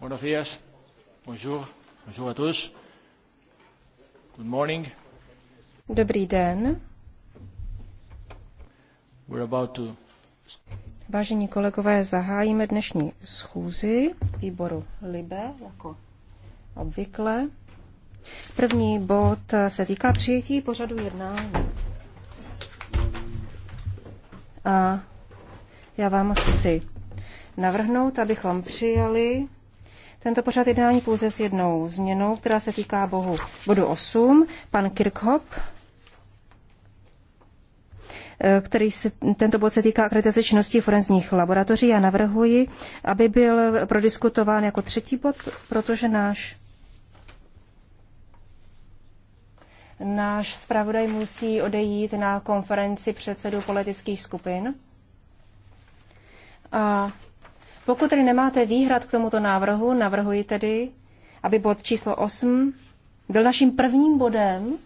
Buenos días. Bonjour. Bonjour à tous. Good morning. Dobrý den. We're about to... Vážení kolegové, zahájíme dnešní schůzi výboru LIBE jako obvykle. První bod se týká přijetí pořadu jednání. A já vám chci navrhnout, abychom přijali tento pořad jednání pouze s jednou změnou, která se týká bohu, bodu 8. Pan Kirchhoff, eh, který se, tento bod se týká akreditace činnosti forenzních laboratoří. Já navrhuji, aby byl prodiskutován jako třetí bod, protože náš náš zpravodaj musí odejít na konferenci předsedů politických skupin. A pokud tedy nemáte výhrad k tomuto návrhu, navrhuji tedy, aby bod číslo 8 byl naším prvním bodem,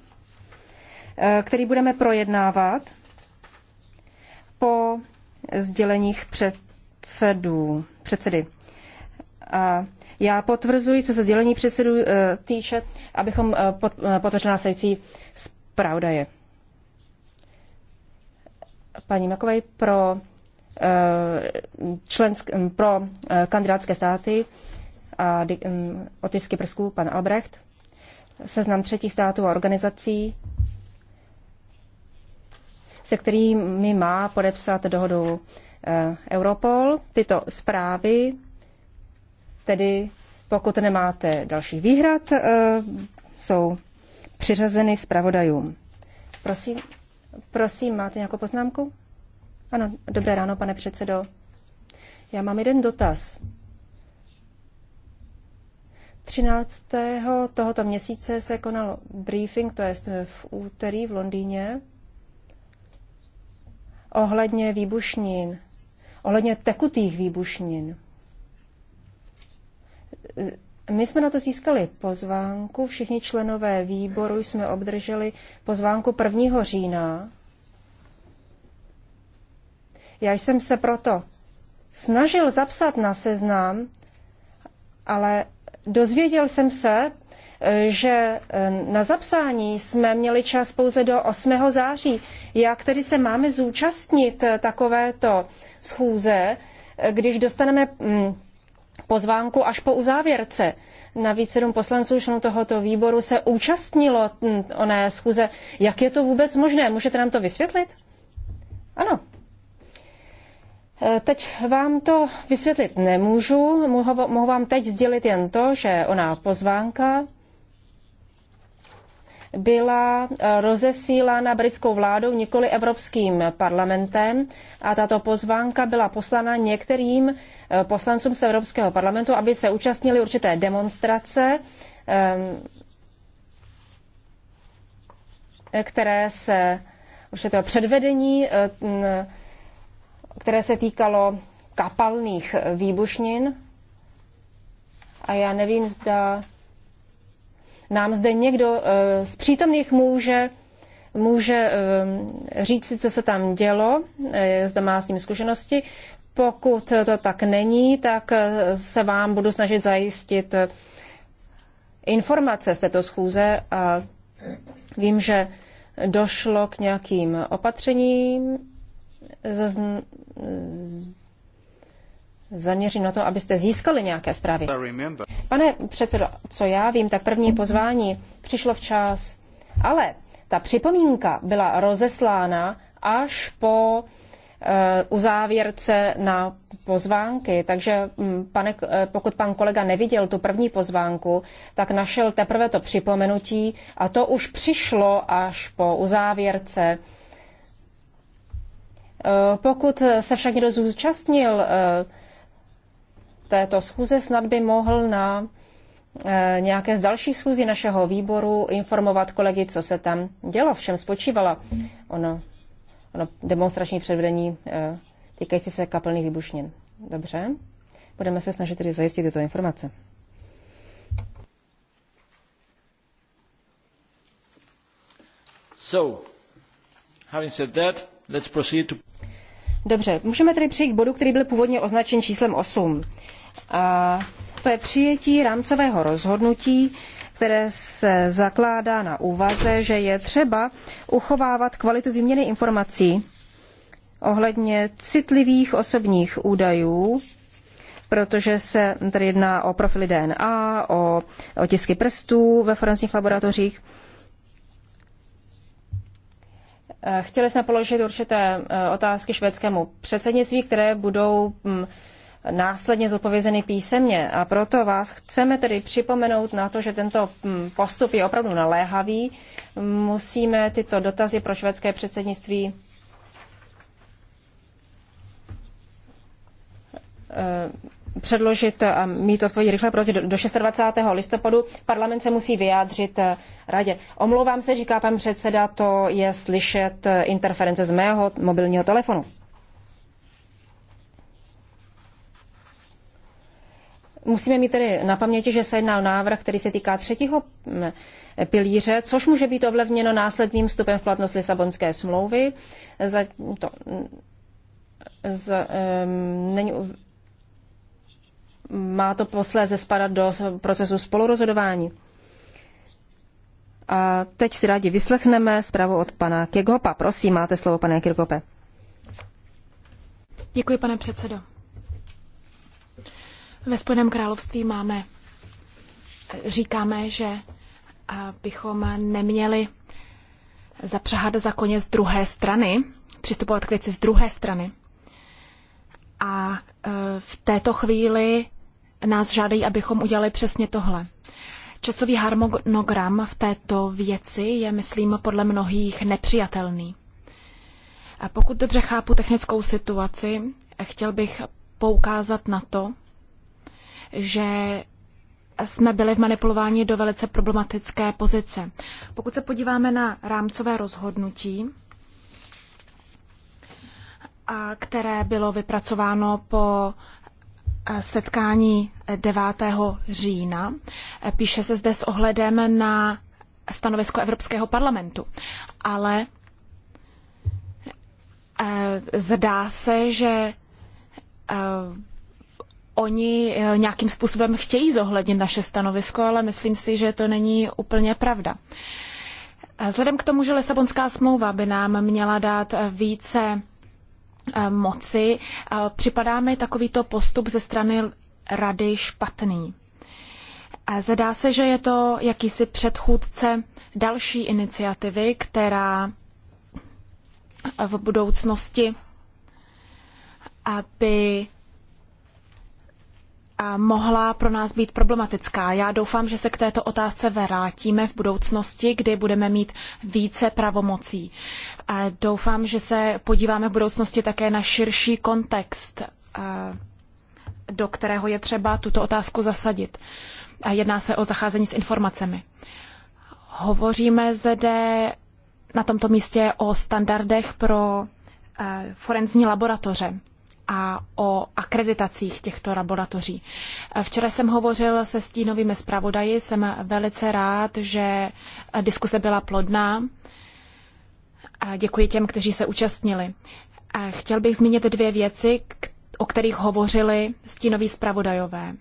eh, který budeme projednávat po sděleních předsedů, předsedy. A já potvrzuji, co se sdělení předsedů eh, týče, abychom eh, potvrdili následující zpravodaje. Paní Makovej pro člensk, pro eh, kandidátské státy a otisky prsků pan Albrecht, seznam třetích států a organizací, se kterými má podepsat dohodu eh, Europol. Tyto zprávy, tedy pokud nemáte dalších výhrad, eh, jsou přiřazeny zpravodajům. Prosím, prosím, máte nějakou poznámku? Ano, dobré ráno, pane předsedo. Já mám jeden dotaz. 13. tohoto měsíce se konal briefing, to je v úterý v Londýně, ohledně výbušnin, ohledně tekutých výbušnin. My jsme na to získali pozvánku, všichni členové výboru jsme obdrželi pozvánku 1. října já jsem se proto snažil zapsat na seznam, ale dozvěděl jsem se, eh, že eh, na zapsání jsme měli čas pouze do 8. září. Jak tedy se máme zúčastnit eh, takovéto schůze, když dostaneme mm, pozvánku až po uzávěrce? Navíc sedm poslanců členů tohoto výboru se účastnilo mm, oné schůze. Jak je to vůbec možné? Můžete nám to vysvětlit? Ano, Eh, teď vám to vysvětlit nemůžu, mohu vám teď sdělit jen to, že ona pozvánka byla eh, rozesílána britskou vládou, nikoli Evropským parlamentem a tato pozvánka byla poslána některým eh, poslancům z Evropského parlamentu, aby se účastnili určité demonstrace, které se určitého předvedení které se týkalo kapalných výbušnin. A já nevím, zda nám zde někdo eh, z přítomných může, může eh, říct si, co se tam dělo, eh, zda má s tím zkušenosti. Pokud to tak není, tak se vám budu snažit zajistit informace z této schůze a vím, že došlo k nějakým opatřením zaměřit na to, abyste získali nějaké zprávy. Pane předsedo, co já vím, tak první pozvání přišlo včas, ale ta připomínka byla rozeslána až po eh, uzávěrce na pozvánky. Takže mm, pane, eh, pokud pan kolega neviděl tu první pozvánku, tak našel teprve to připomenutí a to už přišlo až po uzávěrce Eh, pokud se však někdo zúčastnil eh, této schůze, snad by mohl na eh, nějaké z dalších schůzí našeho výboru informovat kolegy, co se tam dělo, v čem spočívala ono, ono demonstrační předvedení týkající se kapelných výbušnin. Dobře, budeme se snažit tedy zajistit tyto informace. So, having said that, let's proceed to... Dobře, můžeme tedy přijít k bodu, který byl původně označen číslem 8. A to je přijetí rámcového rozhodnutí, které se zakládá na úvaze, že je třeba uchovávat kvalitu výměny informací ohledně citlivých osobních údajů, protože se tady jedná o profily DNA, o otisky prstů ve forenzních laboratořích Eh, chtěli jsme položit určité eh, otázky švédskému předsednictví, které budou hm, následně zodpovězeny písemně. A proto vás chceme tedy připomenout na to, že tento hm, postup je opravdu naléhavý. Musíme tyto dotazy pro švédské předsednictví eh, předložit a mít odpovědi rychle, protože do 26. listopadu parlament se musí vyjádřit eh, radě. Omlouvám se, říká pan předseda, to je slyšet eh, interference z mého mobilního telefonu. Musíme mít tedy na paměti, že se jedná o návrh, který se týká třetího mm, pilíře, což může být ovlivněno následným vstupem v platnost Lisabonské smlouvy. Za to, mm, z, um, není má to posléze spadat do procesu spolurozhodování. A teď si rádi vyslechneme zprávu od pana Kirchhoffa. Prosím, máte slovo, pane Kirchhoffe. Děkuji, pane předsedo. Ve Spojeném království máme, říkáme, že bychom neměli zapřahat za koně z druhé strany, přistupovat k věci z druhé strany. A e, v této chvíli nás žádají, abychom udělali přesně tohle. Časový harmonogram v této věci je, myslím, podle mnohých nepřijatelný. A pokud dobře chápu technickou situaci, chtěl bych poukázat na to, že jsme byli v manipulování do velice problematické pozice. Pokud se podíváme na rámcové rozhodnutí, a které bylo vypracováno po setkání 9. října. Píše se zde s ohledem na stanovisko Evropského parlamentu, ale eh, zdá se, že eh, oni eh, nějakým způsobem chtějí zohlednit naše stanovisko, ale myslím si, že to není úplně pravda. Vzhledem k tomu, že Lisabonská smlouva by nám měla dát více Eh, moci, eh, připadá mi takovýto postup ze strany rady špatný. Zdá se, že je to jakýsi předchůdce další iniciativy, která v budoucnosti aby mohla pro nás být problematická. Já doufám, že se k této otázce vrátíme v budoucnosti, kdy budeme mít více pravomocí. A Doufám, že se podíváme v budoucnosti také na širší kontext, do kterého je třeba tuto otázku zasadit. Jedná se o zacházení s informacemi. Hovoříme zde na tomto místě o standardech pro forenzní laboratoře a o akreditacích těchto laboratoří. Včera jsem hovořil se stínovými zpravodaji, jsem velice rád, že diskuse byla plodná. A děkuji těm, kteří se účastnili. A chtěl bych zmínit dvě věci, o kterých hovořili stínoví zpravodajové.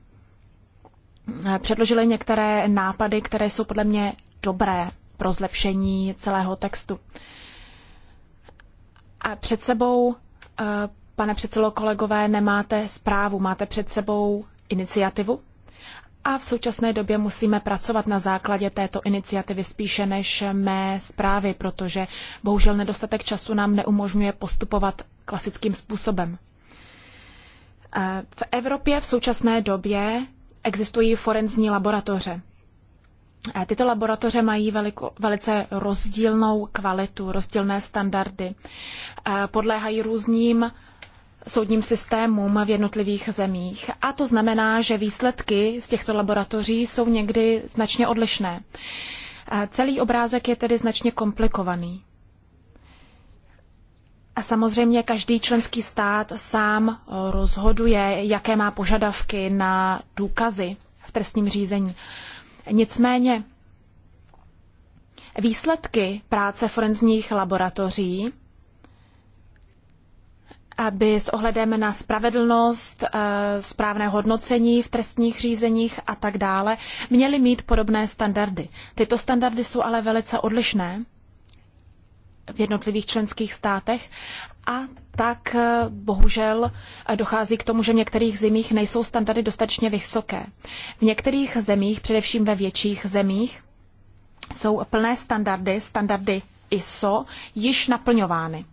Předložili některé nápady, které jsou podle mě dobré pro zlepšení celého textu. A před sebou, e, pane předsedo kolegové, nemáte zprávu, máte před sebou iniciativu, a v současné době musíme pracovat na základě této iniciativy spíše než mé zprávy, protože bohužel nedostatek času nám neumožňuje postupovat klasickým způsobem. Eh, v Evropě v současné době existují forenzní laboratoře. Eh, tyto laboratoře mají veliko, velice rozdílnou kvalitu, rozdílné standardy. Eh, podléhají různým soudním systémům v jednotlivých zemích. A to znamená, že výsledky z těchto laboratoří jsou někdy značně odlišné. Celý obrázek je tedy značně komplikovaný. A samozřejmě každý členský stát sám rozhoduje, jaké má požadavky na důkazy v trestním řízení. Nicméně výsledky práce forenzních laboratoří aby s ohledem na spravedlnost, eh, správné hodnocení v trestních řízeních a tak dále, měly mít podobné standardy. Tyto standardy jsou ale velice odlišné v jednotlivých členských státech a tak eh, bohužel eh, dochází k tomu, že v některých zemích nejsou standardy dostatečně vysoké. V některých zemích, především ve větších zemích, jsou plné standardy, standardy ISO, již naplňovány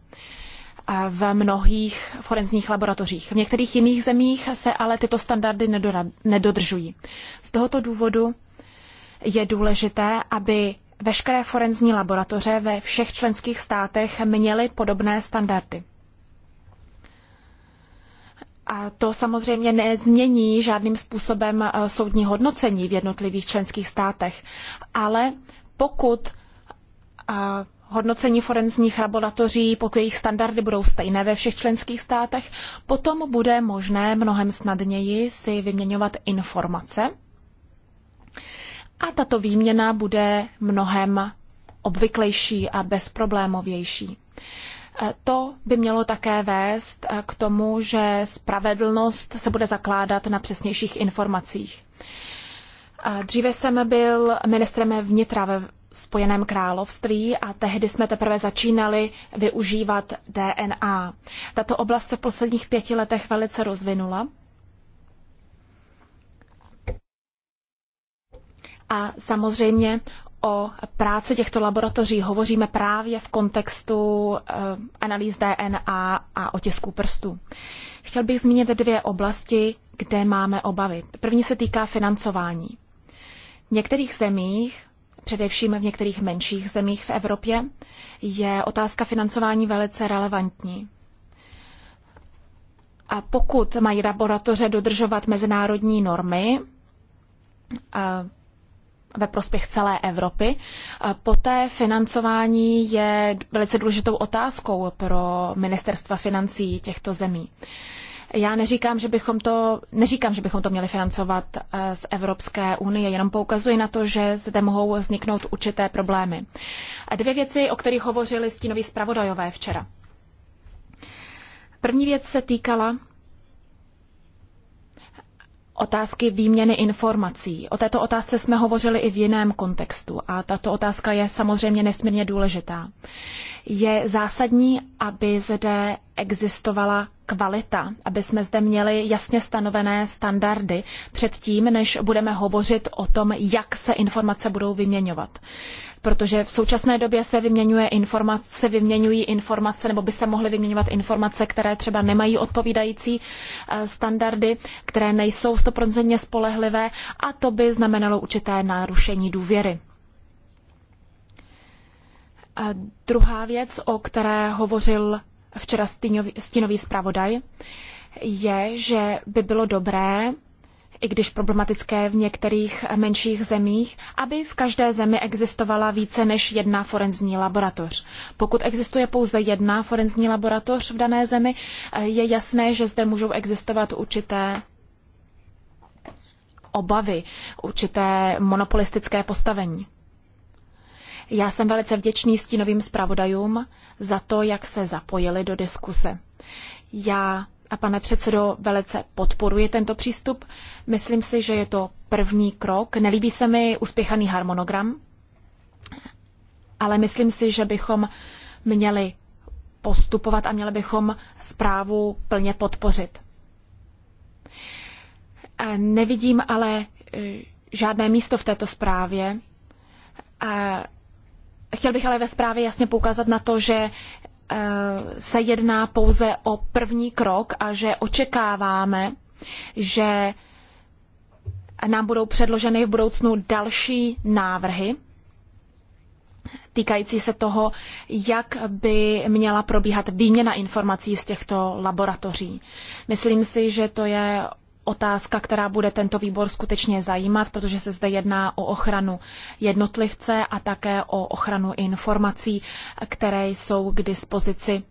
v mnohých forenzních laboratořích. V některých jiných zemích se ale tyto standardy nedodržují. Z tohoto důvodu je důležité, aby veškeré forenzní laboratoře ve všech členských státech měly podobné standardy. A to samozřejmě nezmění žádným způsobem eh, soudní hodnocení v jednotlivých členských státech, ale pokud eh, hodnocení forenzních laboratoří, pokud jejich standardy budou stejné ve všech členských státech, potom bude možné mnohem snadněji si vyměňovat informace. A tato výměna bude mnohem obvyklejší a bezproblémovější. E, to by mělo také vést e, k tomu, že spravedlnost se bude zakládat na přesnějších informacích. E, dříve jsem byl ministrem vnitra ve Spojeném království a tehdy jsme teprve začínali využívat DNA. Tato oblast se v posledních pěti letech velice rozvinula. A samozřejmě o práci těchto laboratoří hovoříme právě v kontextu eh, analýz DNA a otisků prstů. Chtěl bych zmínit dvě oblasti, kde máme obavy. První se týká financování. V některých zemích především v některých menších zemích v Evropě, je otázka financování velice relevantní. A pokud mají laboratoře dodržovat mezinárodní normy ve prospěch celé Evropy, poté financování je velice důležitou otázkou pro ministerstva financí těchto zemí. Já neříkám, že bychom to, neříkám, že bychom to měli financovat eh, z Evropské unie, jenom poukazuji na to, že zde mohou vzniknout určité problémy. Dvě věci, o kterých hovořili stínoví zpravodajové včera. První věc se týkala otázky výměny informací. O této otázce jsme hovořili i v jiném kontextu a tato otázka je samozřejmě nesmírně důležitá. Je zásadní, aby zde existovala kvalita, aby jsme zde měli jasně stanovené standardy před tím, než budeme hovořit o tom, jak se informace budou vyměňovat protože v současné době se, vyměňuje informace, vyměňují informace nebo by se mohly vyměňovat informace, které třeba nemají odpovídající eh, standardy, které nejsou stoprocentně spolehlivé a to by znamenalo určité narušení důvěry. A druhá věc, o které hovořil včera stínový, stínový zpravodaj, je, že by bylo dobré i když problematické v některých menších zemích, aby v každé zemi existovala více než jedna forenzní laboratoř. Pokud existuje pouze jedna forenzní laboratoř v dané zemi, je jasné, že zde můžou existovat určité obavy, určité monopolistické postavení. Já jsem velice vděčný stínovým zpravodajům za to, jak se zapojili do diskuse. Já a pane předsedo, velice podporuji tento přístup. Myslím si, že je to první krok. Nelíbí se mi uspěchaný harmonogram, ale myslím si, že bychom měli postupovat a měli bychom zprávu plně podpořit. Nevidím ale e, žádné místo v této zprávě. Chtěl bych ale ve zprávě jasně poukázat na to, že Eh, se jedná pouze o první krok a že očekáváme, že nám budou předloženy v budoucnu další návrhy týkající se toho, jak by měla probíhat výměna informací z těchto laboratoří. Myslím si, že to je otázka, která bude tento výbor skutečně zajímat, protože se zde jedná o ochranu jednotlivce a také o ochranu informací, které jsou k dispozici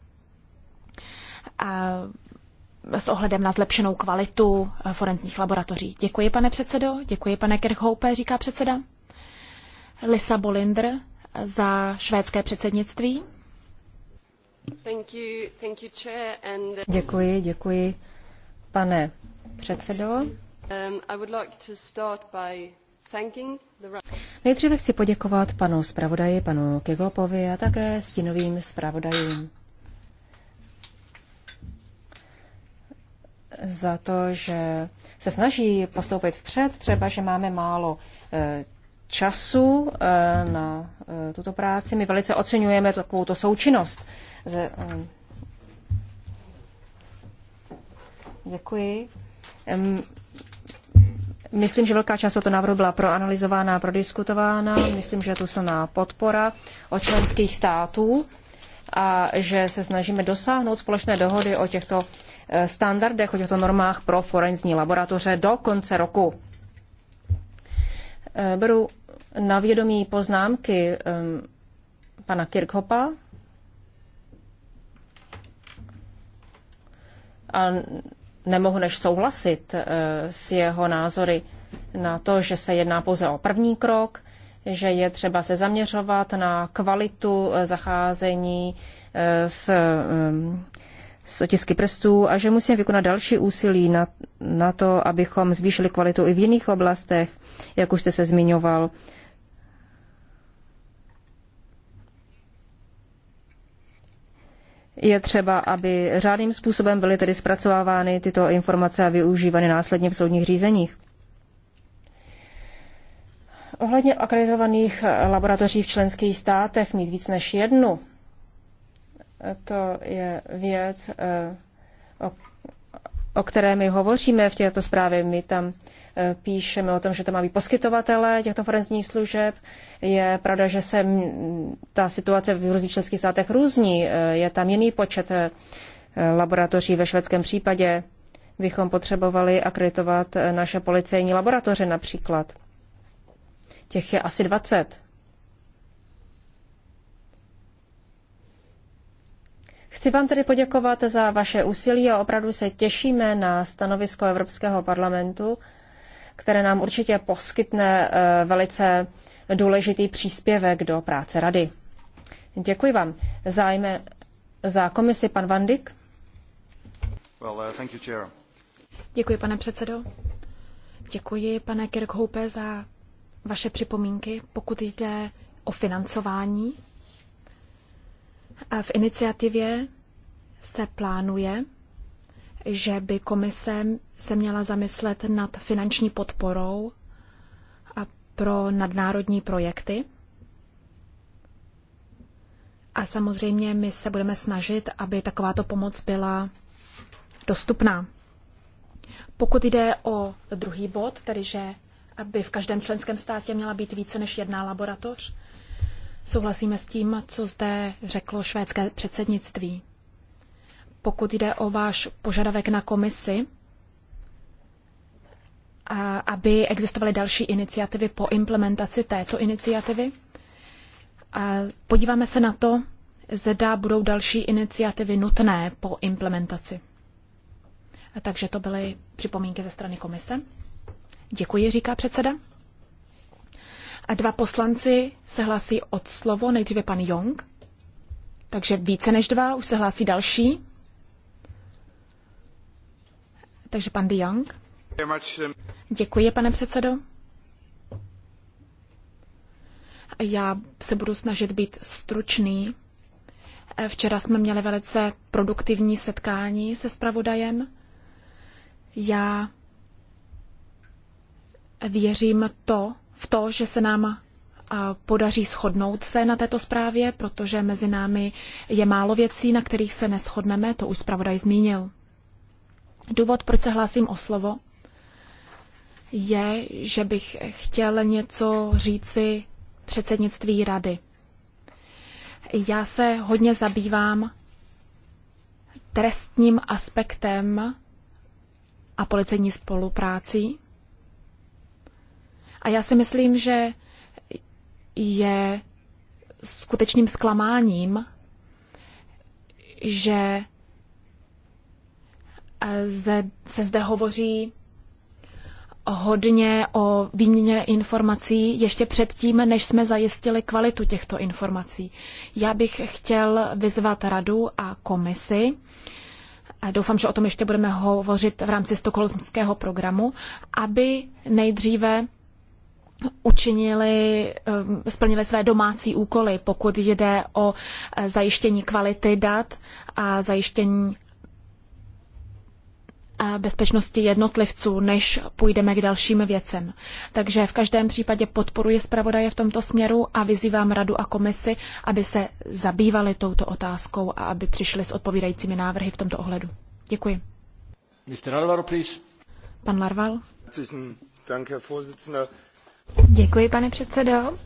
s ohledem na zlepšenou kvalitu e, forenzních laboratoří. Děkuji, pane předsedo, děkuji, pane Kirchhoupe, říká předseda. Lisa Bolinder za švédské předsednictví. Děkuji, děkuji, pane předsedo. Um, Nejdříve chci poděkovat panu zpravodaji, panu Keglopovi a také stínovým zpravodajům za to, že se snaží postoupit vpřed, třeba, že máme málo eh, času eh, na eh, tuto práci. My velice oceňujeme takovou to součinnost. Děkuji. Myslím, že velká část tohoto návrhu byla proanalyzována a prodiskutována. Myslím, že je tu silná podpora od členských států a že se snažíme dosáhnout společné dohody o těchto eh, standardech, o těchto normách pro forenzní laboratoře do konce roku. Eh, beru na vědomí poznámky pana Kirkhopa a nemohu než souhlasit eh, s jeho názory na to, že se jedná pouze o první krok, že je třeba se zaměřovat na kvalitu eh, zacházení eh, s, ehm, s otisky prstů a že musíme vykonat další úsilí na, na to, abychom zvýšili kvalitu i v jiných oblastech, jak už jste se zmiňoval, Je třeba, aby řádným způsobem byly tedy zpracovávány tyto informace a využívány následně v soudních řízeních. Ohledně akreditovaných laboratoří v členských státech mít víc než jednu, to je věc, eh, o, o které my hovoříme v této zprávě. My tam píšeme o tom, že to má být poskytovatele těchto forenzních služeb. Je pravda, že se ta situace v různých členských státech různí. Je tam jiný počet eh, laboratoří ve švédském případě. Bychom potřebovali akreditovat eh, naše policejní laboratoře například. Těch je asi 20. Chci vám tedy poděkovat za vaše úsilí a opravdu se těšíme na stanovisko Evropského parlamentu které nám určitě poskytne eh, velice důležitý příspěvek do práce rady. Děkuji vám. Zájme za komisi pan Vandik. Well, uh, you, Děkuji, pane předsedo. Děkuji, pane Kirkhoupe, za vaše připomínky, pokud jde o financování. A v iniciativě se plánuje, že by komise se měla zamyslet nad finanční podporou a pro nadnárodní projekty. A samozřejmě my se budeme snažit, aby takováto pomoc byla dostupná. Pokud jde o druhý bod, tedy že aby v každém členském státě měla být více než jedna laboratoř, souhlasíme s tím, co zde řeklo švédské předsednictví. Pokud jde o váš požadavek na komisi, aby existovaly další iniciativy po implementaci této iniciativy. A podíváme se na to, zda budou další iniciativy nutné po implementaci. A takže to byly připomínky ze strany komise. Děkuji, říká předseda. A dva poslanci se hlásí od slovo, nejdříve pan Jong. Takže více než dva, už se hlásí další. Takže pan De Jong. Děkuji, pane předsedo. Já se budu snažit být stručný. Včera jsme měli velice produktivní setkání se spravodajem. Já věřím to, v to, že se nám podaří shodnout se na této zprávě, protože mezi námi je málo věcí, na kterých se neschodneme, to už zpravodaj zmínil. Důvod, proč se hlásím o slovo, je, že bych chtěl něco říci předsednictví rady. Já se hodně zabývám trestním aspektem a policejní spoluprácí. A já si myslím, že je skutečným zklamáním, že se zde hovoří hodně o výměně informací ještě předtím, než jsme zajistili kvalitu těchto informací. Já bych chtěl vyzvat radu a komisi, a doufám, že o tom ještě budeme hovořit v rámci stokholmského programu, aby nejdříve učinili, um, splnili své domácí úkoly, pokud jde o eh, zajištění kvality dat a zajištění bezpečnosti jednotlivců, než půjdeme k dalším věcem. Takže v každém případě podporuji zpravodaje v tomto směru a vyzývám radu a komisi, aby se zabývali touto otázkou a aby přišli s odpovídajícími návrhy v tomto ohledu. Děkuji. Mr. Alvaro, Pan Larval. Děkuji, pane předsedo.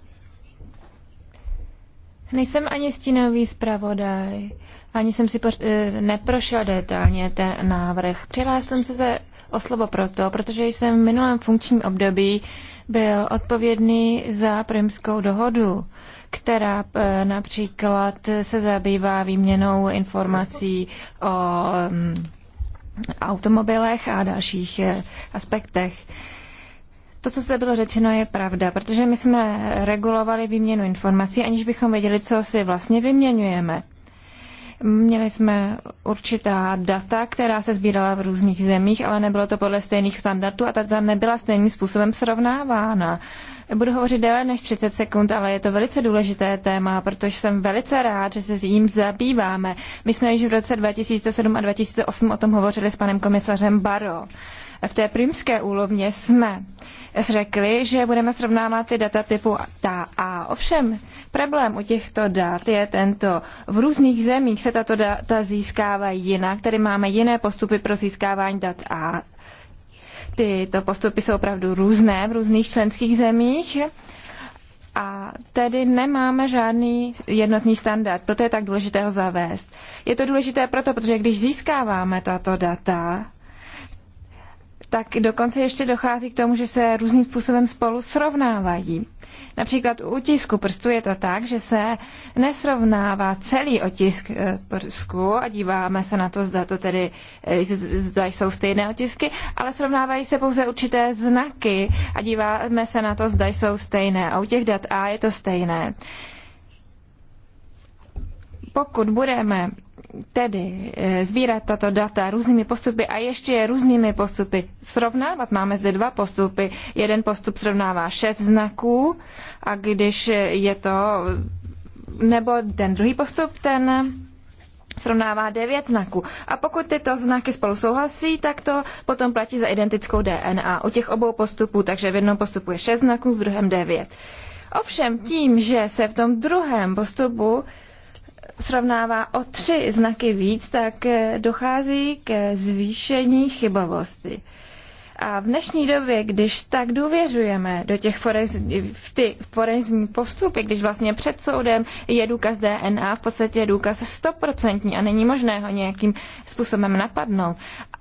Nejsem ani stínový zpravodaj, ani jsem si eh, neprošel detailně ten návrh. Přihlásil jsem se ze o slovo proto, protože jsem v minulém funkčním období byl odpovědný za Prymskou dohodu, která eh, například se zabývá výměnou informací o mm, automobilech a dalších eh, aspektech. To, co zde bylo řečeno, je pravda, protože my jsme regulovali výměnu informací, aniž bychom věděli, co si vlastně vyměňujeme. Měli jsme určitá data, která se sbírala v různých zemích, ale nebylo to podle stejných standardů a ta data nebyla stejným způsobem srovnávána. Budu hovořit déle než 30 sekund, ale je to velice důležité téma, protože jsem velice rád, že se jím zabýváme. My jsme již v roce 2007 a 2008 o tom hovořili s panem komisařem Baro v té primské úlovně jsme řekli, že budeme srovnávat ty data typu ta A. Ovšem, problém u těchto dat je tento. V různých zemích se tato data získávají jinak, tedy máme jiné postupy pro získávání dat A. Tyto postupy jsou opravdu různé v různých členských zemích a tedy nemáme žádný jednotný standard, proto je tak důležité ho zavést. Je to důležité proto, protože když získáváme tato data, tak dokonce ještě dochází k tomu, že se různým způsobem spolu srovnávají. Například u otisku prstu je to tak, že se nesrovnává celý otisk eh, prstku a díváme se na to, zda to tedy eh, zda jsou stejné otisky, ale srovnávají se pouze určité znaky a díváme se na to, zda jsou stejné. A u těch dat A je to stejné. Pokud budeme tedy eh, sbírat tato data různými postupy a ještě je různými postupy srovnávat. Máme zde dva postupy. Jeden postup srovnává šest znaků a když je to, nebo ten druhý postup, ten srovnává devět znaků. A pokud tyto znaky spolu souhlasí, tak to potom platí za identickou DNA u těch obou postupů, takže v jednom postupu je šest znaků, v druhém devět. Ovšem tím, že se v tom druhém postupu srovnává o tři znaky víc, tak eh, dochází ke zvýšení chybovosti. A v dnešní době, když tak důvěřujeme do těch forenzní, v ty forenzní postupy, když vlastně před soudem je důkaz DNA v podstatě je důkaz stoprocentní a není možné ho nějakým způsobem napadnout.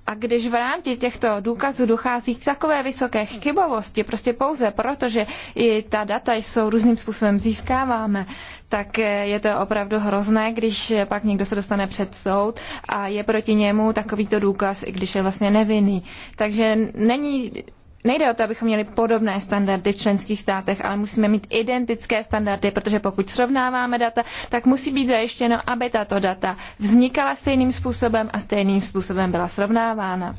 A když v rámci těchto důkazů dochází k takové vysoké chybovosti, prostě pouze proto, že i ta data jsou různým způsobem získáváme, tak eh, je to opravdu hrozné, když eh, pak někdo se dostane před soud a je proti němu takovýto důkaz, i když je vlastně nevinný. Takže není Nejde o to, abychom měli podobné standardy v členských státech, ale musíme mít identické standardy, protože pokud srovnáváme data, tak musí být zajištěno, aby tato data vznikala stejným způsobem a stejným způsobem byla srovnávána.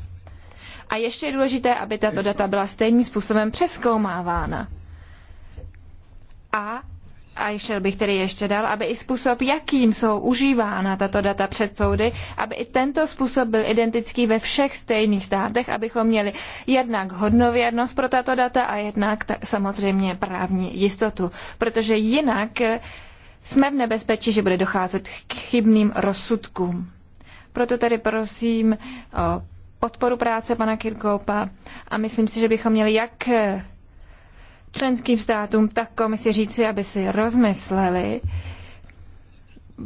A ještě je důležité, aby tato data byla stejným způsobem přeskoumávána. A a šel bych tedy ještě dál, aby i způsob, jakým jsou užívána tato data před soudy, aby i tento způsob byl identický ve všech stejných státech, abychom měli jednak hodnověrnost pro tato data a jednak samozřejmě právní jistotu. Protože jinak eh, jsme v nebezpečí, že bude docházet k chybným rozsudkům. Proto tedy prosím o podporu práce pana Kirkoupa a myslím si, že bychom měli jak eh, členským státům, tak komisi říci, aby si rozmysleli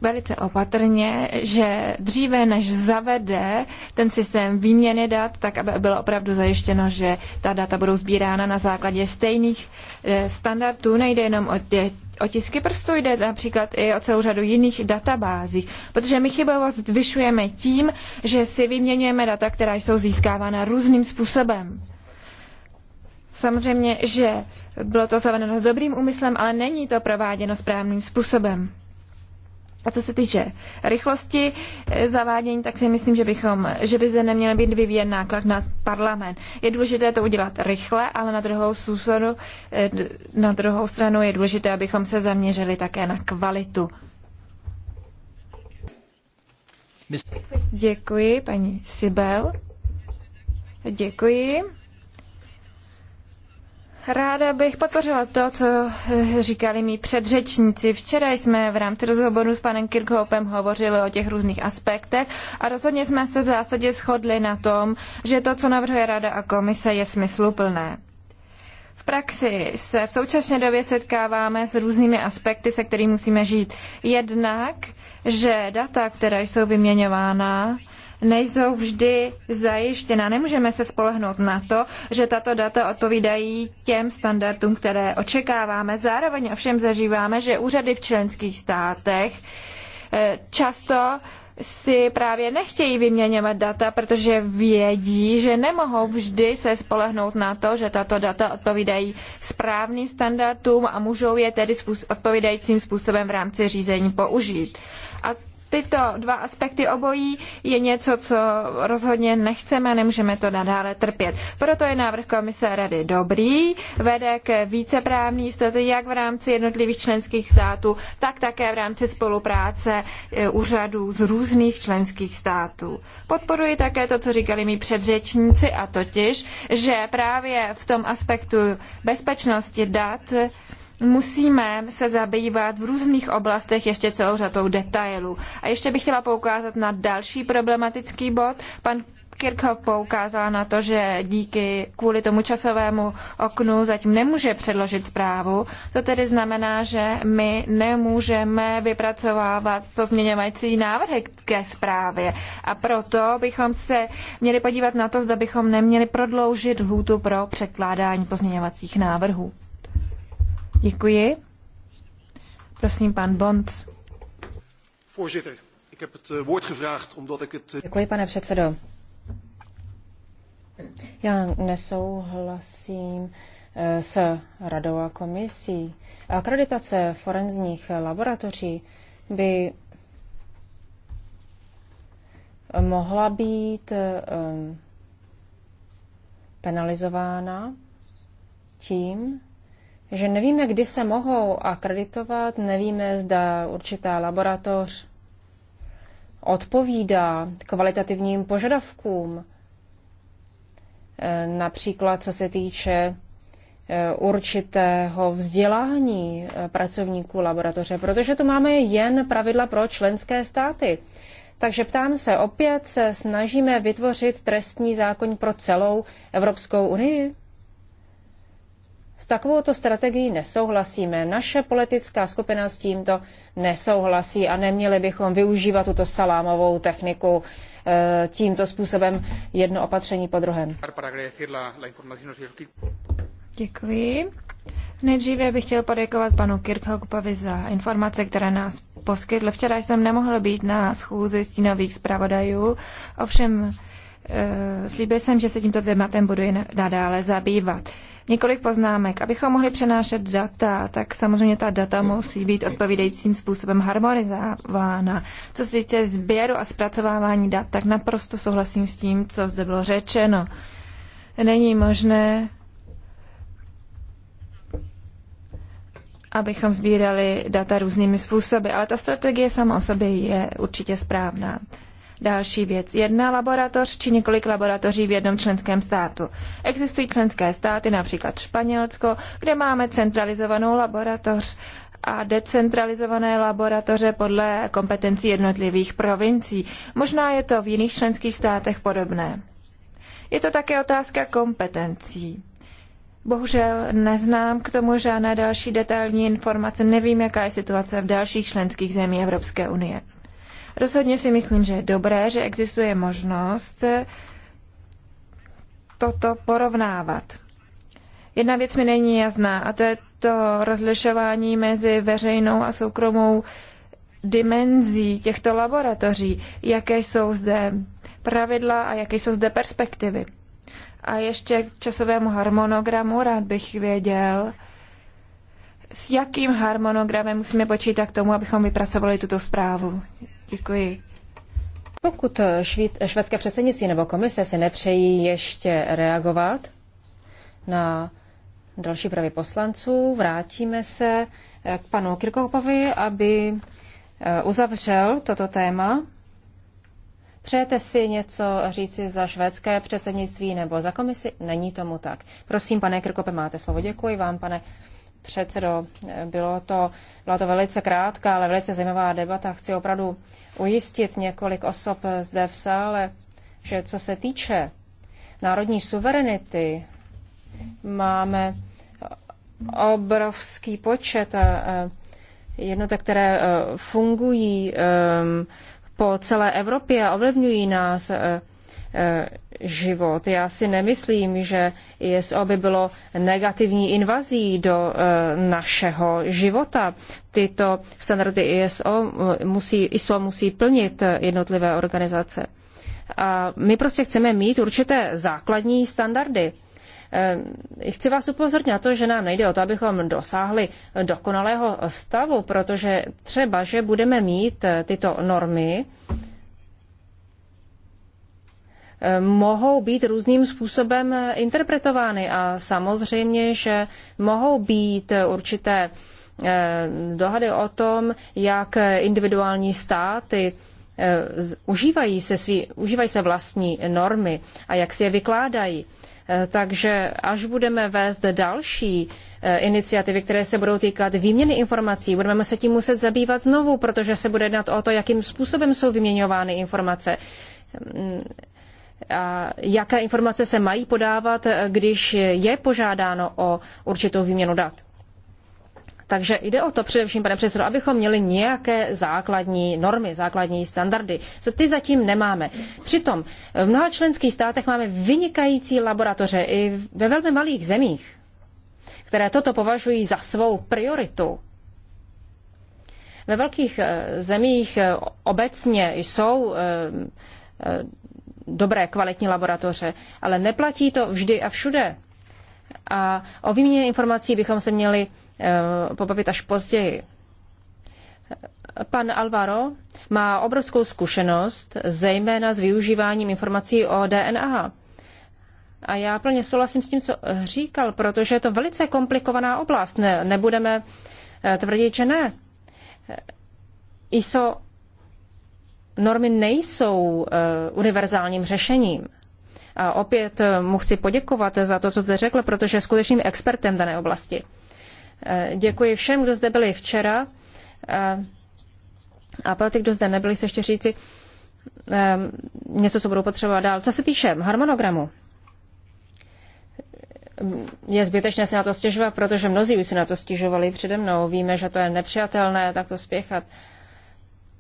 velice opatrně, že dříve než zavede ten systém výměny dat, tak aby bylo opravdu zajištěno, že ta data budou sbírána na základě stejných eh, standardů. Nejde jenom o těch otisky prstů, jde například i o celou řadu jiných databází, protože my chybovost zvyšujeme tím, že si vyměňujeme data, která jsou získávána různým způsobem. Samozřejmě, že bylo to zavedeno s dobrým úmyslem, ale není to prováděno správným způsobem. A co se týče rychlosti eh, zavádění, tak si myslím, že, bychom, že by zde neměl být vyvíjen náklad na parlament. Je důležité to udělat rychle, ale na druhou, stranu, eh, na druhou stranu je důležité, abychom se zaměřili také na kvalitu. Děkuji, paní Sibel. Děkuji. Ráda bych podpořila to, co eh, říkali mý předřečníci. Včera jsme v rámci rozhovoru s panem Kirchhoffem hovořili o těch různých aspektech a rozhodně jsme se v zásadě shodli na tom, že to, co navrhuje Rada a Komise, je smysluplné. V praxi se v současné době setkáváme s různými aspekty, se kterými musíme žít. Jednak, že data, která jsou vyměňována, nejsou vždy zajištěna. Nemůžeme se spolehnout na to, že tato data odpovídají těm standardům, které očekáváme. Zároveň ovšem zažíváme, že úřady v členských státech eh, často si právě nechtějí vyměňovat data, protože vědí, že nemohou vždy se spolehnout na to, že tato data odpovídají správným standardům a můžou je tedy odpovídajícím způsobem v rámci řízení použít. A tyto dva aspekty obojí je něco, co rozhodně nechceme a nemůžeme to nadále trpět. Proto je návrh komise rady dobrý, vede k více právní jistoty jak v rámci jednotlivých členských států, tak také v rámci spolupráce e, úřadů z různých členských států. Podporuji také to, co říkali mi předřečníci, a totiž, že právě v tom aspektu bezpečnosti dat musíme se zabývat v různých oblastech ještě celou řadou detailů. A ještě bych chtěla poukázat na další problematický bod. Pan Kirchhoff poukázal na to, že díky kvůli tomu časovému oknu zatím nemůže předložit zprávu. To tedy znamená, že my nemůžeme vypracovávat pozměňovací návrhy ke zprávě. A proto bychom se měli podívat na to, zda bychom neměli prodloužit lhůtu pro překládání pozměňovacích návrhů. Děkuji. Prosím, pan Bond. Voorzitter, ik heb het eh, woord gevraagd omdat ik het... Eh, Děkuji, pane předsedo. Já nesouhlasím eh, s radou a komisí. Akreditace forenzních laboratoří by mohla být penalizována tím, že nevíme, kdy se mohou akreditovat, nevíme, zda určitá laboratoř odpovídá kvalitativním požadavkům, e, například co se týče e, určitého vzdělání e, pracovníků laboratoře, protože tu máme jen pravidla pro členské státy. Takže ptám se, opět se snažíme vytvořit trestní zákon pro celou Evropskou unii? S takovouto strategií nesouhlasíme. Naše politická skupina s tímto nesouhlasí a neměli bychom využívat tuto salámovou techniku eh, tímto způsobem jedno opatření po druhém. Děkuji. Nejdříve bych chtěl poděkovat panu Kirchhoffovi za informace, které nás poskytl. Včera jsem nemohl být na schůzi stínových zpravodajů, ovšem Eh, slíbil jsem, že se tímto tématem budu nadále zabývat. Několik poznámek. Abychom mohli přenášet data, tak samozřejmě ta data musí být odpovídajícím způsobem harmonizována. Co se týče sběru a zpracovávání dat, tak naprosto souhlasím s tím, co zde bylo řečeno. Není možné, abychom sbírali data různými způsoby, ale ta strategie sama o sobě je určitě správná. Další věc. Jedna laboratoř či několik laboratoří v jednom členském státu. Existují členské státy, například Španělsko, kde máme centralizovanou laboratoř a decentralizované laboratoře podle kompetencí jednotlivých provincií. Možná je to v jiných členských státech podobné. Je to také otázka kompetencí. Bohužel neznám k tomu žádné další detailní informace, nevím, jaká je situace v dalších členských zemí Evropské unie. Rozhodně si myslím, že je dobré, že existuje možnost toto porovnávat. Jedna věc mi není jasná a to je to rozlišování mezi veřejnou a soukromou dimenzí těchto laboratoří, jaké jsou zde pravidla a jaké jsou zde perspektivy. A ještě k časovému harmonogramu rád bych věděl, s jakým harmonogramem musíme počítat k tomu, abychom vypracovali tuto zprávu. Děkuji. Pokud eh, eh, švédské předsednictví nebo komise si nepřejí ještě reagovat na další pravy poslanců, vrátíme se eh, k panu Kirkoupovi, aby uzavřel toto téma. Přejete si něco říci za švédské předsednictví nebo za komisi? Není tomu tak. Prosím, pane Krkope, máte slovo. Děkuji vám, pane předsedo. Bylo to, byla to velice krátká, ale velice zajímavá debata. Chci opravdu ujistit několik osob zde v sále, že co se týče národní suverenity, máme obrovský počet eh, eh, jednotek, které eh, fungují po celé Evropě a ovlivňují nás život. Já si nemyslím, že ISO by bylo negativní invazí do e, našeho života. Tyto standardy ISO musí, ISO musí plnit jednotlivé organizace. A my prostě chceme mít určité základní standardy. E, chci vás upozornit na to, že nám nejde o to, abychom dosáhli dokonalého stavu, protože třeba, že budeme mít tyto normy, mohou být různým způsobem interpretovány a samozřejmě, že mohou být určité eh, dohady o tom, jak individuální státy eh, užívají, se svý, užívají své vlastní normy a jak si je vykládají. Eh, takže až budeme vést další iniciativy, které se budou týkat výměny informací, budeme se tím muset zabývat znovu, protože se bude jednat o to, jakým způsobem jsou vyměňovány informace a jaké informace se mají podávat, když je požádáno o určitou výměnu dat. Takže jde o to především, pane předsedo, abychom měli nějaké základní normy, základní standardy. Ty zatím nemáme. Přitom v mnoha členských státech máme vynikající laboratoře i ve velmi malých zemích, které toto považují za svou prioritu. Ve velkých eh, zemích eh, obecně jsou eh, dobré, kvalitní laboratoře, ale neplatí to vždy a všude. A o výměně informací bychom se měli eh, pobavit až později. Pan Alvaro má obrovskou zkušenost, zejména s využíváním informací o DNA. A já plně souhlasím s tím, co říkal, protože je to velice komplikovaná oblast. Ne, nebudeme eh, tvrdit, že ne. ISO eh, normy nejsou eh, univerzálním řešením. A opět eh, mu chci poděkovat za to, co zde řekl, protože je skutečným expertem dané oblasti. Eh, děkuji všem, kdo zde byli včera. A pro ty, kdo zde nebyli, se ještě říci něco, co budou potřebovat dál. Co se týče harmonogramu, je zbytečné si na to stěžovat, protože mnozí už si na to stěžovali přede mnou. Víme, že to je nepřijatelné, tak to spěchat.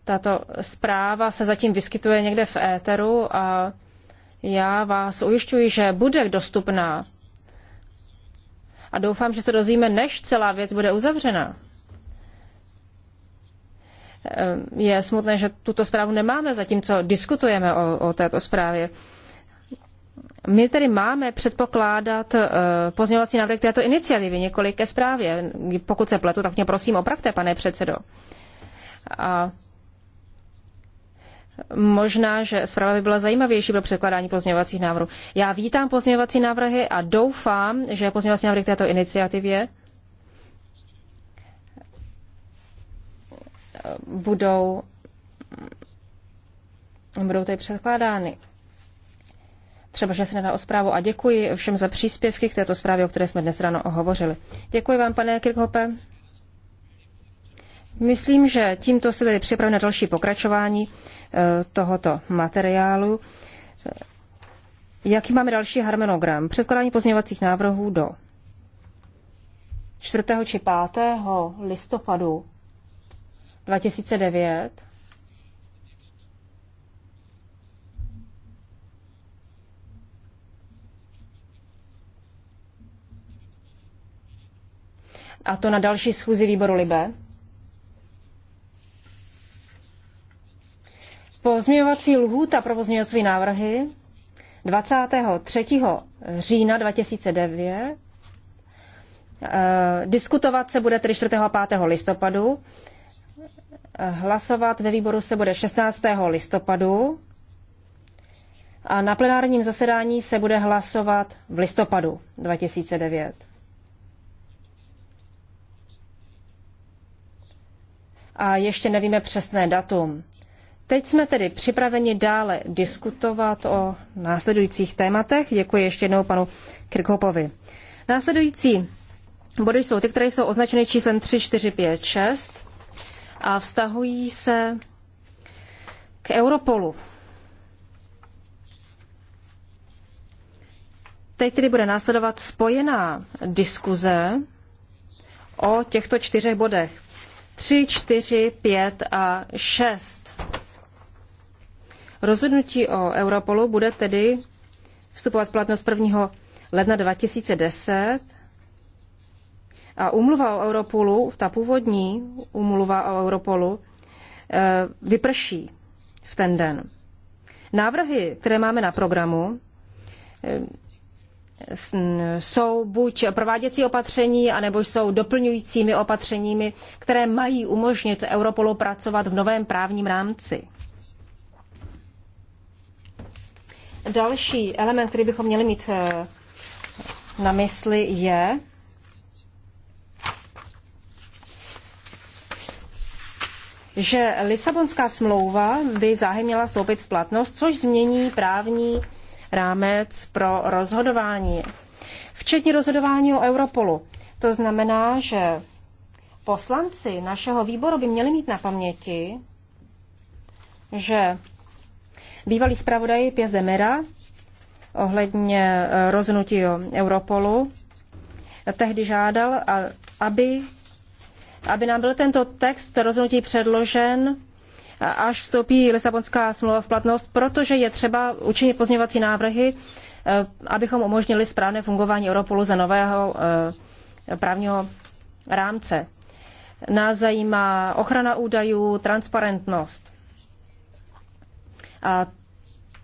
Tato zpráva se zatím vyskytuje někde v éteru a já vás ujišťuji, že bude dostupná. A doufám, že se dozvíme, než celá věc bude uzavřena. Ehm, je smutné, že tuto zprávu nemáme, zatímco diskutujeme o, o této zprávě. My tedy máme předpokládat e, pozměňovací návrh této iniciativy, několik ke zprávě. Pokud se pletu, tak mě prosím opravte, pane předsedo. A Možná, že zpráva by byla zajímavější pro překladání pozměňovacích návrhů. Já vítám pozměňovací návrhy a doufám, že pozměňovací návrhy k této iniciativě budou, budou tady překládány. Třeba, že se nedá o zprávu a děkuji všem za příspěvky k této zprávě, o které jsme dnes ráno hovořili. Děkuji vám, pane Kirchhope. Myslím, že tímto se tedy připravuje na další pokračování eh, tohoto materiálu. Jaký máme další harmonogram? Předkládání pozměňovacích návrhů do 4. či 5. listopadu 2009. A to na další schůzi výboru Libe. Pozměňovací lhůta pro pozměňovací návrhy 23. října 2009. Eh, diskutovat se bude tedy 4. a 5. listopadu. Eh, hlasovat ve výboru se bude 16. listopadu. A na plenárním zasedání se bude hlasovat v listopadu 2009. A ještě nevíme přesné datum. Teď jsme tedy připraveni dále diskutovat o následujících tématech. Děkuji ještě jednou panu Kirkhopovi. Následující body jsou ty, které jsou označeny číslem 3, 4, 5, 6 a vztahují se k Europolu. Teď tedy bude následovat spojená diskuze o těchto čtyřech bodech. 3, 4, 5 a 6. Rozhodnutí o Europolu bude tedy vstupovat v platnost 1. ledna 2010 a umluva o Europolu, ta původní umluva o Europolu, eh, vyprší v ten den. Návrhy, které máme na programu, eh, jsou buď prováděcí opatření, anebo jsou doplňujícími opatřeními, které mají umožnit Europolu pracovat v novém právním rámci. Další element, který bychom měli mít eh, na mysli, je, že Lisabonská smlouva by záhy měla soupit v platnost, což změní právní rámec pro rozhodování, včetně rozhodování o Europolu. To znamená, že poslanci našeho výboru by měli mít na paměti, že Bývalý zpravodaj Pěz Mera ohledně eh, roznutí o Europolu tehdy žádal, aby, aby nám byl tento text roznutí předložen až vstoupí Lisabonská smlouva v platnost, protože je třeba učinit pozměňovací návrhy, eh, abychom umožnili správné fungování Europolu za nového eh, právního rámce. Nás zajímá ochrana údajů, transparentnost. A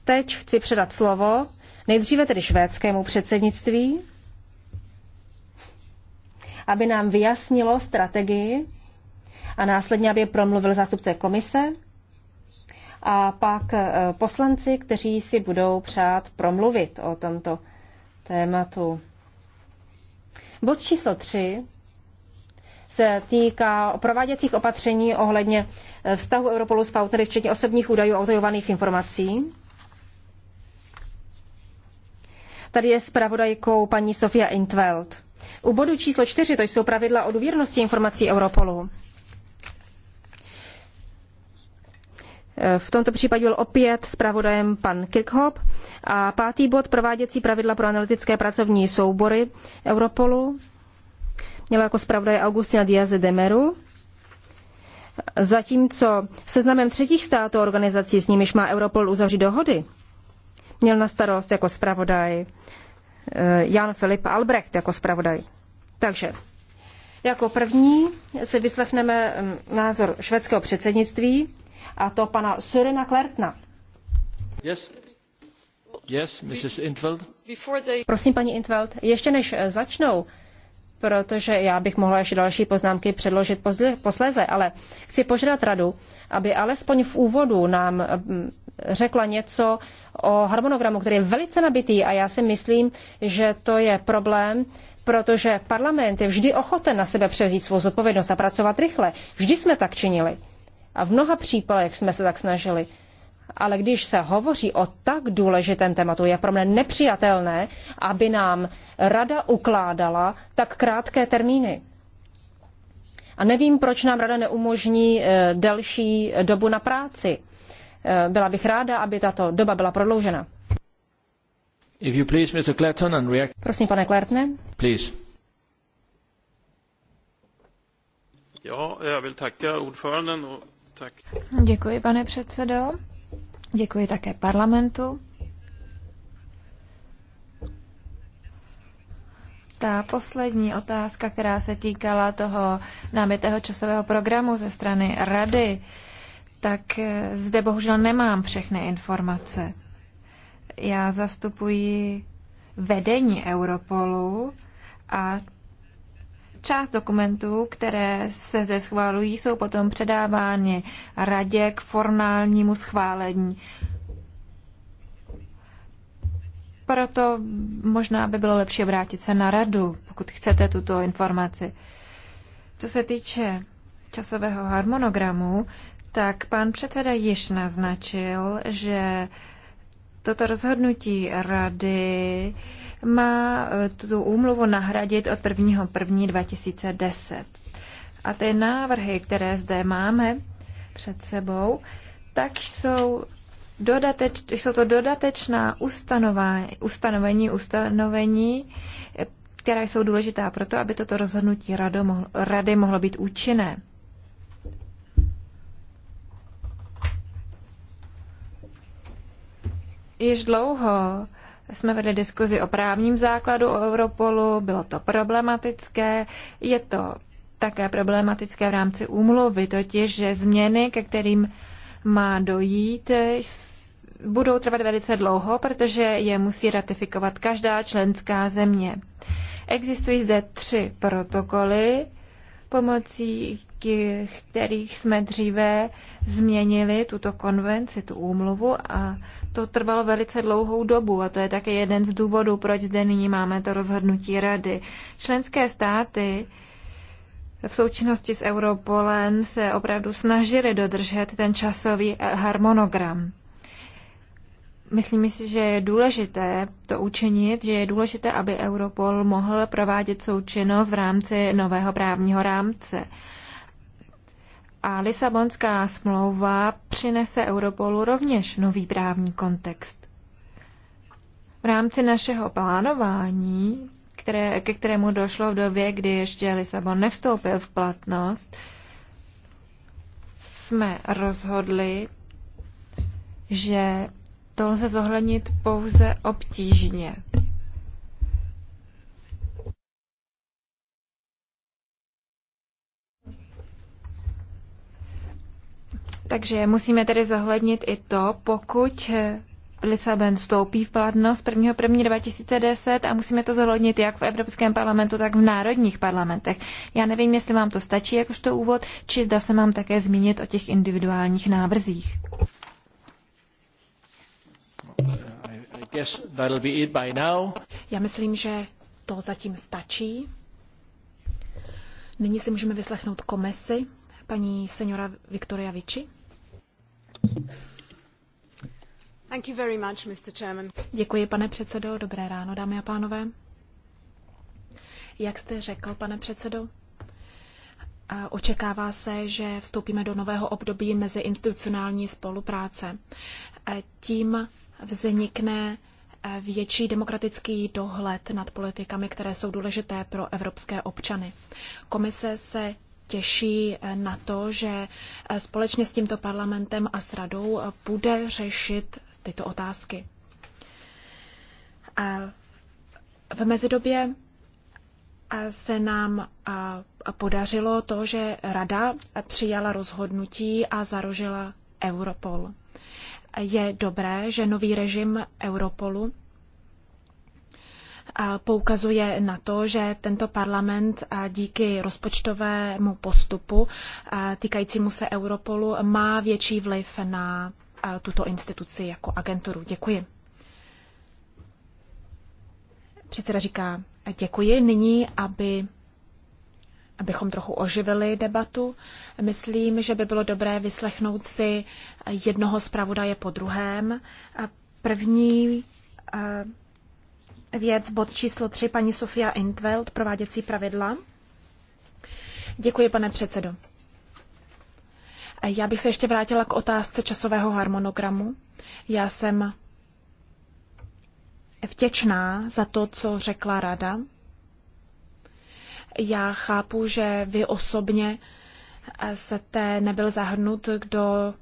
teď chci předat slovo nejdříve tedy švédskému předsednictví, aby nám vyjasnilo strategii a následně, aby promluvil zástupce komise a pak eh, poslanci, kteří si budou přát promluvit o tomto tématu. Bod číslo 3 se týká prováděcích opatření ohledně vztahu Europolu s partnery, včetně osobních údajů a utajovaných informací. Tady je zpravodajkou paní Sofia Intveld. U bodu číslo čtyři to jsou pravidla o důvěrnosti informací Europolu. V tomto případě byl opět zpravodajem pan Kirchhoff. A pátý bod, prováděcí pravidla pro analytické pracovní soubory Europolu, měla jako zpravodaj Augustina Diaz de Meru. Zatímco seznamem třetích států organizací, s nimiž má Europol uzavřít dohody, měl na starost jako zpravodaj eh, Jan Filip Albrecht jako zpravodaj. Takže jako první si vyslechneme hm, názor švédského předsednictví a to pana Sörena Klertna. Yes. Yes, Mrs. Intveld. Prosím, paní Intveld, ještě než eh, začnou, protože já bych mohla ještě další poznámky předložit posléze, ale chci požádat radu, aby alespoň v úvodu nám mm, řekla něco o harmonogramu, který je velice nabitý a já si myslím, že to je problém, protože parlament je vždy ochoten na sebe převzít svou zodpovědnost a pracovat rychle. Vždy jsme tak činili. A v mnoha případech jsme se tak snažili ale když se hovoří o tak důležitém tématu, je pro mě nepřijatelné, aby nám rada ukládala tak krátké termíny. A nevím, proč nám rada neumožní eh, delší dobu na práci. Eh, byla bych ráda, aby tato doba byla prodloužena. If you please, Mr. Clerton, and react... Prosím, pane Klertne. Please. Jo, já vil tacka ordföranden och tack. Děkuji, pane předsedo. Děkuji také parlamentu. Ta poslední otázka, která se týkala toho námitého časového programu ze strany Rady, tak eh, zde bohužel nemám všechny informace. Já zastupuji vedení Europolu a Část dokumentů, které se zde schválují, jsou potom předávány radě k formálnímu schválení. Proto možná by bylo lepší vrátit se na radu, pokud chcete tuto informaci. Co se týče časového harmonogramu, tak pan předseda již naznačil, že toto rozhodnutí rady má eh, tu úmluvu nahradit od 1.1.2010. 2010. A ty návrhy, které zde máme před sebou, tak jsou dodateč, jsou to dodatečná ustanovení, ustanovení, ustanovení, eh, která jsou důležitá pro to, aby toto rozhodnutí rado mohlo, rady mohlo být účinné. Již dlouho jsme vedli diskuzi o právním základu o Europolu, bylo to problematické, je to také problematické v rámci úmluvy, totiž, že změny, ke kterým má dojít, budou trvat velice dlouho, protože je musí ratifikovat každá členská země. Existují zde tři protokoly, pomocí kterých jsme dříve změnili tuto konvenci, tu úmluvu a to trvalo velice dlouhou dobu a to je také jeden z důvodů, proč zde nyní máme to rozhodnutí rady. Členské státy v součinnosti s Europolem se opravdu snažili dodržet ten časový harmonogram. Myslím si, že je důležité to učinit, že je důležité, aby Europol mohl provádět součinnost v rámci nového právního rámce a Lisabonská smlouva přinese Europolu rovněž nový právní kontext. V rámci našeho plánování, které, ke kterému došlo v době, kdy ještě Lisabon nevstoupil v platnost, jsme rozhodli, že to lze zohlednit pouze obtížně. Takže musíme tedy zohlednit i to, pokud Lisabon vstoupí v platnost 1.1.2010 2010 a musíme to zohlednit jak v Evropském parlamentu, tak v národních parlamentech. Já nevím, jestli vám to stačí jakožto úvod, či zda se mám také zmínit o těch individuálních návrzích. Já myslím, že to zatím stačí. Nyní si můžeme vyslechnout komisi paní senora Viktoria Vici. Děkuji, pane předsedo. Dobré ráno, dámy a pánové. Jak jste řekl, pane předsedo, očekává se, že vstoupíme do nového období mezi institucionální spolupráce. Tím vznikne e, větší demokratický dohled nad politikami, které jsou důležité pro evropské občany. Komise se těší eh, na to, že eh, společně s tímto parlamentem a s radou eh, bude řešit tyto otázky. V mezidobě se nám podařilo to, že rada přijala rozhodnutí a zarožila Europol. Je dobré, že nový režim Europolu poukazuje na to, že tento parlament díky rozpočtovému postupu týkajícímu se Europolu má větší vliv na tuto instituci jako agenturu. Děkuji. Předseda říká děkuji. Nyní, aby abychom trochu oživili debatu. Myslím, že by bylo dobré vyslechnout si jednoho zpravodaje po druhém. První věc, bod číslo 3, paní Sofia Intveld, prováděcí pravidla. Děkuji, pane předsedo. Já bych se ještě vrátila k otázce časového harmonogramu. Já jsem vděčná za to, co řekla rada. Já chápu, že vy osobně jste nebyl zahrnut do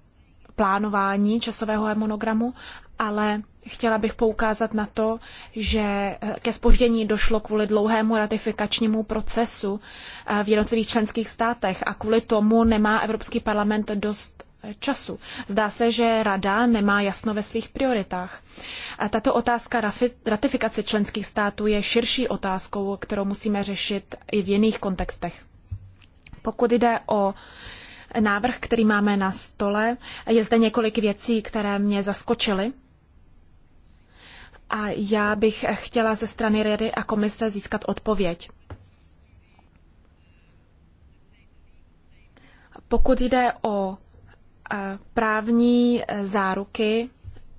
plánování časového harmonogramu, ale Chtěla bych poukázat na to, že eh, ke spoždění došlo kvůli dlouhému ratifikačnímu procesu eh, v jednotlivých členských státech a kvůli tomu nemá Evropský parlament dost eh, času. Zdá se, že Rada nemá jasno ve svých prioritách. A tato otázka ratifikace členských států je širší otázkou, kterou musíme řešit i v jiných kontextech. Pokud jde o návrh, který máme na stole, je zde několik věcí, které mě zaskočily a já bych chtěla ze strany Rady a komise získat odpověď. Pokud jde o e, právní e, záruky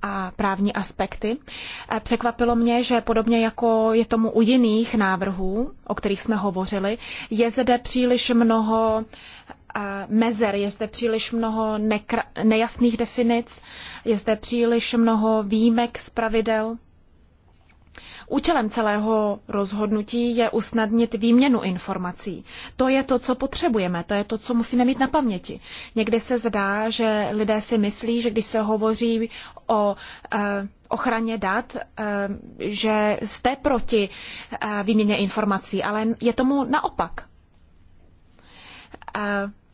a právní aspekty, e, překvapilo mě, že podobně jako je tomu u jiných návrhů, o kterých jsme hovořili, je zde příliš mnoho mezer, je zde příliš mnoho nejasných definic, je zde příliš mnoho výjimek z pravidel. Účelem celého rozhodnutí je usnadnit výměnu informací. To je to, co potřebujeme, to je to, co musíme mít na paměti. Někdy se zdá, že lidé si myslí, že když se hovoří o eh, ochraně dat, eh, že jste proti eh, výměně informací, ale je tomu naopak.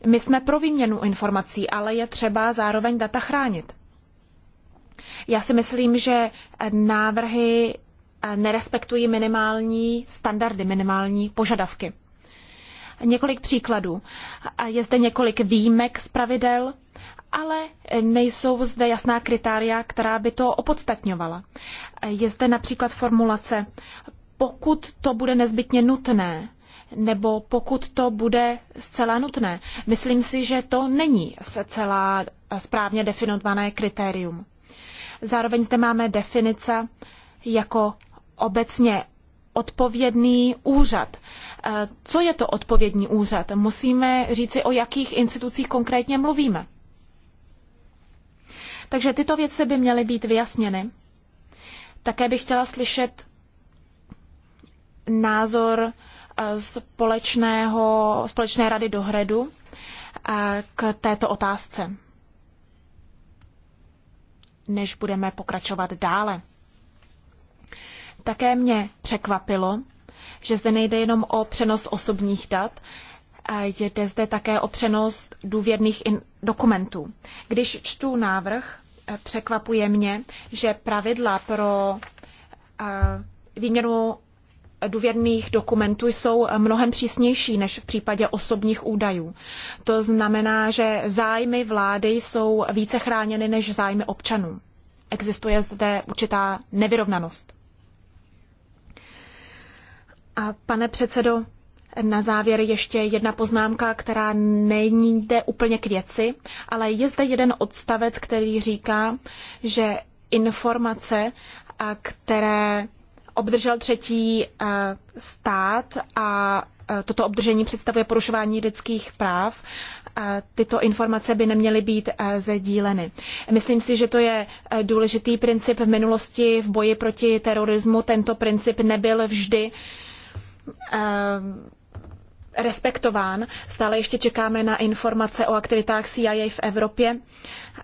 My jsme pro výměnu informací, ale je třeba zároveň data chránit. Já si myslím, že návrhy nerespektují minimální standardy, minimální požadavky. Několik příkladů. Je zde několik výjimek z pravidel, ale nejsou zde jasná kritéria, která by to opodstatňovala. Je zde například formulace, pokud to bude nezbytně nutné, nebo pokud to bude zcela nutné. Myslím si, že to není zcela správně definované kritérium. Zároveň zde máme definice jako obecně odpovědný úřad. E, co je to odpovědný úřad? Musíme říci, o jakých institucích konkrétně mluvíme. Takže tyto věci by měly být vyjasněny. Také bych chtěla slyšet názor e, společného, společné rady dohledu e, k této otázce, než budeme pokračovat dále. Také mě překvapilo, že zde nejde jenom o přenos osobních dat, jde zde také o přenos důvěrných dokumentů. Když čtu návrh, eh, překvapuje mě, že pravidla pro eh, výměnu důvěrných dokumentů jsou eh, mnohem přísnější než v případě osobních údajů. To znamená, že zájmy vlády jsou více chráněny než zájmy občanů. Existuje zde určitá nevyrovnanost. A pane předsedo, na závěr ještě jedna poznámka, která není jde úplně k věci, ale je zde jeden odstavec, který říká, že informace, které obdržel třetí e, stát a e, toto obdržení představuje porušování lidských práv, e, tyto informace by neměly být sdíleny. Myslím si, že to je důležitý princip v minulosti v boji proti terorismu. Tento princip nebyl vždy uh, Ehm, respektován. Stále ještě čekáme na informace o aktivitách CIA v Evropě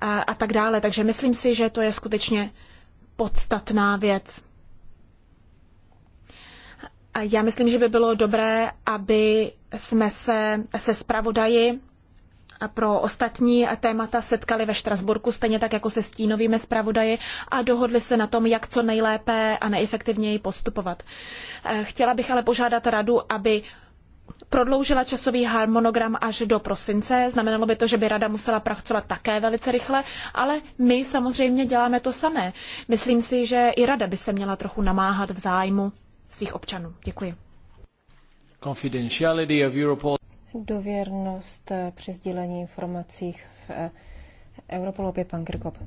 a, a tak dále. Takže myslím si, že to je skutečně podstatná věc. Já myslím, že by bylo dobré, aby jsme se se zpravodaji pro ostatní témata setkali ve Štrasburku, stejně tak jako se stínovými zpravodaji a dohodli se na tom, jak co nejlépe a nejefektivněji postupovat. Eh, chtěla bych ale požádat radu, aby prodloužila časový harmonogram až do prosince. Znamenalo by to, že by rada musela pracovat také velice rychle, ale my samozřejmě děláme to samé. Myslím si, že i rada by se měla trochu namáhat v zájmu svých občanů. Děkuji. Confidentiality of Europol důvěrnost eh, při sdílení informací v eh, Europolu pan Krkop.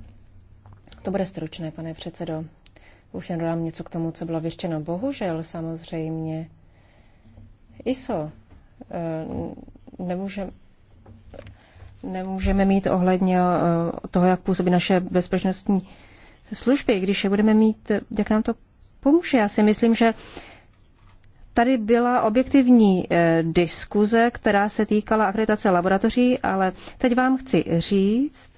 To bude stručné, pane předsedo. Už nedodám něco k tomu, co bylo vyštěno. Bohužel samozřejmě ISO eh, nemůžeme nemůžeme mít ohledně toho, jak působí naše bezpečnostní služby, když je budeme mít, jak nám to pomůže. Já si myslím, že Tady byla objektivní eh, diskuze, která se týkala akreditace laboratoří, ale teď vám chci říct,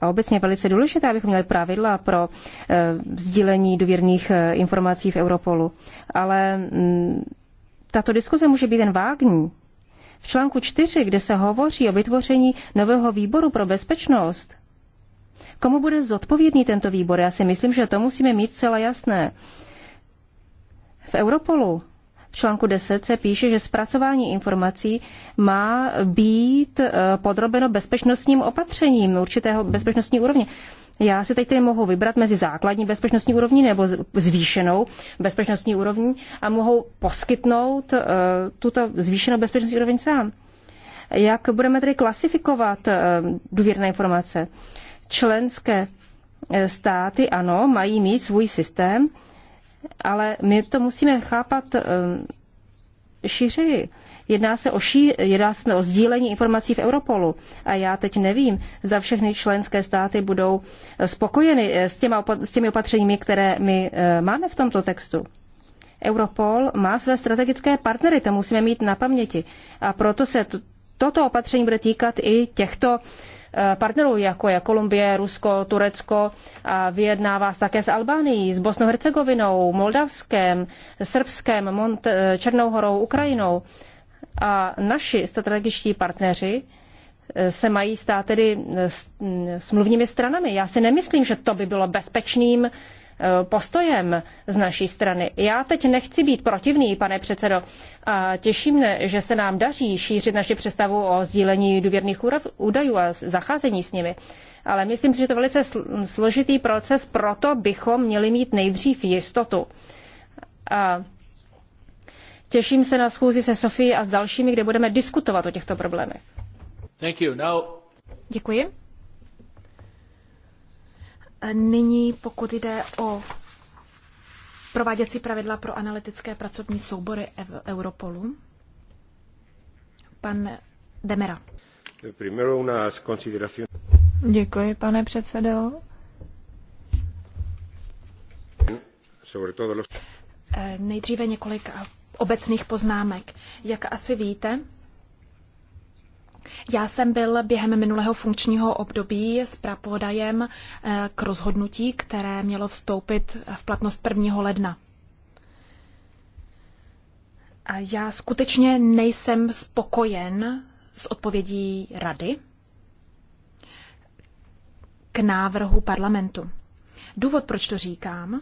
a obecně velice důležité, abychom měli pravidla pro eh, sdílení důvěrných eh, informací v Europolu. Ale mm, tato diskuze může být jen vágní. V článku 4, kde se hovoří o vytvoření nového výboru pro bezpečnost, komu bude zodpovědný tento výbor? Já si myslím, že to musíme mít celé jasné. V Europolu v článku 10 se píše, že zpracování informací má být eh, podrobeno bezpečnostním opatřením určitého bezpečnostní úrovně. Já si teď tedy mohu vybrat mezi základní bezpečnostní úrovní nebo zvýšenou bezpečnostní úrovní a mohu poskytnout eh, tuto zvýšenou bezpečnostní úroveň sám. Jak budeme tedy klasifikovat eh, důvěrné informace? Členské státy, ano, mají mít svůj systém, ale my to musíme chápat eh, šířeji. Jedná se, o ší, jedná se o sdílení informací v Europolu. A já teď nevím, za všechny členské státy budou eh, spokojeny eh, s, těma, s těmi opatřeními, které my máme v tomto textu. Europol má své strategické partnery, to musíme mít na paměti. A proto se toto opatření bude týkat i těchto uh, Eh, partnerů, jako je Kolumbie, Rusko, Turecko a vyjednává se také s Albánií, s Bosnou Hercegovinou, Moldavskem, Srbskem, Mont- eh, Černou horou, Ukrajinou. A naši strategičtí partneři eh, se mají stát tedy mm, smluvními stranami. Já si nemyslím, že to by bylo bezpečným Eh, postojem z naší strany. Já teď nechci být protivný, pane předsedo, a těší mne, že se nám daří šířit naši představu o sdílení důvěrných údajů a zacházení s nimi. Ale myslím si, že to je velice složitý proces, proto bychom měli mít nejdřív jistotu. A těším se na schůzi se Sofií a s dalšími, kde budeme diskutovat o těchto problémech. Děkuji. Nyní, pokud jde o prováděcí pravidla pro analytické pracovní soubory Europolu, pan Demera. Děkuji, pane předsedo. Eh, nejdříve několik obecných poznámek. Jak asi víte, já jsem byl během minulého funkčního období s prapodajem eh, k rozhodnutí, které mělo vstoupit v platnost 1. ledna. A já skutečně nejsem spokojen s odpovědí rady k návrhu parlamentu. Důvod, proč to říkám,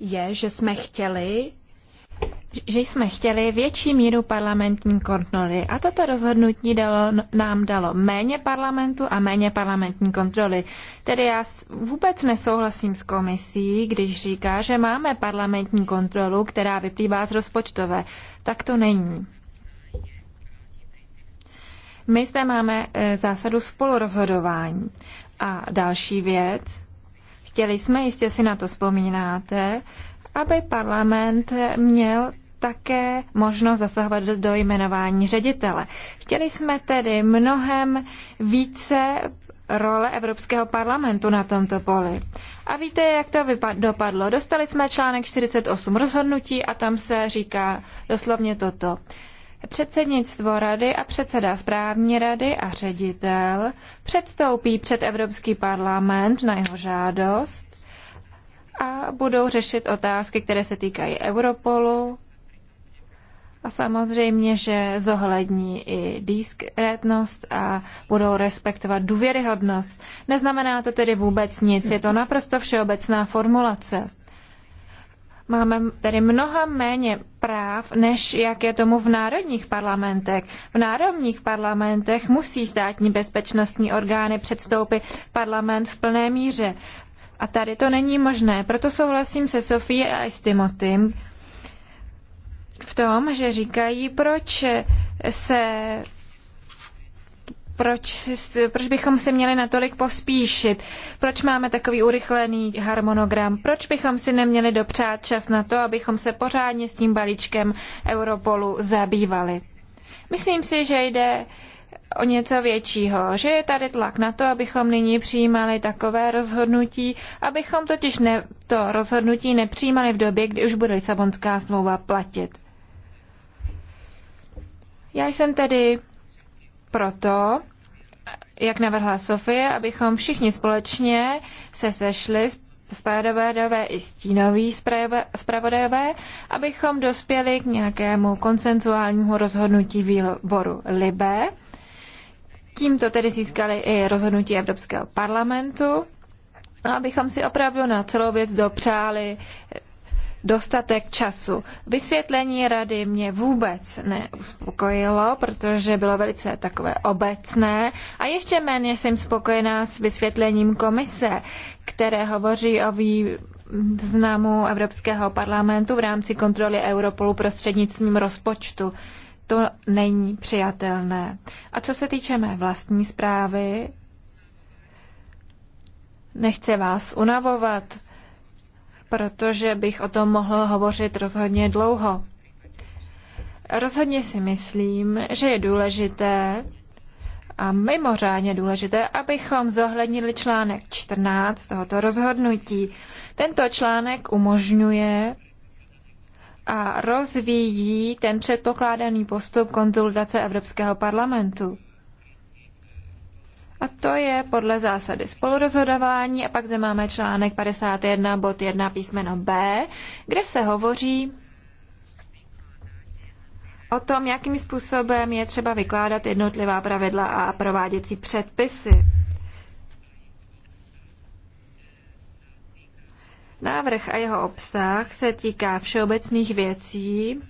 je, že jsme chtěli že jsme chtěli větší míru parlamentní kontroly a toto rozhodnutí dalo, nám dalo méně parlamentu a méně parlamentní kontroly. Tedy já vůbec nesouhlasím s komisí, když říká, že máme parlamentní kontrolu, která vyplývá z rozpočtové. Tak to není. My zde máme e, zásadu spolurozhodování. A další věc, chtěli jsme, jistě si na to vzpomínáte, aby parlament měl také možnost zasahovat do jmenování ředitele. Chtěli jsme tedy mnohem více role Evropského parlamentu na tomto poli. A víte, jak to dopadlo? Dostali jsme článek 48 rozhodnutí a tam se říká doslovně toto. Předsednictvo rady a předseda správní rady a ředitel předstoupí před Evropský parlament na jeho žádost a budou řešit otázky, které se týkají Europolu a samozřejmě, že zohlední i diskrétnost a budou respektovat důvěryhodnost. Neznamená to tedy vůbec nic, je to naprosto všeobecná formulace. Máme tedy mnohem méně práv, než jak je tomu v národních parlamentech. V národních parlamentech musí státní bezpečnostní orgány předstoupit parlament v plné míře. A tady to není možné. Proto souhlasím se Sofie a i s Timotym v tom, že říkají, proč se proč, proč bychom se měli natolik pospíšit, proč máme takový urychlený harmonogram, proč bychom si neměli dopřát čas na to, abychom se pořádně s tím balíčkem Europolu zabývali. Myslím si, že jde o něco většího, že je tady tlak na to, abychom nyní přijímali takové rozhodnutí, abychom totiž ne, to rozhodnutí nepřijímali v době, kdy už bude Lisabonská smlouva platit. Já jsem tedy proto, jak navrhla Sofie, abychom všichni společně se sešli zpravodajové i stínoví zpravodajové, abychom dospěli k nějakému konsenzuálnímu rozhodnutí výboru Libe Tímto tedy získali i rozhodnutí Evropského parlamentu, abychom si opravdu na celou věc dopřáli dostatek času. Vysvětlení rady mě vůbec neuspokojilo, protože bylo velice takové obecné a ještě méně jsem spokojená s vysvětlením komise, které hovoří o významu Evropského parlamentu v rámci kontroly Europolu prostřednictvím rozpočtu. To není přijatelné. A co se týče mé vlastní zprávy, nechci vás unavovat, protože bych o tom mohl hovořit rozhodně dlouho. Rozhodně si myslím, že je důležité a mimořádně důležité, abychom zohlednili článek 14 tohoto rozhodnutí. Tento článek umožňuje a rozvíjí ten předpokládaný postup konzultace Evropského parlamentu. A to je podle zásady spolurozhodování a pak zde máme článek 51 bod 1 písmeno B, kde se hovoří o tom, jakým způsobem je třeba vykládat jednotlivá pravidla a prováděcí předpisy. Návrh a jeho obsah se týká všeobecných věcí,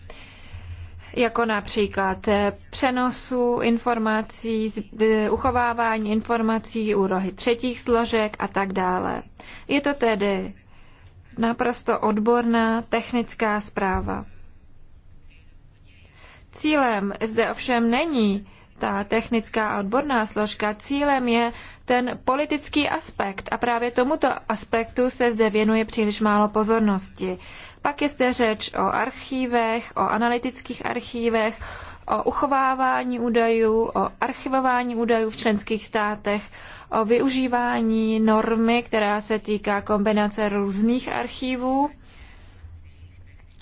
jako například přenosu informací, e, uchovávání informací, úrohy třetích složek a tak dále. Je to tedy naprosto odborná technická zpráva. Cílem zde ovšem není ta technická a odborná složka, cílem je ten politický aspekt a právě tomuto aspektu se zde věnuje příliš málo pozornosti. Pak je zde řeč o archívech, o analytických archívech, o uchovávání údajů, o archivování údajů v členských státech, o využívání normy, která se týká kombinace různých archívů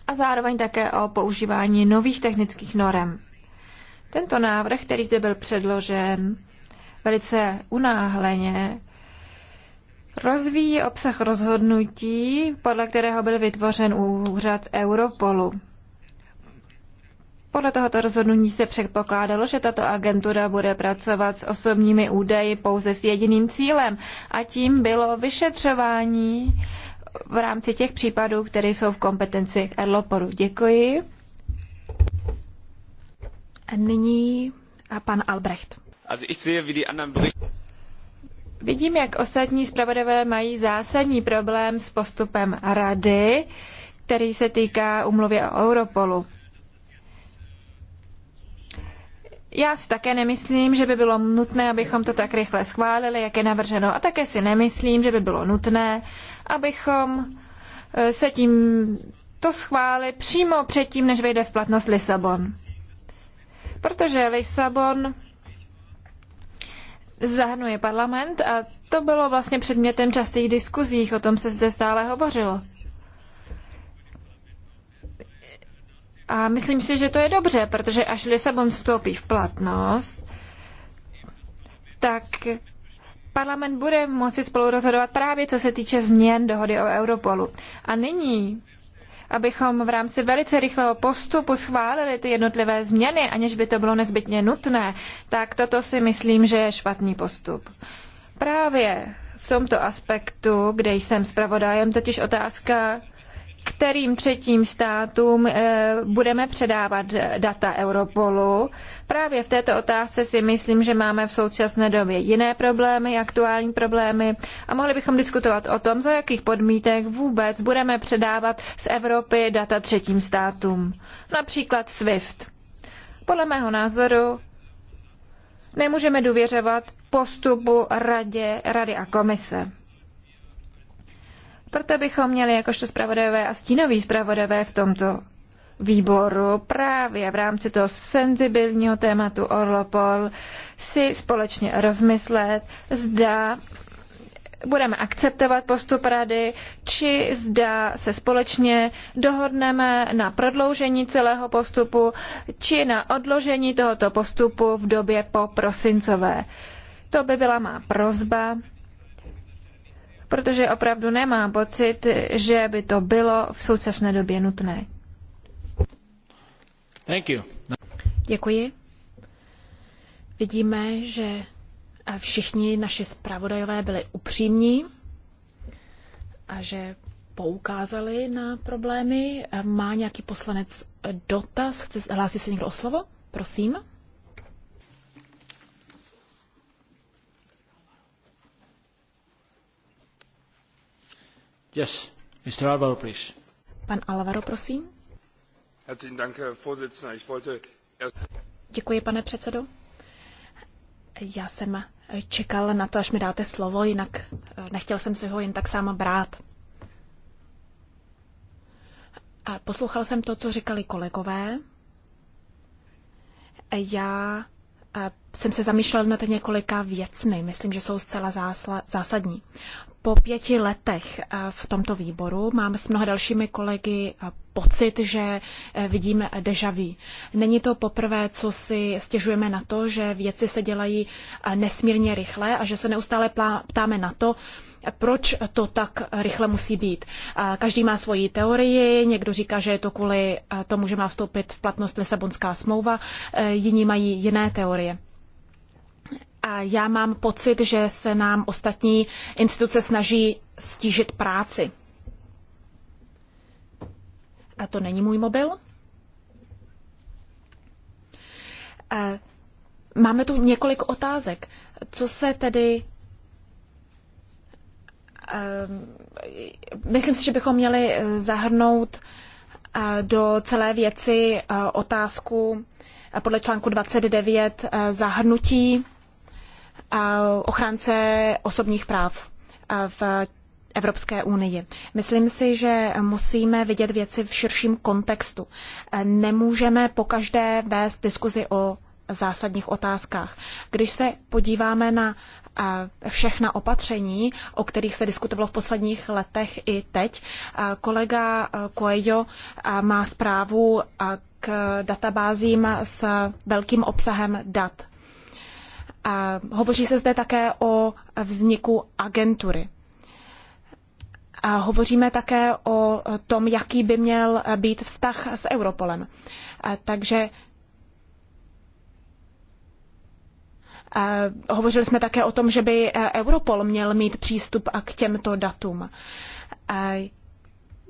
a zároveň také o používání nových technických norem. Tento návrh, který zde byl předložen velice unáhleně, rozvíjí obsah rozhodnutí, podle kterého byl vytvořen úřad Europolu. Podle tohoto rozhodnutí se předpokládalo, že tato agentura bude pracovat s osobními údaji pouze s jediným cílem a tím bylo vyšetřování v rámci těch případů, které jsou v kompetenci Erloporu. Děkuji. Nyní pan Albrecht. Also ich sehe, wie die anderen Vidím, jak ostatní zpravodajové mají zásadní problém s postupem rady, který se týká umluvy o Europolu. Já si také nemyslím, že by bylo nutné, abychom to tak rychle schválili, jak je navrženo. A také si nemyslím, že by bylo nutné, abychom eh, se tím to schválili přímo předtím, než vejde v platnost Lisabon protože Lisabon zahrnuje parlament a to bylo vlastně předmětem častých diskuzích, o tom se zde stále hovořilo. A myslím si, že to je dobře, protože až Lisabon vstoupí v platnost, tak parlament bude moci spolu rozhodovat právě co se týče změn dohody o Europolu. A nyní abychom v rámci velice rychlého postupu schválili ty jednotlivé změny, aniž by to bylo nezbytně nutné, tak toto si myslím, že je špatný postup. Právě v tomto aspektu, kde jsem zpravodajem, totiž otázka kterým třetím státům eh, budeme předávat data Europolu. Právě v této otázce si myslím, že máme v současné době jiné problémy, aktuální problémy a mohli bychom diskutovat o tom, za jakých podmítek vůbec budeme předávat z Evropy data třetím státům. Například SWIFT. Podle mého názoru nemůžeme důvěřovat postupu radě, rady a komise. Proto bychom měli jakožto zpravodajové a stínoví zpravodajové v tomto výboru právě v rámci toho senzibilního tématu Orlopol si společně rozmyslet, zda budeme akceptovat postup rady, či zda se společně dohodneme na prodloužení celého postupu, či na odložení tohoto postupu v době po prosincové. To by byla má prozba protože opravdu nemám pocit, že by to bylo v současné době nutné. Thank you. Děkuji. Vidíme, že všichni naši zpravodajové byli upřímní a že poukázali na problémy. Má nějaký poslanec dotaz? Chce, hlásí se někdo o slovo? Prosím. Yes, Mr. Alvaro, please. Pan Alvaro, prosím. Herzlichen Děkuji, pane předsedo. Já jsem čekal na to, až mi dáte slovo, jinak eh, nechtěl jsem si ho jen tak sám brát. A poslouchal jsem to, co říkali kolegové. Já eh, jsem se zamýšlel nad několika věcmi. Myslím, že jsou zcela zásadní. Po pěti letech eh, v tomto výboru máme s mnoha dalšími kolegy eh, pocit, že eh, vidíme deja vu. Není to poprvé, co si stěžujeme na to, že věci se dělají nesmírně rychle a že se neustále ptáme na to, proč to tak rychle musí být. Každý má svoji teorii, někdo říká, že je to kvůli tomu, že má vstoupit v platnost Lisabonská smlouva, jiní mají jiné teorie. A já mám pocit, že se nám ostatní instituce snaží stížit práci. A to není můj mobil? Máme tu několik otázek. Co se tedy. Ehm, myslím si, že bychom měli eh, zahrnout eh, do celé věci eh, otázku podle článku 29 zahrnutí ochránce osobních práv v Evropské unii. Myslím si, že musíme vidět věci v širším kontextu. Nemůžeme pokaždé vést diskuzi o zásadních otázkách. Když se podíváme na všechna opatření, o kterých se diskutovalo v posledních letech i teď. Kolega Coelho má zprávu k databázím s velkým obsahem dat hovoří se zde také o vzniku agentury. A hovoříme také o tom, jaký by měl být vztah s Europolem. A takže Hovořili jsme také o tom, že by Europol měl mít přístup k těmto datům.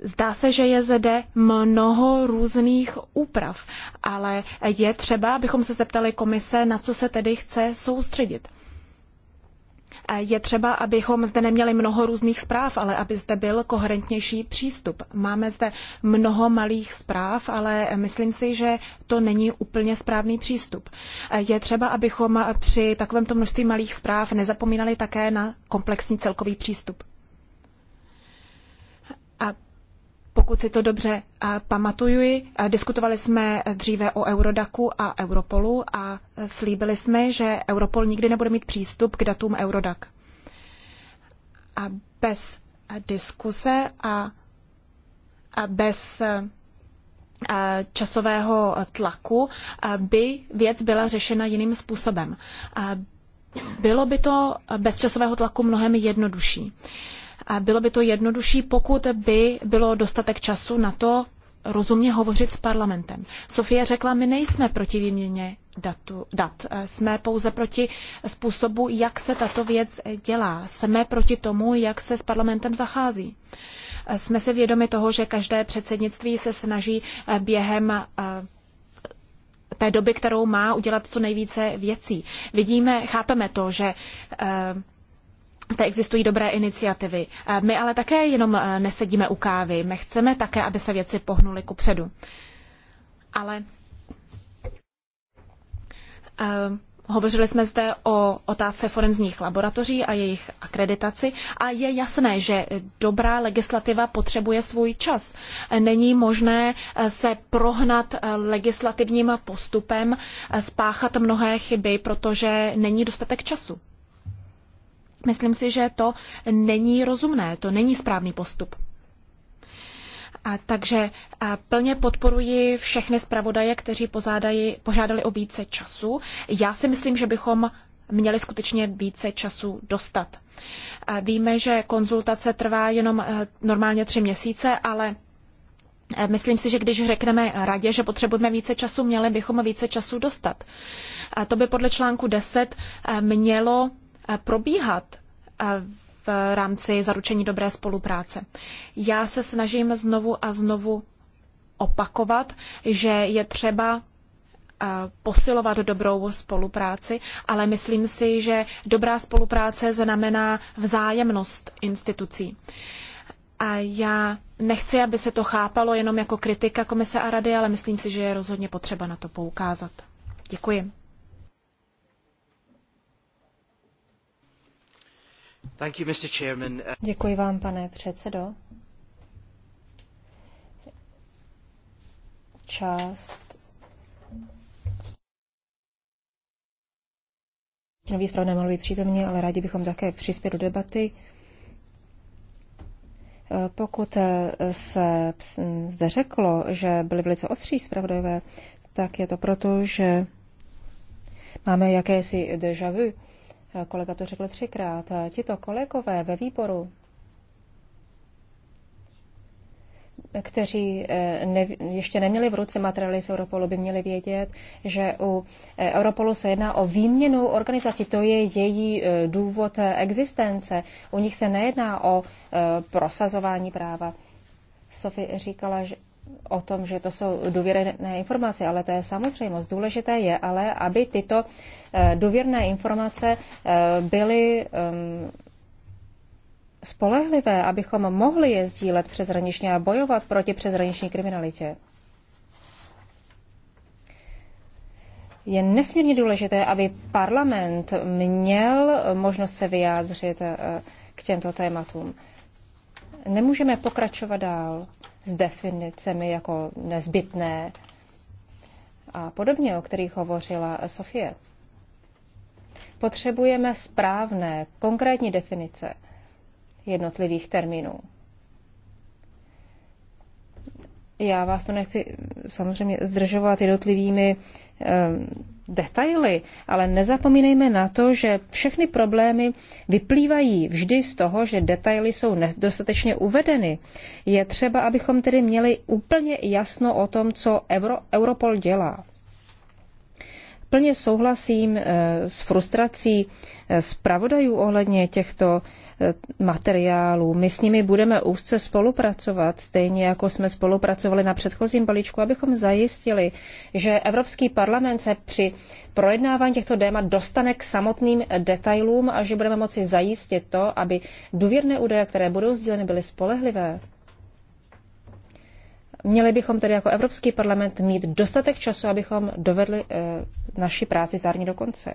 Zdá se, že je zde mnoho různých úprav, ale je třeba, abychom se zeptali komise, na co se tedy chce soustředit. Je třeba, abychom zde neměli mnoho různých zpráv, ale aby zde byl koherentnější přístup. Máme zde mnoho malých zpráv, ale myslím si, že to není úplně správný přístup. Je třeba, abychom při takovémto množství malých zpráv nezapomínali také na komplexní celkový přístup. pokud si to dobře eh, pamatuju, eh, diskutovali jsme dříve o Eurodaku a Europolu a slíbili jsme, že Europol nikdy nebude mít přístup k datům Eurodac. A bez diskuse a, a bez eh, časového tlaku by věc byla řešena jiným způsobem. Bylo by to bez časového tlaku mnohem jednodušší. A bylo by to jednodušší, pokud by bylo dostatek času na to rozumně hovořit s parlamentem. Sofie řekla, my nejsme proti výměně datu, dat. Jsme pouze proti způsobu, jak se tato věc dělá. Jsme proti tomu, jak se s parlamentem zachází. Jsme si vědomi toho, že každé předsednictví se snaží eh, během eh, té doby, kterou má, udělat co nejvíce věcí. Vidíme, chápeme to, že eh, zde existují dobré iniciativy. Eh, my ale také jenom eh, nesedíme u kávy. My chceme také, aby se věci pohnuly kupředu. Ale eh, Hovořili jsme zde o otázce forenzních laboratoří a jejich akreditaci a je jasné, že dobrá legislativa potřebuje svůj čas. Není možné se prohnat legislativním postupem, spáchat mnohé chyby, protože není dostatek času. Myslím si, že to není rozumné, to není správný postup. A takže a plně podporuji všechny zpravodaje, kteří pozádají, požádali o více času. Já si myslím, že bychom měli skutečně více času dostat. A víme, že konzultace trvá jenom eh, normálně tři měsíce, ale eh, Myslím si, že když řekneme radě, že potřebujeme více času, měli bychom více času dostat. A to by podle článku 10 eh, mělo Eh, probíhat eh, v rámci zaručení dobré spolupráce. Já se snažím znovu a znovu opakovat, že je třeba eh, posilovat dobrou spolupráci, ale myslím si, že dobrá spolupráce znamená vzájemnost institucí. A já nechci, aby se to chápalo jenom jako kritika komise a rady, ale myslím si, že je rozhodně potřeba na to poukázat. Děkuji. Uh, Děkuji vám, pane předsedo. Část nový zpravodaj nemohl být přítomně, ale rádi bychom také přispěli do debaty. Eh, pokud eh, se hm, zde řeklo, že byli velice ostří zpravodajové, tak je to proto, že máme jakési déjà vu kolega to řekl třikrát, tito kolegové ve výboru, kteří eh, ne, ještě neměli v ruce materiály z Europolu, by měli vědět, že u eh, Europolu se jedná o výměnu organizací. To je její eh, důvod existence. U nich se nejedná o prosazování práva. Sofie říkala, že o tom, že to jsou důvěrné informace, ale to je samozřejmost. Důležité je ale, aby tyto eh, důvěrné informace eh, byly ehm, spolehlivé, abychom mohli je sdílet přeshraničně a bojovat proti přezraniční kriminalitě. Je nesmírně důležité, aby parlament měl možnost se vyjádřit eh, k těmto tématům. Nemůžeme pokračovat dál s definicemi jako nezbytné a podobně, o kterých hovořila Sofie. Potřebujeme správné, konkrétní definice jednotlivých termínů. Já vás to nechci samozřejmě zdržovat jednotlivými Ehm, detaily, ale nezapomínejme na to, že všechny problémy vyplývají vždy z toho, že detaily jsou nedostatečně uvedeny. Je třeba, abychom tedy měli úplně jasno o tom, co Euro, Europol dělá. Plně souhlasím ehm, s frustrací ehm, zpravodajů ohledně těchto Eh, materiálů. My s nimi budeme úzce spolupracovat, stejně jako jsme spolupracovali na předchozím balíčku, abychom zajistili, že Evropský parlament se při projednávání těchto témat dostane k samotným eh, detailům a že budeme moci zajistit to, aby důvěrné údaje, které budou sdíleny, byly spolehlivé. Měli bychom tedy jako Evropský parlament mít dostatek času, abychom dovedli e, naši práci zárně do konce.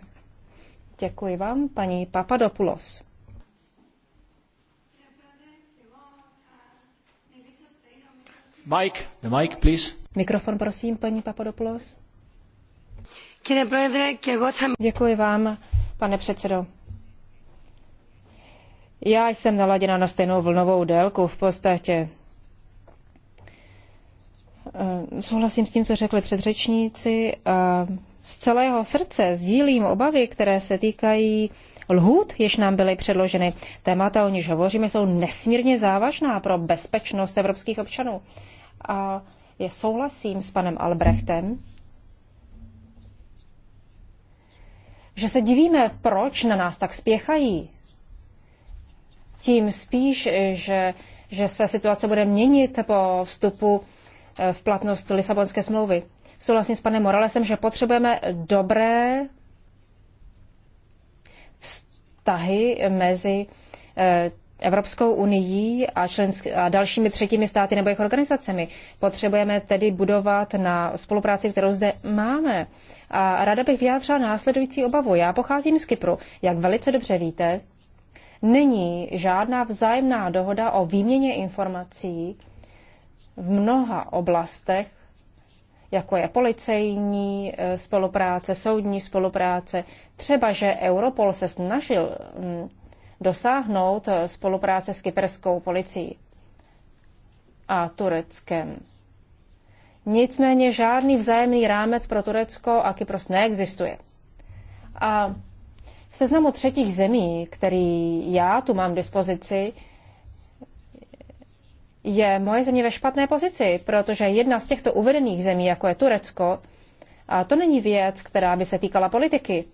Děkuji vám, paní Papadopoulos. Mike, the mic, please. Mikrofon, prosím, paní Papadopoulos. Děkuji vám, pane předsedo. Já jsem naladěna na stejnou vlnovou délku v podstatě. Eh, souhlasím s tím, co řekli předřečníci. A z celého srdce sdílím obavy, které se týkají lhůt, jež nám byly předloženy. Témata, o níž hovoříme, jsou nesmírně závažná pro bezpečnost evropských občanů a je souhlasím s panem Albrechtem, že se divíme, proč na nás tak spěchají. Tím spíš, že, že se situace bude měnit po vstupu eh, v platnost Lisabonské smlouvy. Souhlasím s panem Moralesem, že potřebujeme dobré vztahy mezi eh, Evropskou unii a, člensk- a dalšími třetími státy nebo jejich organizacemi. Potřebujeme tedy budovat na spolupráci, kterou zde máme. A rada bych vyjádřila následující obavu. Já pocházím z Kypru. Jak velice dobře víte, není žádná vzájemná dohoda o výměně informací v mnoha oblastech, jako je policejní eh, spolupráce, soudní spolupráce. Třeba, že Europol se snažil mm, dosáhnout eh, spolupráce s kyperskou policií a Tureckem. Nicméně žádný vzájemný rámec pro Turecko a Kypros neexistuje. A v seznamu třetích zemí, který já tu mám k dispozici, je moje země ve špatné pozici, protože jedna z těchto uvedených zemí, jako je Turecko, a to není věc, která by se týkala politiky.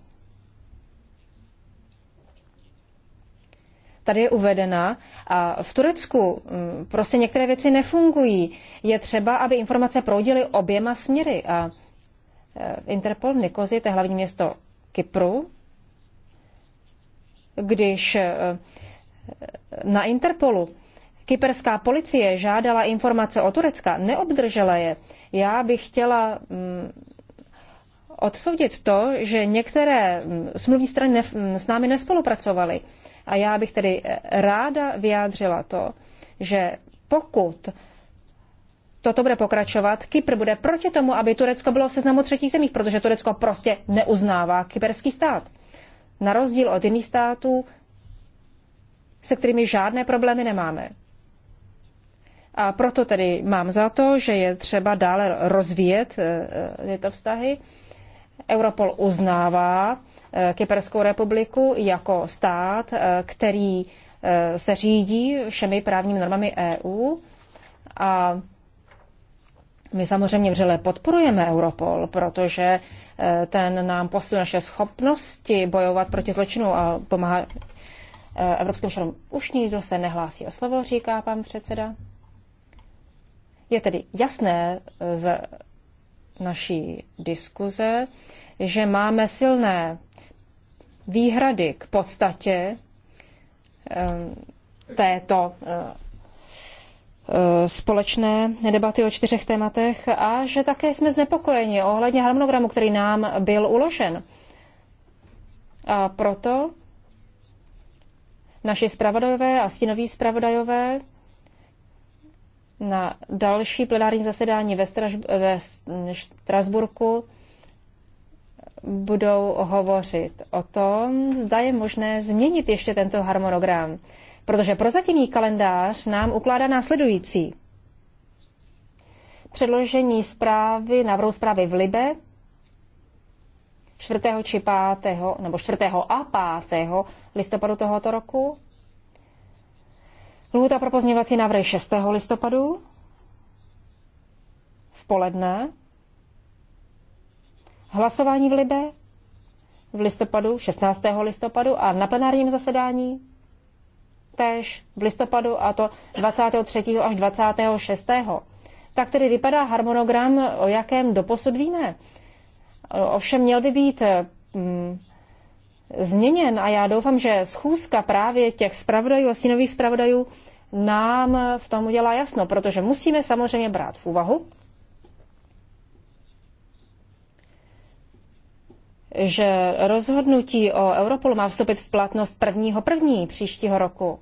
tady je uvedena. A v Turecku mm, prostě některé věci nefungují. Je třeba, aby informace proudily oběma směry. A e, Interpol v Nikozi, to je hlavní město Kypru, když e, e, na Interpolu Kyperská policie žádala informace o Turecka, neobdržela je. Já bych chtěla mm, odsoudit to, že některé mm, smluvní strany s námi nespolupracovaly. A já bych tedy eh, ráda vyjádřila to, že pokud toto bude pokračovat, Kypr bude proti tomu, aby Turecko bylo v seznamu třetích zemí, protože Turecko prostě neuznává kyperský stát. Na rozdíl od jiných států, se kterými žádné problémy nemáme. A proto tedy mám za to, že je třeba dále rozvíjet eh, eh, tyto vztahy Europol uznává eh, Kyperskou republiku jako stát, eh, který eh, se řídí všemi právními normami EU a my samozřejmě vřele podporujeme Europol, protože ten nám posiluje naše schopnosti bojovat proti zločinu a pomáhá evropským členům. Už nikdo se nehlásí o slovo, říká pan předseda. Je tedy jasné z naší diskuze, že máme silné výhrady k podstatě eh, této eh, eh, společné debaty o čtyřech tématech a že také jsme znepokojeni ohledně harmonogramu, který nám byl uložen. A proto naši zpravodajové a stinoví zpravodajové na další plenární zasedání ve, Straž- ve Strasburku budou hovořit o tom, zda je možné změnit ještě tento harmonogram, protože prozatímní kalendář nám ukládá následující. Předložení zprávy, návrhu zprávy v Libe 4. či 5. nebo 4. a 5. listopadu tohoto roku Lhůta pro pozměňovací návrhy 6. listopadu v poledne. Hlasování v Libe v listopadu, 16. listopadu a na plenárním zasedání též v listopadu a to 23. až 26. Tak tedy vypadá harmonogram, o jakém doposud víme. Ovšem měl by být mm, změněn a já doufám, že schůzka právě těch spravodajů a stínových spravodajů nám v tom udělá jasno, protože musíme samozřejmě brát v úvahu, že rozhodnutí o Europolu má vstoupit v platnost prvního první příštího roku.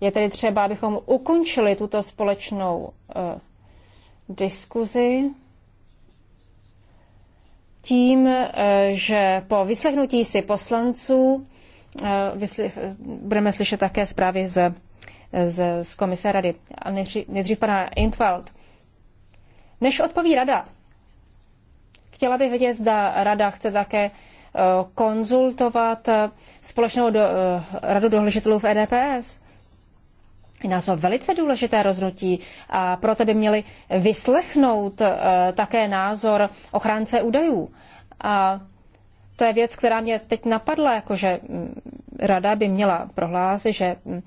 Je tedy třeba, abychom ukončili tuto společnou uh, diskuzi tím, eh, že po vyslechnutí si poslanců eh, budeme slyšet také zprávy z, z, z komise rady. A nejdřív, nejdřív pana Intwald. Než odpoví rada, chtěla bych vědět, zda rada chce také eh, konzultovat společnou do, radu dohležitelů v EDPS. Jedná se o velice důležité rozhodnutí a proto by měli vyslechnout eh, také názor ochránce údajů. A to je věc, která mě teď napadla, jakože mm, rada by měla prohlásit, že mm,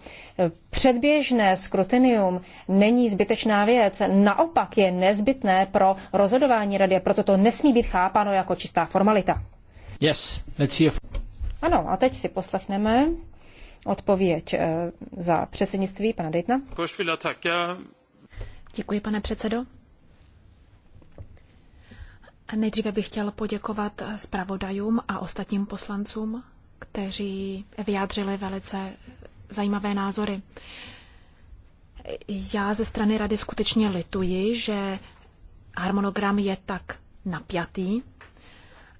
předběžné skrutinium není zbytečná věc, naopak je nezbytné pro rozhodování rady, proto to nesmí být chápáno jako čistá formalita. Yes, let's hear. Ano, a teď si poslechneme odpověď eh, za předsednictví pana Dejtna. Děkuji, pane předsedo. Nejdříve bych chtěl poděkovat zpravodajům a ostatním poslancům, kteří vyjádřili velice zajímavé názory. Já ze strany rady skutečně lituji, že harmonogram je tak napjatý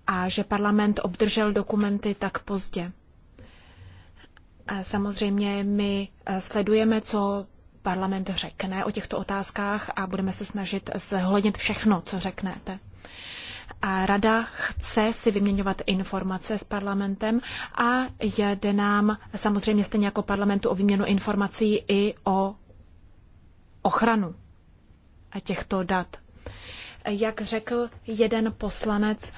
a že parlament obdržel dokumenty tak pozdě. Samozřejmě my eh, sledujeme, co parlament řekne o těchto otázkách a budeme se snažit zhlednit všechno, co řeknete. A rada chce si vyměňovat informace s parlamentem a jde nám samozřejmě stejně jako parlamentu o výměnu informací i o ochranu těchto dat. Jak řekl jeden poslanec,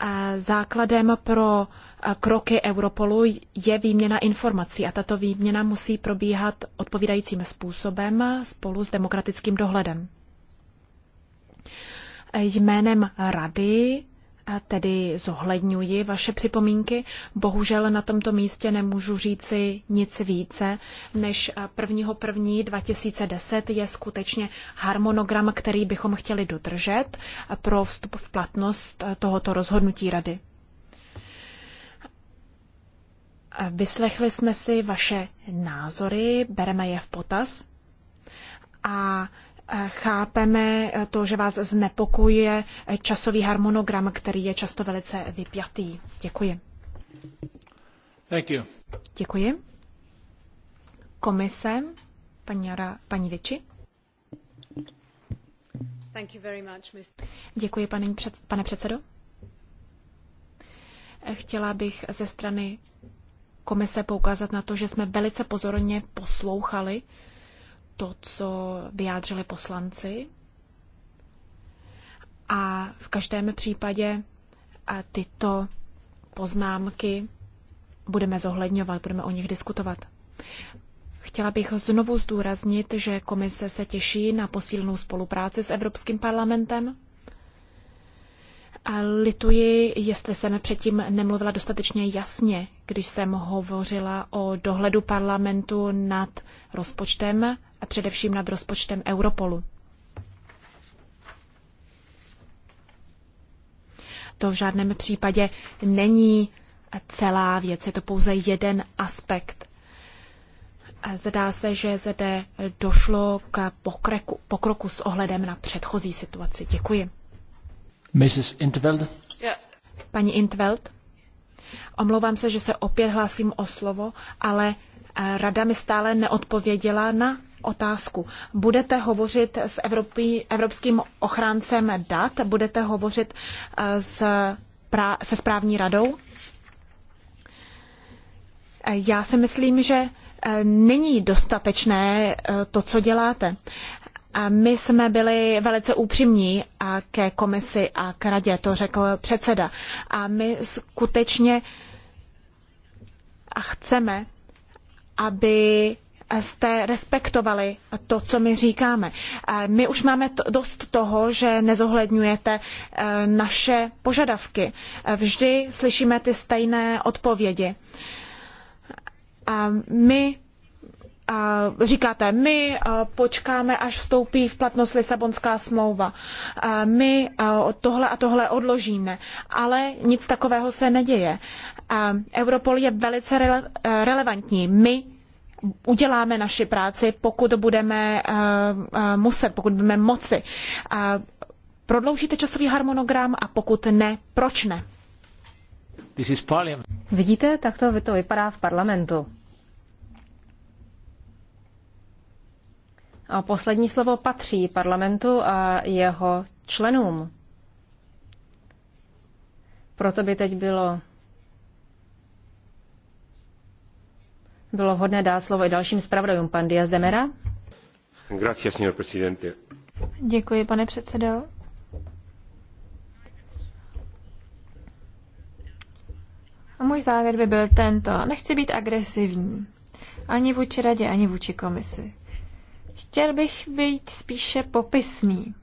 eh, základem pro kroky Europolu je výměna informací a tato výměna musí probíhat odpovídajícím způsobem spolu s demokratickým dohledem. Jménem Rady tedy zohledňuji vaše připomínky. Bohužel na tomto místě nemůžu říci nic více, než 1.1.2010 je skutečně harmonogram, který bychom chtěli dodržet pro vstup v platnost tohoto rozhodnutí rady. Vyslechli jsme si vaše názory, bereme je v potaz a chápeme to, že vás znepokuje časový harmonogram, který je často velice vypjatý. Děkuji. Thank you. Děkuji. Komise, paní, Ara, paní Věči. Thank you very much, Mr. Děkuji, pane, před, pane předsedo. Chtěla bych ze strany komise poukázat na to, že jsme velice pozorně poslouchali to, co vyjádřili poslanci. A v každém případě tyto poznámky budeme zohledňovat, budeme o nich diskutovat. Chtěla bych znovu zdůraznit, že komise se těší na posílenou spolupráci s Evropským parlamentem Lituji, jestli jsem předtím nemluvila dostatečně jasně, když jsem hovořila o dohledu parlamentu nad rozpočtem a především nad rozpočtem Europolu. To v žádném případě není celá věc, je to pouze jeden aspekt. Zdá se, že zde došlo k pokroku, pokroku s ohledem na předchozí situaci. Děkuji. Mrs. Intveld? Yeah. Paní Intveld? Omlouvám se, že se opět hlásím o slovo, ale eh, rada mi stále neodpověděla na otázku. Budete hovořit s Evropí, evropským ochráncem dat? Budete hovořit eh, s, se správní radou? Eh, já si myslím, že není dostatečné to, co děláte. My jsme byli velice a ke komisi a k radě, to řekl předseda. A my skutečně chceme, aby jste respektovali to, co my říkáme. My už máme dost toho, že nezohledňujete e, naše požadavky. E, vždy slyšíme ty stejné odpovědi. A my říkáte, my eh, počkáme, až vstoupí v platnost Lisabonská smlouva. Eh, my eh, tohle a tohle odložíme, ale nic takového se neděje. Europol je velice relevantní. My uděláme naši práci, pokud budeme muset, pokud budeme moci. Prodloužíte časový harmonogram a pokud ne, proč ne? Vidíte, tak to, to vypadá v parlamentu. A poslední slovo patří parlamentu a jeho členům. Proto by teď bylo bylo vhodné dát slovo i dalším zpravodajům. Pan Diaz de Mera. Děkuji, pane předsedo. A můj závěr by byl tento. Nechci být agresivní. Ani vůči radě, ani vůči komisi. Chtěl bych být spíše popisný.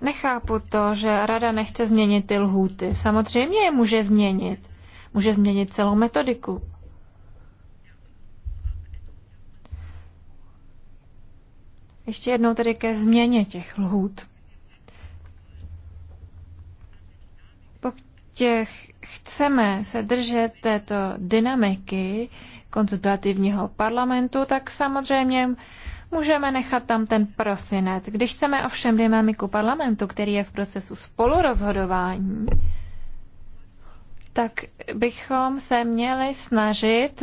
Nechápu to, že rada nechce změnit ty lhůty. Samozřejmě je může změnit. Může změnit celou metodiku. Ještě jednou tedy ke změně těch lhůt. Pokud chceme se držet této dynamiky, konzultativního parlamentu, tak samozřejmě můžeme nechat tam ten prosinec. Když chceme ovšem dynamiku parlamentu, který je v procesu spolurozhodování, tak bychom se měli snažit,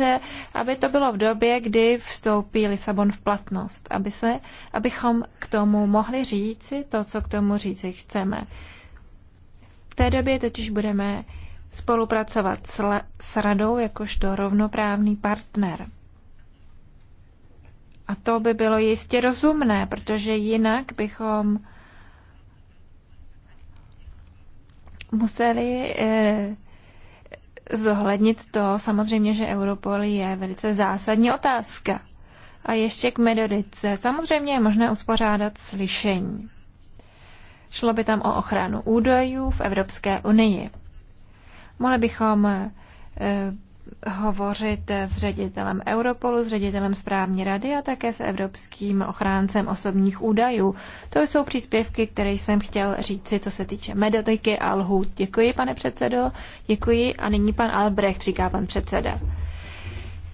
aby to bylo v době, kdy vstoupí Lisabon v platnost, aby se, abychom k tomu mohli říci to, co k tomu říci chceme. V té době totiž budeme spolupracovat s, le- s radou jakožto rovnoprávný partner. A to by bylo jistě rozumné, protože jinak bychom museli e, zohlednit to samozřejmě, že Europol je velice zásadní otázka. A ještě k metodice. Samozřejmě je možné uspořádat slyšení. Šlo by tam o ochranu údajů v Evropské unii. Mohli bychom eh, hovořit s ředitelem Europolu, s ředitelem správní rady a také s evropským ochráncem osobních údajů. To jsou příspěvky, které jsem chtěl říci, co se týče medotiky a lhů. Děkuji, pane předsedo, děkuji. A nyní pan Albrecht, říká pan předseda.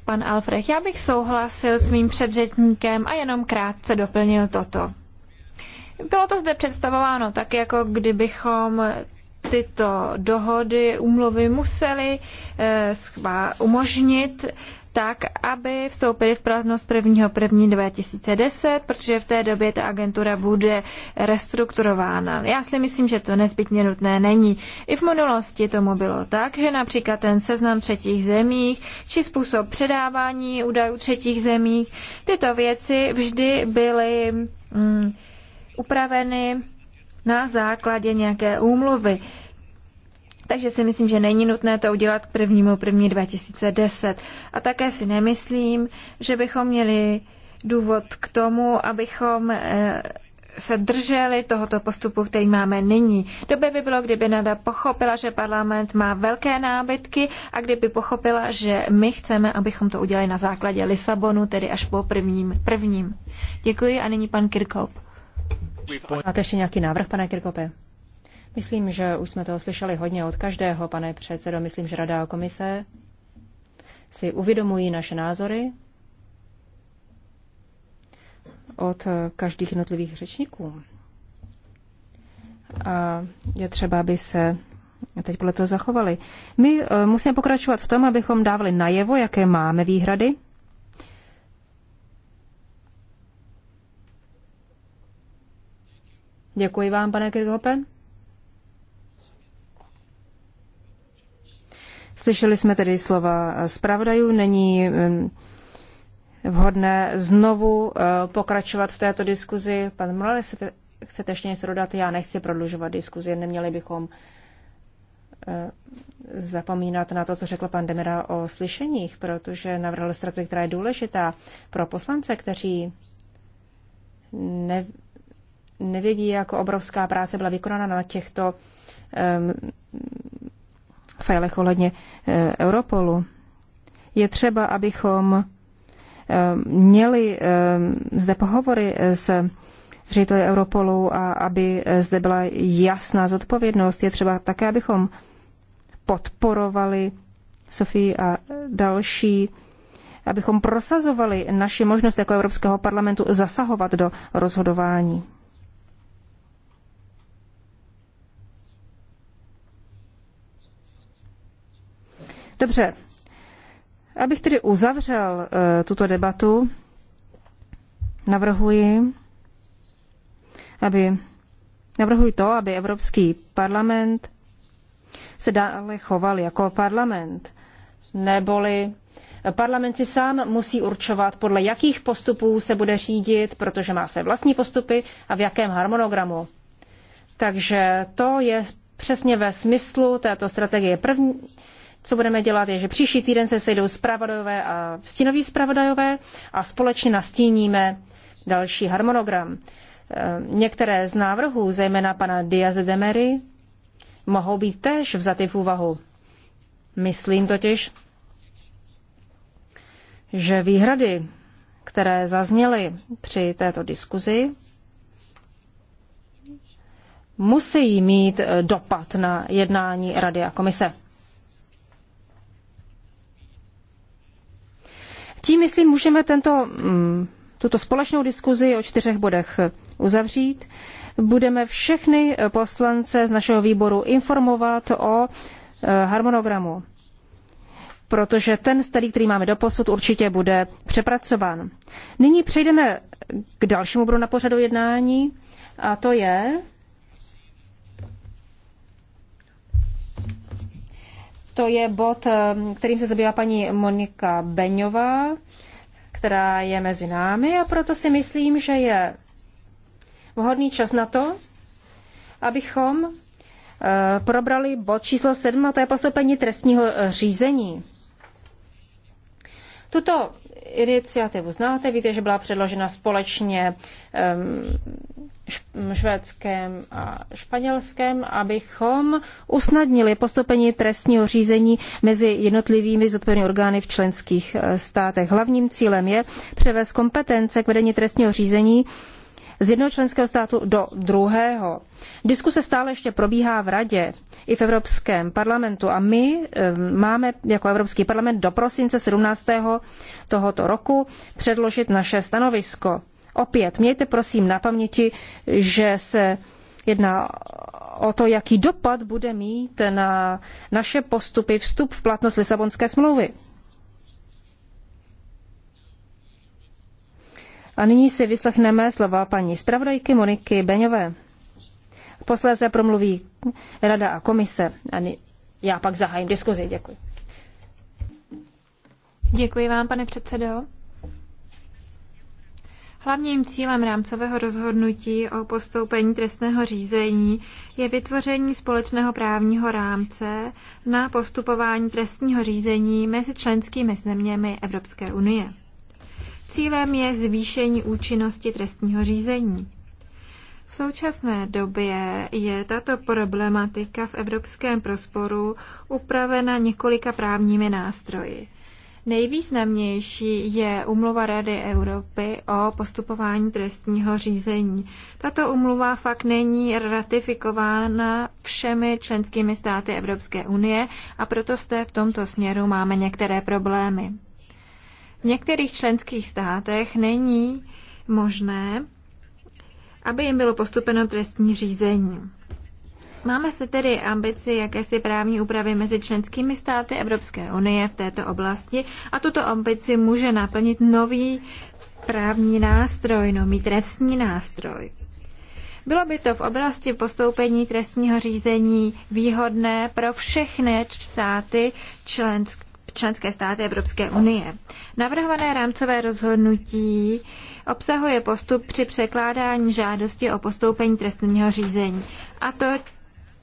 Pan Albrecht, já bych souhlasil s mým předřetníkem a jenom krátce doplnil toto. Bylo to zde představováno tak, jako kdybychom tyto dohody, úmluvy museli eh, umožnit tak, aby vstoupily v platnost 1.1.2010, protože v té době ta agentura bude restrukturována. Já si myslím, že to nezbytně nutné není. I v minulosti tomu bylo tak, že například ten seznam třetích zemí či způsob předávání údajů třetích zemí, tyto věci vždy byly mm, upraveny na základě nějaké úmluvy. Takže si myslím, že není nutné to udělat k prvnímu první 2010. A také si nemyslím, že bychom měli důvod k tomu, abychom eh, se drželi tohoto postupu, který máme nyní. Dobré by bylo, kdyby Nada pochopila, že parlament má velké nábytky a kdyby pochopila, že my chceme, abychom to udělali na základě Lisabonu, tedy až po prvním. prvním. Děkuji a nyní pan Kirkhope. Máte ještě nějaký návrh, pane Kirkope? Myslím, že už jsme toho slyšeli hodně od každého, pane předsedo. Myslím, že Rada a komise si uvědomují naše názory od každých jednotlivých řečníků. A je třeba, aby se teď podle toho zachovali. My eh, musíme pokračovat v tom, abychom dávali najevo, jaké máme výhrady Děkuji vám, pane Kirchhope. Slyšeli jsme tedy slova zpravodajů. Není mm, vhodné znovu eh, pokračovat v této diskuzi. Pan Morales, chcete, chcete ještě něco dodat? Já nechci prodlužovat diskuzi, neměli bychom eh, zapomínat na to, co řekl pan Demera o slyšeních, protože navrhl strategii, která je důležitá pro poslance, kteří ne, nevědí, jako obrovská práce byla vykonána na těchto um, filech ohledně uh, Europolu. Je třeba, abychom um, měli um, zde pohovory s řediteli Europolu a aby eh, zde byla jasná zodpovědnost. Je třeba také, abychom podporovali Sofii a další abychom prosazovali naši možnost jako Evropského parlamentu zasahovat do rozhodování. Dobře, abych tedy uzavřel eh, tuto debatu, navrhuji, aby navrhuji to, aby Evropský parlament se dále choval jako parlament, neboli Parlament si sám musí určovat, podle jakých postupů se bude řídit, protože má své vlastní postupy a v jakém harmonogramu. Takže to je přesně ve smyslu této strategie první, co budeme dělat, je, že příští týden se sejdou zpravodajové a stínoví zpravodajové a společně nastíníme další harmonogram. E, některé z návrhů, zejména pana Diaz de Mery, mohou být též vzaty v úvahu. Myslím totiž, že výhrady, které zazněly při této diskuzi, musí mít dopad na jednání Rady a komise. Tím, myslím, můžeme tento, mm, tuto společnou diskuzi o čtyřech bodech uzavřít. Budeme všechny poslance z našeho výboru informovat o e, harmonogramu, protože ten starý, který máme doposud, určitě bude přepracován. Nyní přejdeme k dalšímu bodu na pořadu jednání a to je To je bod, eh, kterým se zabývá paní Monika Beňová, která je mezi námi a proto si myslím, že je vhodný čas na to, abychom eh, probrali bod číslo 7, a to je postupení trestního eh, řízení. Tuto iniciativu znáte, víte, že byla předložena společně ehm, švédském a španělském, abychom usnadnili postupení trestního řízení mezi jednotlivými zodpovědnými orgány v členských eh, státech. Hlavním cílem je převést kompetence k vedení trestního řízení z jednoho členského státu do druhého. Diskuse stále ještě probíhá v Radě i v Evropském parlamentu a my eh, máme jako Evropský parlament do prosince 17. tohoto roku předložit naše stanovisko. Opět, mějte prosím na paměti, že se jedná o to, jaký dopad bude mít na naše postupy vstup v platnost Lisabonské smlouvy. A nyní si vyslechneme slova paní zpravodajky Moniky Beňové. Posléze promluví rada a komise. A já pak zahájím diskuzi. Děkuji. Děkuji vám, pane předsedo. Hlavním cílem rámcového rozhodnutí o postoupení trestného řízení je vytvoření společného právního rámce na postupování trestního řízení mezi členskými zeměmi Evropské unie. Cílem je zvýšení účinnosti trestního řízení. V současné době je tato problematika v evropském prosporu upravena několika právními nástroji. Nejvýznamnější je umluva Rady Evropy o postupování trestního řízení. Tato umluva fakt není ratifikována všemi členskými státy Evropské unie a proto jste v tomto směru máme některé problémy. V některých členských státech není možné, aby jim bylo postupeno trestní řízení. Máme se tedy ambici jakési právní úpravy mezi členskými státy Evropské unie v této oblasti a tuto ambici může naplnit nový právní nástroj, nový trestní nástroj. Bylo by to v oblasti postoupení trestního řízení výhodné pro všechny státy členské členské státy Evropské unie. Navrhované rámcové rozhodnutí obsahuje postup při překládání žádosti o postoupení trestního řízení. A to,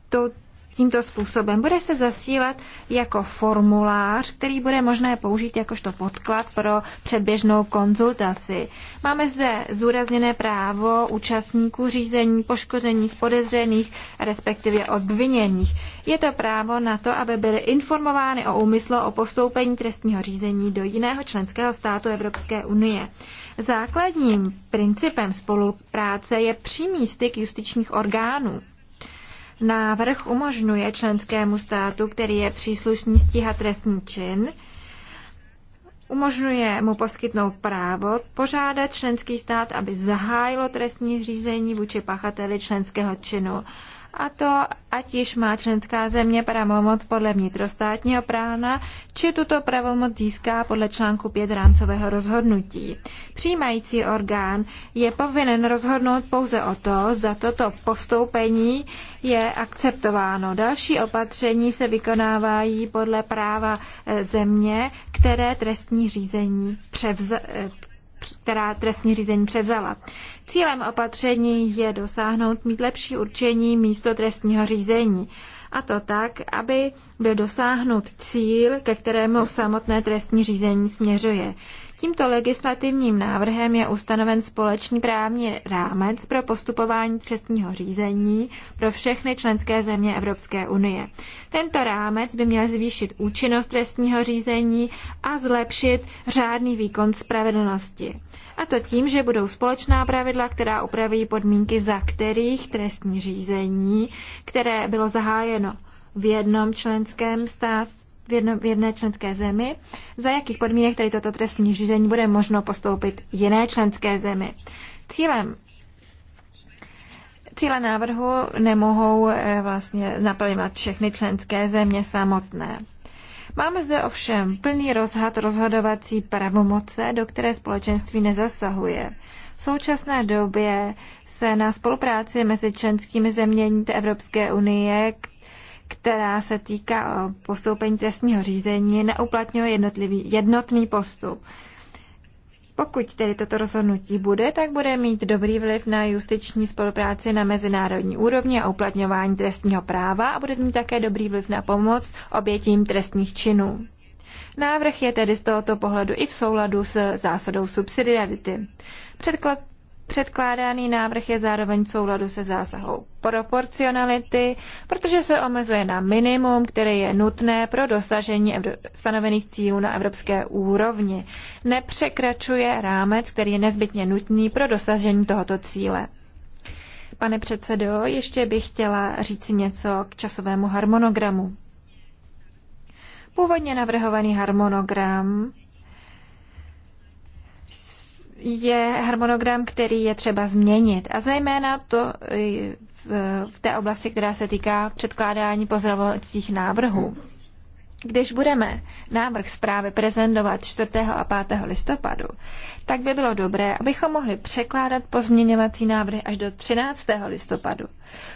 to tímto způsobem. Bude se zasílat jako formulář, který bude možné použít jakožto podklad pro předběžnou konzultaci. Máme zde zúrazněné právo účastníků řízení, poškozených, podezřených, respektive obviněných. Je to právo na to, aby byly informovány o úmyslu o postoupení trestního řízení do jiného členského státu Evropské unie. Základním principem spolupráce je přímý styk justičních orgánů. Návrh umožňuje členskému státu, který je příslušný stíhat trestní čin, umožňuje mu poskytnout právo požádat členský stát, aby zahájilo trestní řízení vůči pachateli členského činu a to ať již má členská země pravomoc podle vnitrostátního prána, či tuto pravomoc získá podle článku 5 rámcového rozhodnutí. Přijímající orgán je povinen rozhodnout pouze o to, zda toto postoupení je akceptováno. Další opatření se vykonávají podle práva eh, země, které trestní řízení převz- eh, která trestní řízení převzala. Cílem opatření je dosáhnout mít lepší určení místo trestního řízení. A to tak, aby byl dosáhnut cíl, ke kterému samotné trestní řízení směřuje. Tímto legislativním návrhem je ustanoven společný právní rámec pro postupování trestního řízení pro všechny členské země Evropské unie. Tento rámec by měl zvýšit účinnost trestního řízení a zlepšit řádný výkon spravedlnosti. A to tím, že budou společná pravidla, která upraví podmínky, za kterých trestní řízení, které bylo zahájeno v jednom členském státu, v, jedno, v jedné členské zemi, za jakých podmínek tady toto trestní řízení bude možno postoupit jiné členské zemi. Cílem Cíle návrhu nemohou eh, vlastně naplňovat všechny členské země samotné. Máme zde ovšem plný rozhad rozhodovací pravomoce, do které společenství nezasahuje. V současné době se na spolupráci mezi členskými zeměníte Evropské unie, která se týká eh, postoupení trestního řízení, neuplatňuje jednotlivý, jednotný postup. Pokud tedy toto rozhodnutí bude, tak bude mít dobrý vliv na justiční spolupráci na mezinárodní úrovni a uplatňování trestního práva a bude mít také dobrý vliv na pomoc obětím trestních činů. Návrh je tedy z tohoto pohledu i v souladu s zásadou subsidiarity. Předklad Předkládaný návrh je zároveň v souladu se zásahou proporcionality, protože se omezuje na minimum, které je nutné pro dosažení stanovených cílů na evropské úrovni. Nepřekračuje rámec, který je nezbytně nutný pro dosažení tohoto cíle. Pane předsedo, ještě bych chtěla říct něco k časovému harmonogramu. Původně navrhovaný harmonogram je harmonogram, který je třeba změnit. A zejména to v té oblasti, která se týká předkládání pozdravovacích návrhů. Když budeme návrh zprávy prezentovat 4. a 5. listopadu, tak by bylo dobré, abychom mohli překládat pozměňovací návrhy až do 13. listopadu,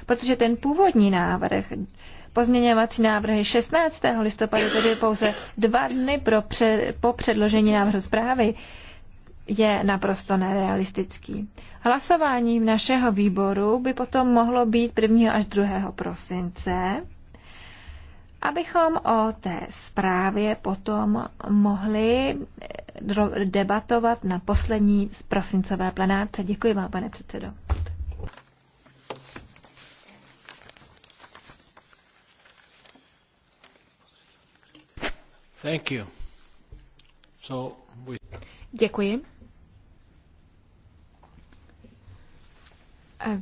protože ten původní návrh pozměňovací návrhy 16. listopadu, tedy pouze dva dny pro pře- po předložení návrhu zprávy, je naprosto nerealistický. Hlasování v našeho výboru by potom mohlo být 1. až 2. prosince, abychom o té zprávě potom mohli eh, debatovat na poslední prosincové plenáce. Děkuji vám, pane předsedo. Thank you. So we... Děkuji.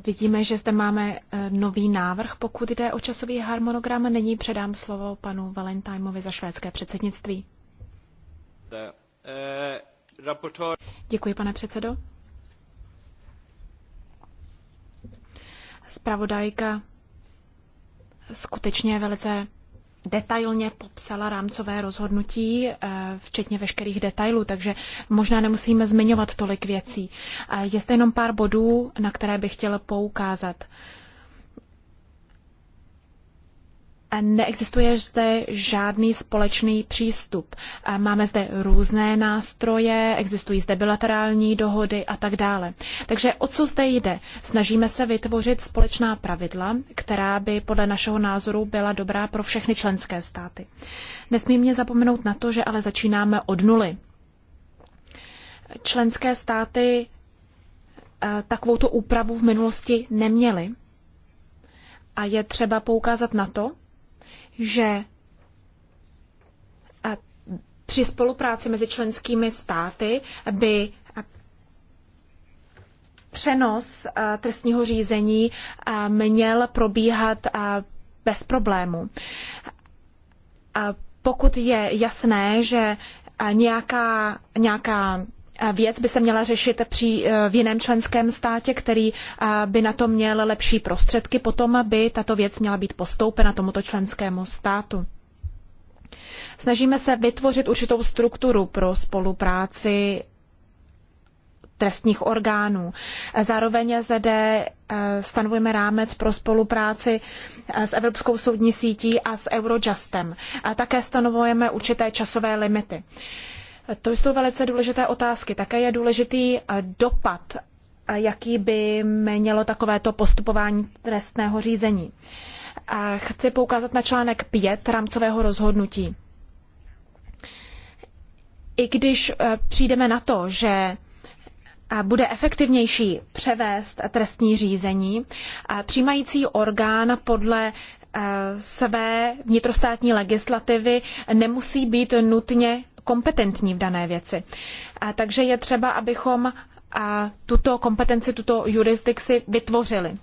Vidíme, že zde máme eh, nový návrh, pokud jde o časový harmonogram. Nyní předám slovo panu Valentajmovi za švédské předsednictví. Děkuji, pane předsedo. Spravodajka skutečně velice detailně popsala rámcové rozhodnutí, eh, včetně veškerých detailů, takže možná nemusíme zmiňovat tolik věcí. Je zde jenom pár bodů, na které bych chtěla poukázat. Neexistuje zde žádný společný přístup. Máme zde různé nástroje, existují zde bilaterální dohody a tak dále. Takže o co zde jde? Snažíme se vytvořit společná pravidla, která by podle našeho názoru byla dobrá pro všechny členské státy. Nesmíme zapomenout na to, že ale začínáme od nuly. Členské státy eh, takovouto úpravu v minulosti neměly. A je třeba poukázat na to, že při spolupráci mezi členskými státy by přenos trestního řízení měl probíhat bez problému. Pokud je jasné, že nějaká, nějaká věc by se měla řešit při, eh, v jiném členském státě, který eh, by na to měl lepší prostředky, potom by tato věc měla být postoupena tomuto členskému státu. Snažíme se vytvořit určitou strukturu pro spolupráci trestních orgánů. Zároveň zde eh, stanovujeme rámec pro spolupráci s Evropskou soudní sítí a s Eurojustem. Také stanovujeme určité časové limity. To jsou velice důležité otázky. Také je důležitý eh, dopad, eh, jaký by mělo takovéto postupování trestného řízení. A chci poukázat na článek 5 rámcového rozhodnutí. I když eh, přijdeme na to, že bude efektivnější převést trestní řízení, přijímající orgán podle své vnitrostátní legislativy nemusí být nutně kompetentní v dané věci. A takže je třeba, abychom a tuto kompetenci, tuto jurisdikci vytvořili.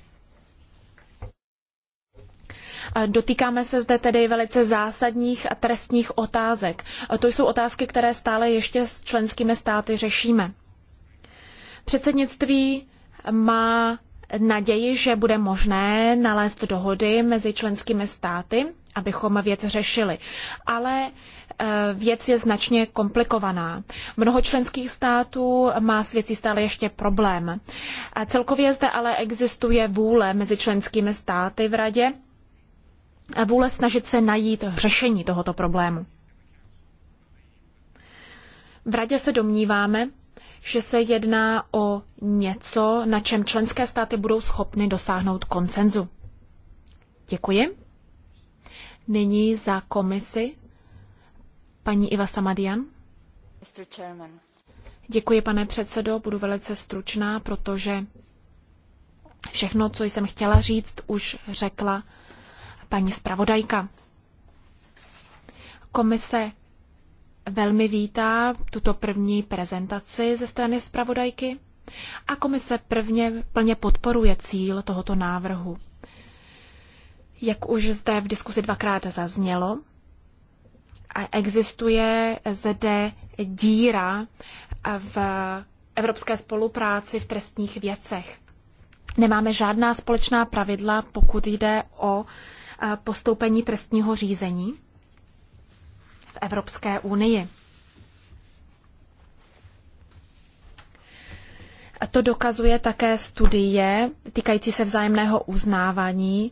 Dotýkáme se zde tedy velice zásadních a trestních otázek. To jsou otázky, které stále ještě s členskými státy řešíme. Předsednictví má naději, že bude možné nalézt dohody mezi členskými státy, abychom věc řešili. Ale Eh, věc je značně komplikovaná. Mnoho členských států má s věcí stále ještě problém. A celkově zde ale existuje vůle mezi členskými státy v radě a vůle snažit se najít řešení tohoto problému. V radě se domníváme, že se jedná o něco, na čem členské státy budou schopny dosáhnout koncenzu. Děkuji. Nyní za komisi Paní Iva Samadian. Děkuji, pane předsedo, budu velice stručná, protože všechno, co jsem chtěla říct, už řekla paní zpravodajka. Komise velmi vítá tuto první prezentaci ze strany zpravodajky a komise prvně, plně podporuje cíl tohoto návrhu. Jak už zde v diskusi dvakrát zaznělo, existuje zde díra v evropské spolupráci v trestních věcech. Nemáme žádná společná pravidla, pokud jde o eh, postoupení trestního řízení v Evropské unii. A to dokazuje také studie týkající se vzájemného uznávání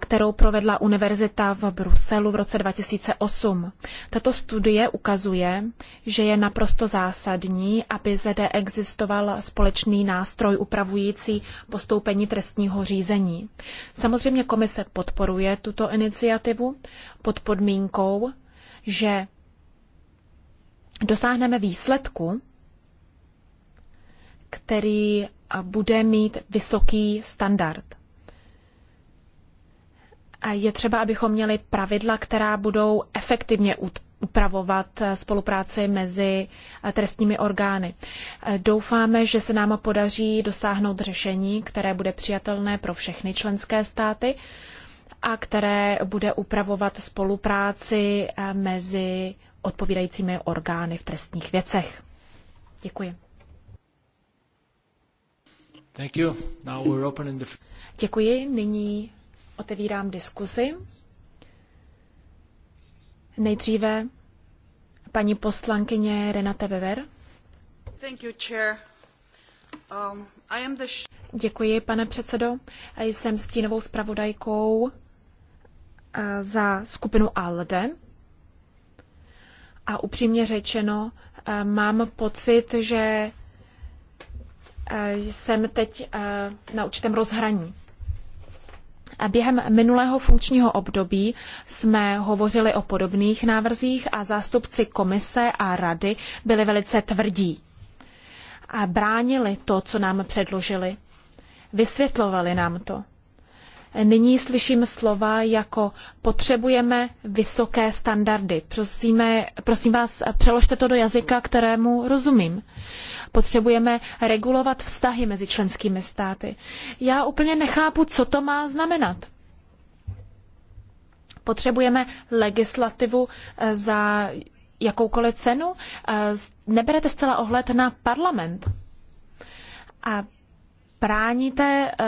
kterou provedla univerzita v Bruselu v roce 2008. Tato studie ukazuje, že je naprosto zásadní, aby zde existoval společný nástroj upravující postoupení trestního řízení. Samozřejmě komise podporuje tuto iniciativu pod podmínkou, že dosáhneme výsledku, který bude mít vysoký standard. Je třeba, abychom měli pravidla, která budou efektivně upravovat eh, spolupráci mezi eh, trestními orgány. Eh, doufáme, že se nám podaří dosáhnout řešení, které bude přijatelné pro všechny členské státy a které bude upravovat spolupráci mezi odpovídajícími orgány v trestních věcech. Děkuji. Thank you. Now we're opening the... Děkuji. Nyní otevírám diskusi. Nejdříve paní poslankyně Renate Weber. You, um, the... Děkuji, pane předsedo. Jsem stínovou zpravodajkou uh, za skupinu ALDE. A upřímně řečeno, uh, mám pocit, že uh, jsem teď na určitém rozhraní. A během minulého funkčního období jsme hovořili o podobných návrzích a zástupci komise a rady byli velice tvrdí. A bránili to, co nám předložili. Vysvětlovali nám to. Nyní slyším slova jako potřebujeme vysoké standardy. Prosíme, prosím vás, přeložte to do jazyka, kterému rozumím. Potřebujeme regulovat vztahy mezi členskými státy. Já úplně nechápu, co to má znamenat. Potřebujeme legislativu eh, za jakoukoliv cenu. Eh, neberete zcela ohled na parlament. A bráníte eh,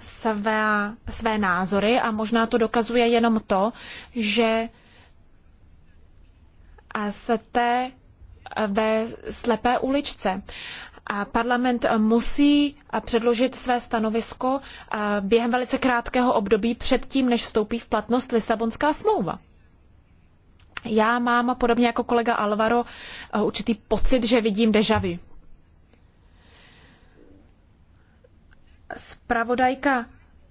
své, své názory a možná to dokazuje jenom to, že té ve slepé uličce. A parlament musí předložit své stanovisko během velice krátkého období předtím, než vstoupí v platnost Lisabonská smlouva. Já mám, podobně jako kolega Alvaro, určitý pocit, že vidím deja vu. Spravodajka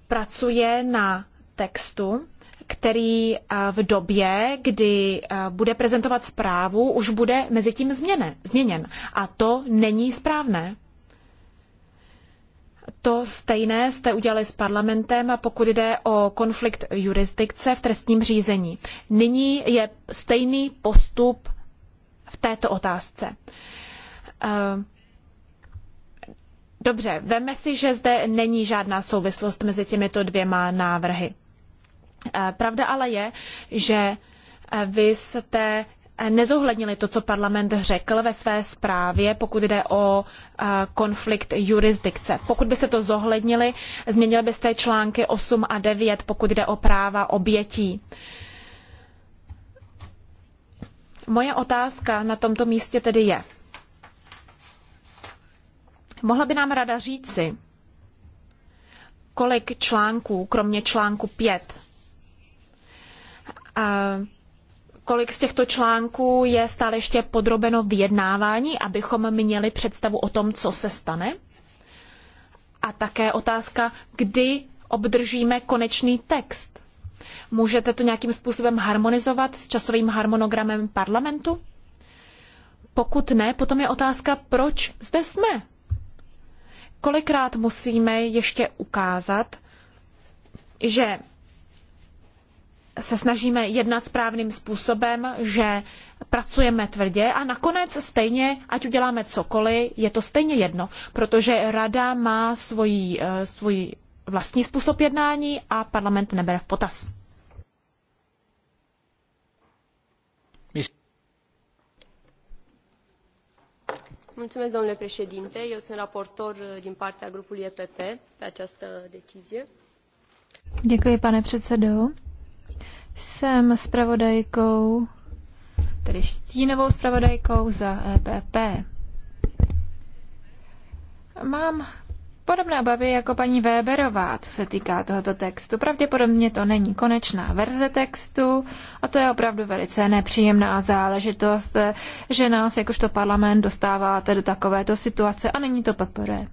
pracuje na textu, který eh, v době, kdy eh, bude prezentovat zprávu, už bude mezi tím změne, změněn. A to není správné. To stejné jste udělali s parlamentem, pokud jde o konflikt jurisdikce v trestním řízení. Nyní je stejný postup v této otázce. Eh, dobře, veme si, že zde není žádná souvislost mezi těmito dvěma návrhy. Eh, pravda ale je, že eh, vy jste eh, nezohlednili to, co parlament řekl ve své zprávě, pokud jde o konflikt jurisdikce. Pokud byste to zohlednili, změnili byste články 8 a 9, pokud jde o práva obětí. Moje otázka na tomto místě tedy je. Mohla by nám rada říci, kolik článků, kromě článku 5, kolik z těchto článků je stále ještě podrobeno vyjednávání, abychom měli představu o tom, co se stane? A také otázka, kdy obdržíme konečný text? Můžete to nějakým způsobem harmonizovat s časovým harmonogramem parlamentu? Pokud ne, potom je otázka, proč zde jsme? Kolikrát musíme ještě ukázat, že se snažíme jednat správným způsobem, že pracujeme tvrdě a nakonec stejně, ať uděláme cokoliv, je to stejně jedno, protože rada má svoji, eh, svůj vlastní způsob jednání a parlament nebere v potaz. Mulțumesc, domnule președinte. Eu sunt raportor eh, din partea grupului EPP pe această decizie. Děkuji, pane předsedo. Jsem zpravodajkou, tedy štínovou zpravodajkou za EPP. Mám podobné obavy jako paní Weberová, co se týká tohoto textu. Pravděpodobně to není konečná verze textu a to je opravdu velice nepříjemná záležitost, že nás jakožto parlament dostáváte do takovéto situace a není to poprvé.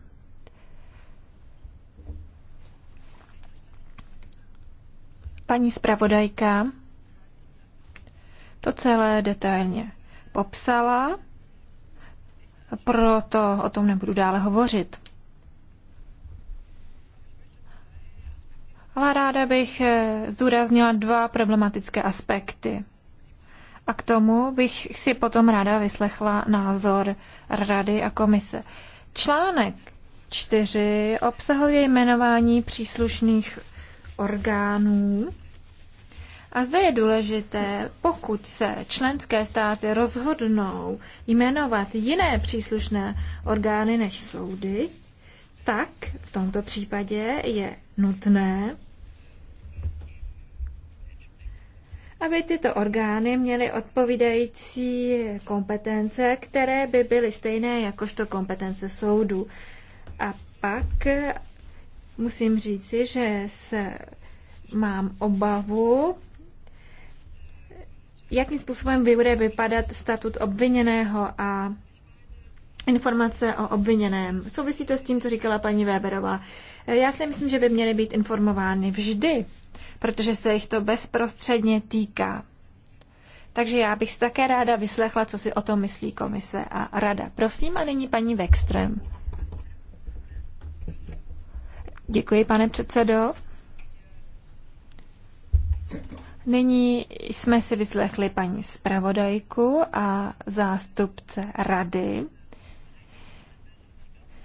Paní zpravodajka to celé detailně popsala, proto o tom nebudu dále hovořit. Ale ráda bych eh, zdůraznila dva problematické aspekty. A k tomu bych si potom ráda vyslechla názor Rady a komise. Článek 4 obsahuje jmenování příslušných orgánů a zde je důležité, pokud se členské státy rozhodnou jmenovat jiné příslušné orgány než soudy, tak v tomto případě je nutné, aby tyto orgány měly odpovídající kompetence, které by byly stejné jakožto kompetence soudu. A pak musím říci, že se mám obavu, jakým způsobem bude vypadat statut obviněného a informace o obviněném. Souvisí to s tím, co říkala paní Weberová. Já si myslím, že by měly být informovány vždy, protože se jich to bezprostředně týká. Takže já bych si také ráda vyslechla, co si o tom myslí komise a rada. Prosím a nyní paní Vekström. Děkuji, pane předsedo. Nyní jsme si vyslechli paní zpravodajku a zástupce rady.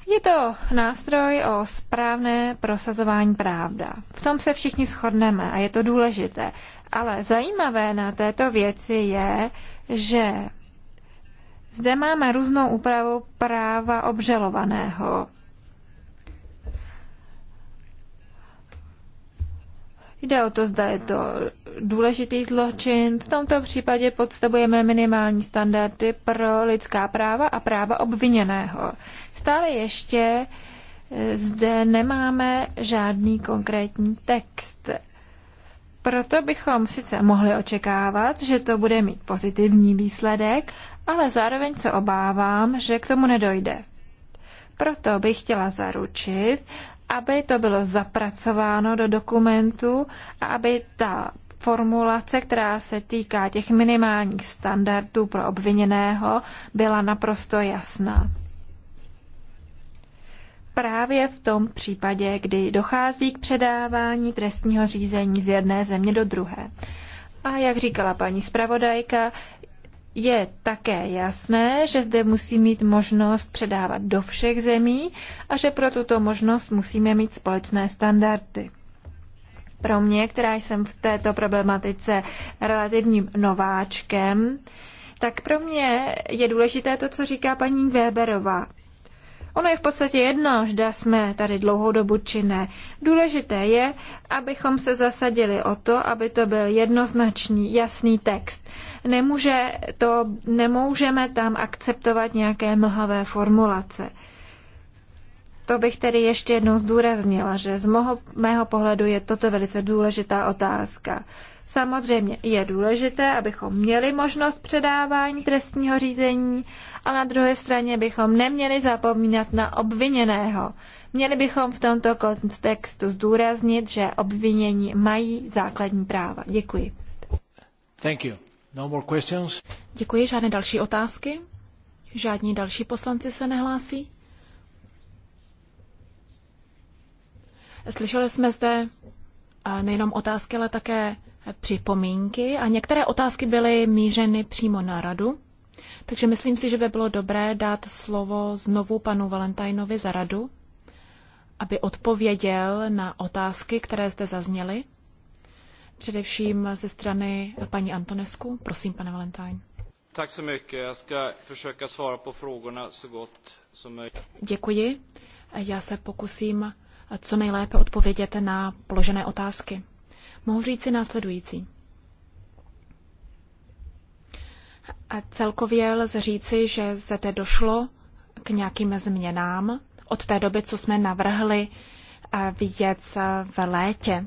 Je to nástroj o správné prosazování právda. V tom se všichni shodneme a je to důležité. Ale zajímavé na této věci je, že zde máme různou úpravu práva obžalovaného. Jde o to, zda je to důležitý zločin. V tomto případě podstavujeme minimální standardy pro lidská práva a práva obviněného. Stále ještě e, zde nemáme žádný konkrétní text. Proto bychom sice mohli očekávat, že to bude mít pozitivní výsledek, ale zároveň se obávám, že k tomu nedojde. Proto bych chtěla zaručit, aby to bylo zapracováno do dokumentu a aby ta formulace, která se týká těch minimálních standardů pro obviněného, byla naprosto jasná. Právě v tom případě, kdy dochází k předávání trestního řízení z jedné země do druhé. A jak říkala paní zpravodajka, je také jasné, že zde musí mít možnost předávat do všech zemí a že pro tuto možnost musíme mít společné standardy. Pro mě, která jsem v této problematice relativním nováčkem, tak pro mě je důležité to, co říká paní Weberová. Ono je v podstatě jedno, že jsme tady dlouhou dobu či ne. Důležité je, abychom se zasadili o to, aby to byl jednoznačný, jasný text. Nemůže to, nemůžeme tam akceptovat nějaké mlhavé formulace. To bych tedy ještě jednou zdůraznila, že z mého pohledu je toto velice důležitá otázka. Samozřejmě je důležité, abychom měli možnost předávání trestního řízení, a na druhé straně bychom neměli zapomínat na obviněného. Měli bychom v tomto kontextu zdůraznit, že obvinění mají základní práva. Děkuji. Thank you. No more questions. Děkuji. Žádné další otázky? Žádní další poslanci se nehlásí? Slyšeli jsme zde nejenom otázky, ale také připomínky a některé otázky byly mířeny přímo na radu. Takže myslím si, že by bylo dobré dát slovo znovu panu Valentajnovi za radu, aby odpověděl na otázky, které zde zazněly, především ze strany paní Antonesku. Prosím, pane Valentajn. Tak försöka svara på frågorna så gott som Děkuji. Já se pokusím co nejlépe odpovědět na položené otázky. Mohu říci následující. A celkově lze říci, že zde došlo k nějakým změnám od té doby, co jsme navrhli věc v létě.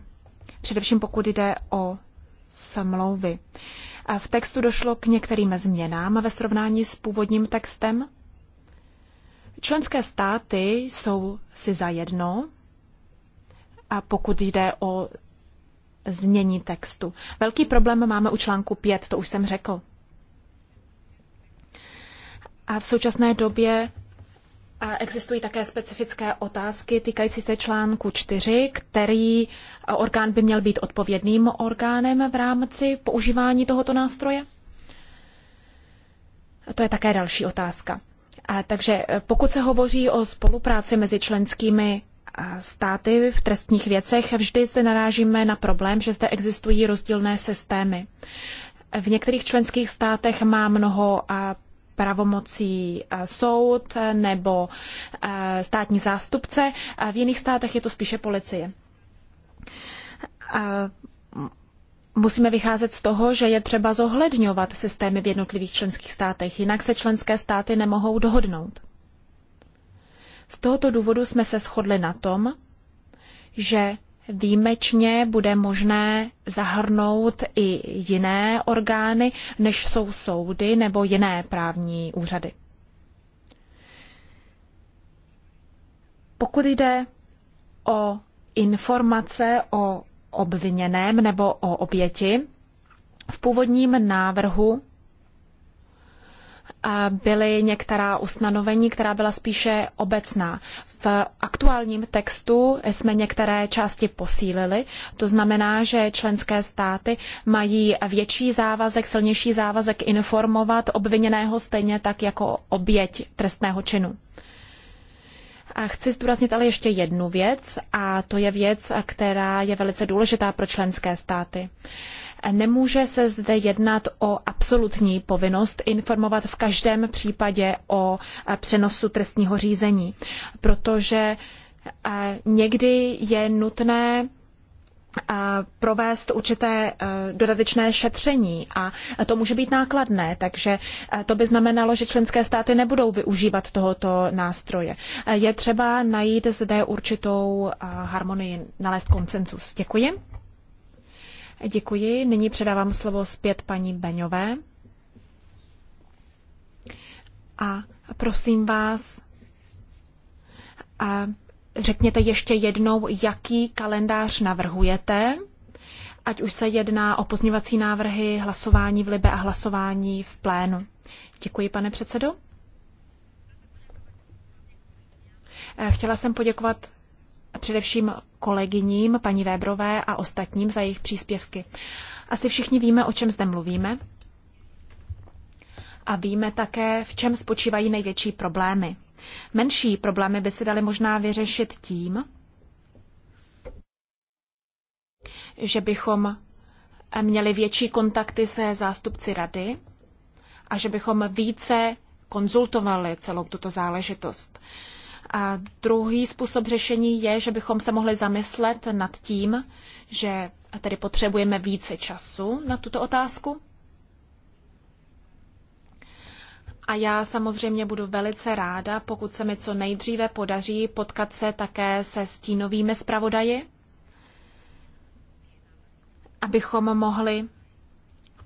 Především pokud jde o smlouvy. A v textu došlo k některým změnám ve srovnání s původním textem. Členské státy jsou si zajedno a pokud jde o znění textu. Velký problém máme u článku 5, to už jsem řekl. A v současné době existují také specifické otázky týkající se článku 4, který orgán by měl být odpovědným orgánem v rámci používání tohoto nástroje. To je také další otázka. A takže e, pokud se hovoří o spolupráci mezi členskými státy v trestních věcech, vždy zde narážíme na problém, že zde existují rozdílné systémy. V některých členských státech má mnoho pravomocí soud nebo státní zástupce, v jiných státech je to spíše policie. Musíme vycházet z toho, že je třeba zohledňovat systémy v jednotlivých členských státech, jinak se členské státy nemohou dohodnout. Z tohoto důvodu jsme se shodli na tom, že výjimečně bude možné zahrnout i jiné orgány, než jsou soudy nebo jiné právní úřady. Pokud jde o informace o obviněném nebo o oběti, v původním návrhu byly některá ustanovení, která byla spíše obecná. V aktuálním textu jsme některé části posílili, to znamená, že členské státy mají větší závazek, silnější závazek informovat obviněného stejně tak jako oběť trestného činu. A chci zdůraznit ale ještě jednu věc, a to je věc, která je velice důležitá pro členské státy. Nemůže se zde jednat o absolutní povinnost informovat v každém případě o eh, přenosu trestního řízení, protože eh, někdy je nutné eh, provést určité dodatečné šetření a to může být nákladné, takže to by znamenalo, že členské státy nebudou využívat tohoto nástroje. Je třeba najít zde určitou harmonii, nalézt koncensus. Děkuji. Děkuji. Nyní předávám slovo zpět paní Beňové. A prosím vás, a řekněte ještě jednou, jaký kalendář navrhujete, ať už se jedná o pozměňovací návrhy, hlasování v Libe a hlasování v plénu. Děkuji, pane předsedo. Chtěla jsem poděkovat především kolegyním paní Vébrové a ostatním za jejich příspěvky. Asi všichni víme, o čem zde mluvíme a víme také, v čem spočívají největší problémy. Menší problémy by se daly možná vyřešit tím, že bychom měli větší kontakty se zástupci rady a že bychom více konzultovali celou tuto záležitost. A druhý způsob řešení je, že bychom se mohli zamyslet nad tím, že tedy potřebujeme více času na tuto otázku. A já samozřejmě budu velice ráda, pokud se mi co nejdříve podaří potkat se také se stínovými zpravodaji, abychom mohli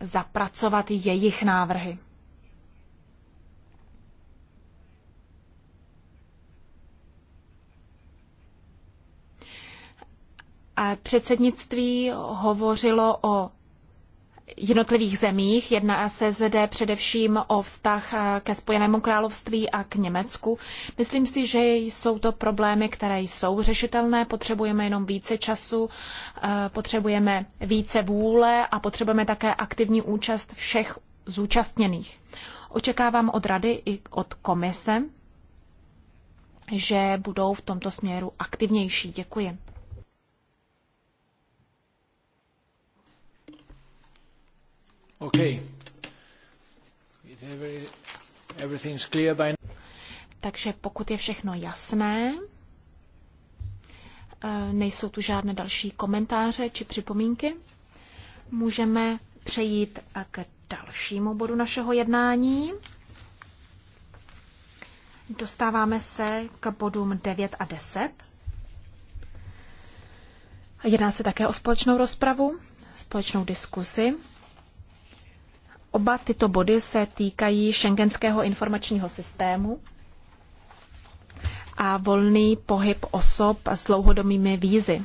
zapracovat jejich návrhy. Předsednictví hovořilo o jednotlivých zemích. Jedná se zde především o vztah eh, ke Spojenému království a k Německu. Myslím si, že jsou to problémy, které jsou řešitelné. Potřebujeme jenom více času, eh, potřebujeme více vůle a potřebujeme také aktivní účast všech zúčastněných. Očekávám od rady i od komise, že budou v tomto směru aktivnější. Děkuji. Takže pokud je všechno jasné, eh, nejsou tu žádné další komentáře či připomínky, můžeme přejít eh, k dalšímu bodu našeho jednání. Dostáváme se k bodům 9 a 10. Jedná se také o společnou rozpravu, společnou diskusi Oba tyto body se týkají šengenského informačního systému a volný pohyb osob s dlouhodobými vízy.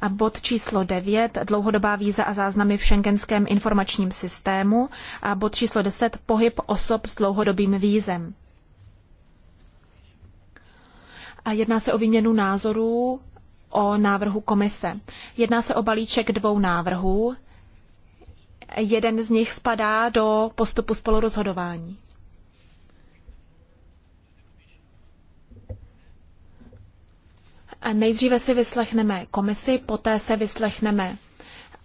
A bod číslo 9, dlouhodobá víza a záznamy v šengenském informačním systému. A bod číslo 10, pohyb osob s dlouhodobým vízem. A jedná se o výměnu názorů o návrhu komise. Jedná se o balíček dvou návrhů, jeden z nich spadá do postupu spolurozhodování. Nejdříve si vyslechneme komisi, poté se vyslechneme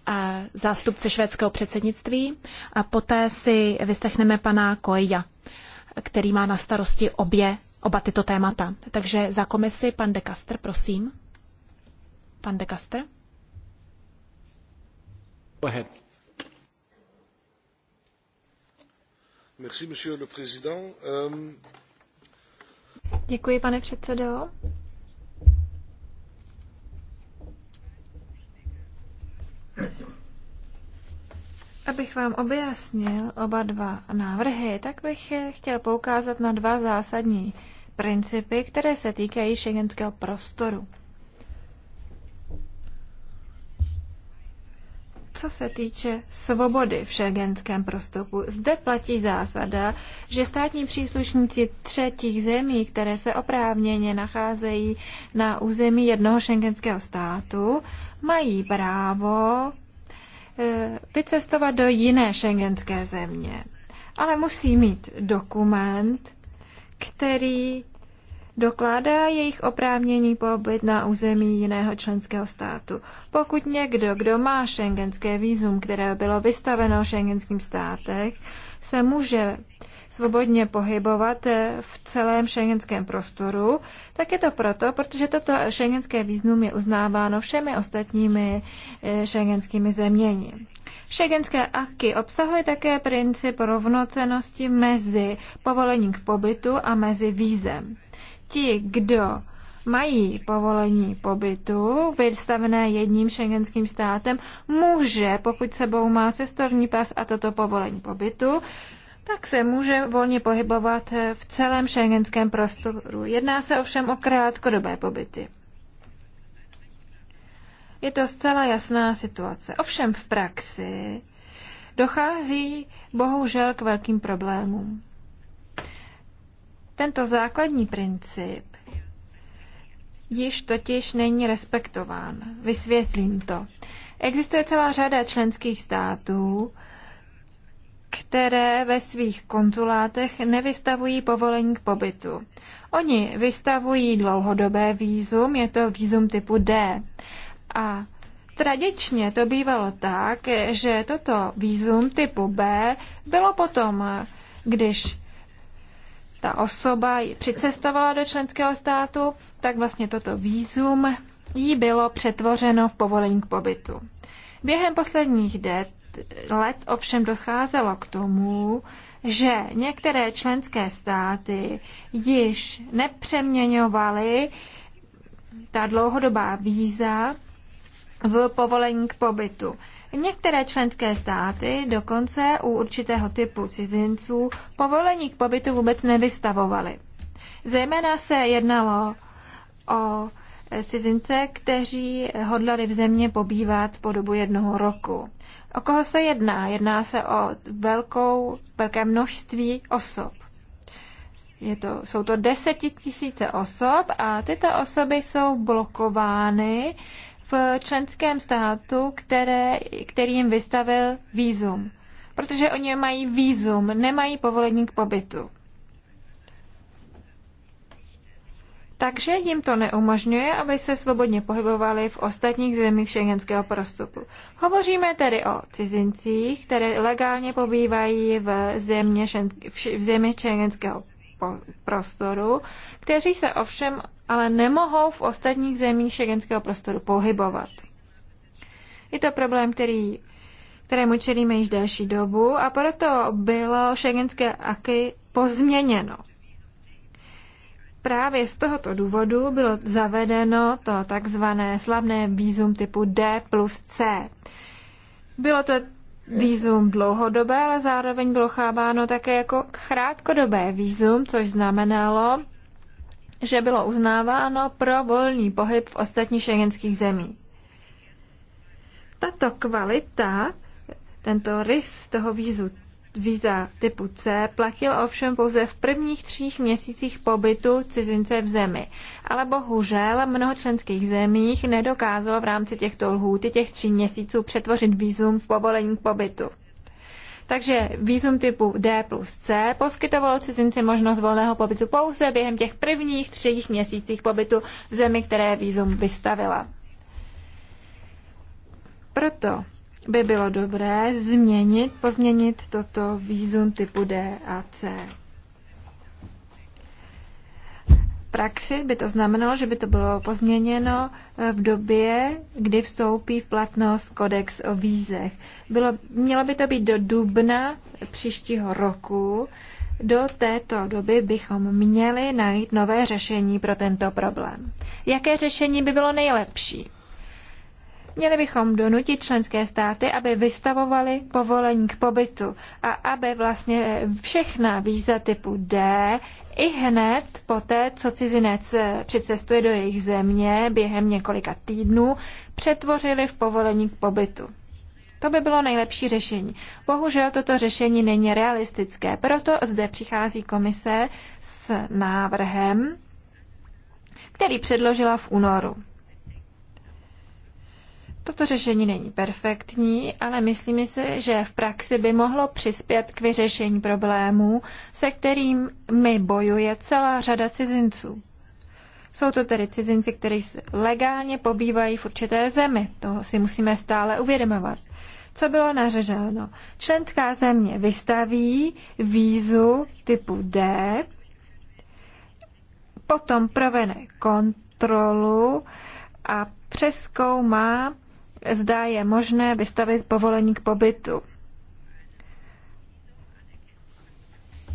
eh, zástupce švédského předsednictví a poté si vyslechneme pana Koeja, který má na starosti obě, oba tyto témata. Takže za komisi pan de Kastr, prosím. Pan de Kastr. Go ahead. Euh, pane předsedající Abych vám objasnil oba dva návrhy, tak bych chtěl poukázat na dva zásadní principy, které se týkají šengenského prostoru. co se týče svobody v šengenském prostoru, zde platí zásada, že státní příslušníci třetích zemí, které se oprávněně nacházejí na území jednoho šengenského státu, mají právo eh, vycestovat do jiné šengenské země. Ale musí mít dokument, který dokládá jejich oprávnění pobyt na území jiného členského státu. Pokud někdo, kdo má šengenské výzum, které bylo vystaveno šengenským státech, se může svobodně pohybovat eh, v celém šengenském prostoru, tak je to proto, protože toto šengenské význum je uznáváno všemi ostatními eh, šengenskými zeměmi. Šengenské aky obsahuje také princip rovnocenosti mezi povolením k pobytu a mezi vízem ti, kdo mají povolení pobytu vystavené jedním šengenským státem, může, pokud sebou má cestovní pas a toto povolení pobytu, tak se může volně pohybovat v celém šengenském prostoru. Jedná se ovšem o krátkodobé pobyty. Je to zcela jasná situace. Ovšem v praxi dochází bohužel k velkým problémům. Tento základní princip již totiž není respektován. Vysvětlím to. Existuje celá řada členských států, které ve svých konzulátech nevystavují povolení k pobytu. Oni vystavují dlouhodobé výzum, je to výzum typu D. A tradičně to bývalo tak, že toto výzum typu B bylo potom, když ta osoba přicestovala do členského státu, tak vlastně toto výzum jí bylo přetvořeno v povolení k pobytu. Během posledních det, let ovšem docházelo k tomu, že některé členské státy již nepřeměňovaly ta dlouhodobá víza v povolení k pobytu. Některé členské státy dokonce u určitého typu cizinců povolení k pobytu vůbec nevystavovaly. Zejména se jednalo o cizince, kteří hodlali v země pobývat po dobu jednoho roku. O koho se jedná? Jedná se o velkou, velké množství osob. Je to, jsou to desetitisíce osob a tyto osoby jsou blokovány v členském státu, které, který jim vystavil výzum. Protože oni mají výzum, nemají povolení k pobytu. takže jim to neumožňuje, aby se svobodně pohybovali v ostatních zemích šengenského prostupu. Hovoříme tedy o cizincích, které legálně pobývají v, země, v zemi šengenského prostoru, kteří se ovšem ale nemohou v ostatních zemích šegenského prostoru pohybovat. Je to problém, který, kterému čelíme již delší dobu a proto bylo šegenské aky pozměněno. Právě z tohoto důvodu bylo zavedeno to takzvané slavné výzum typu D plus C. Bylo to Výzum dlouhodobé, ale zároveň bylo chábáno také jako krátkodobé výzum, což znamenalo, že bylo uznáváno pro volný pohyb v ostatních šengenských zemí. Tato kvalita, tento rys toho vízu, víza typu C platil ovšem pouze v prvních třích měsících pobytu cizince v zemi. Ale bohužel mnoho členských zemích nedokázalo v rámci těchto lhůty těch tří měsíců přetvořit vízum v povolení k pobytu. Takže výzum typu D plus C poskytovalo cizinci možnost volného pobytu pouze během těch prvních třech měsících pobytu v zemi, které výzum vystavila. Proto by bylo dobré změnit, pozměnit toto výzum typu D a C. praxi by to znamenalo, že by to bylo pozměněno eh, v době, kdy vstoupí v platnost kodex o vízech. Bylo, mělo by to být do dubna příštího roku. Do této doby bychom měli najít nové řešení pro tento problém. Jaké řešení by bylo nejlepší? Měli bychom donutit členské státy, aby vystavovali povolení k pobytu a aby vlastně eh, všechna víza typu D i hned poté, co cizinec přicestuje do jejich země během několika týdnů, přetvořili v povolení k pobytu. To by bylo nejlepší řešení. Bohužel toto řešení není realistické, proto zde přichází komise s návrhem, který předložila v únoru. Toto řešení není perfektní, ale myslím si, že v praxi by mohlo přispět k vyřešení problémů, se kterými bojuje celá řada cizinců. Jsou to tedy cizinci, kteří legálně pobývají v určité zemi. To si musíme stále uvědomovat. Co bylo nařeženo? Členská země vystaví vízu typu D, potom provene kontrolu a přeskoumá zda je možné vystavit povolení k pobytu.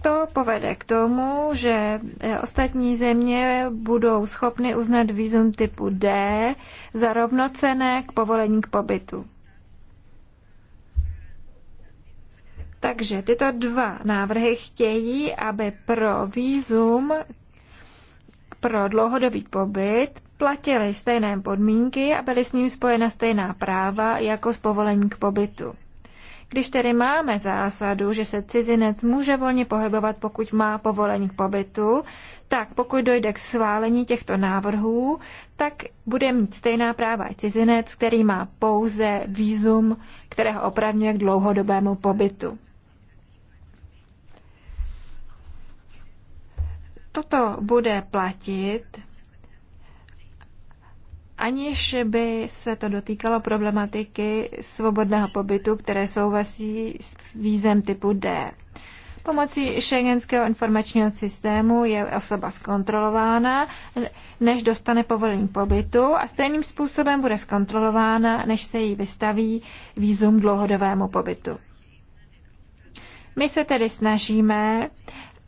To povede k tomu, že eh, ostatní země budou schopny uznat výzum typu D za rovnocené k povolení k pobytu. Takže tyto dva návrhy chtějí, aby pro výzum pro dlouhodobý pobyt platili stejné podmínky a byly s ním spojena stejná práva jako s povolením k pobytu. Když tedy máme zásadu, že se cizinec může volně pohybovat, pokud má povolení k pobytu, tak pokud dojde k schválení těchto návrhů, tak bude mít stejná práva i cizinec, který má pouze výzum, kterého opravňuje k dlouhodobému pobytu. Toto bude platit aniž by se to dotýkalo problematiky svobodného pobytu, které souvisí s vízem typu D. Pomocí šengenského informačního systému je osoba zkontrolována, než dostane povolení pobytu a stejným způsobem bude zkontrolována, než se jí vystaví výzum dlouhodobému pobytu. My se tedy snažíme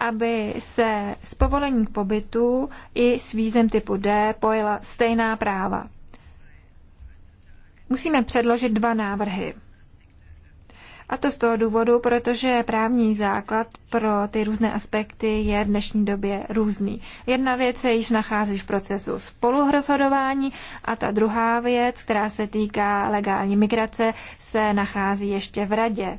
aby se s povolení k pobytu i s vízem typu D pojila stejná práva. Musíme předložit dva návrhy. A to z toho důvodu, protože právní základ pro ty různé aspekty je v dnešní době různý. Jedna věc se již nachází v procesu spoluhrozhodování a ta druhá věc, která se týká legální migrace, se nachází ještě v radě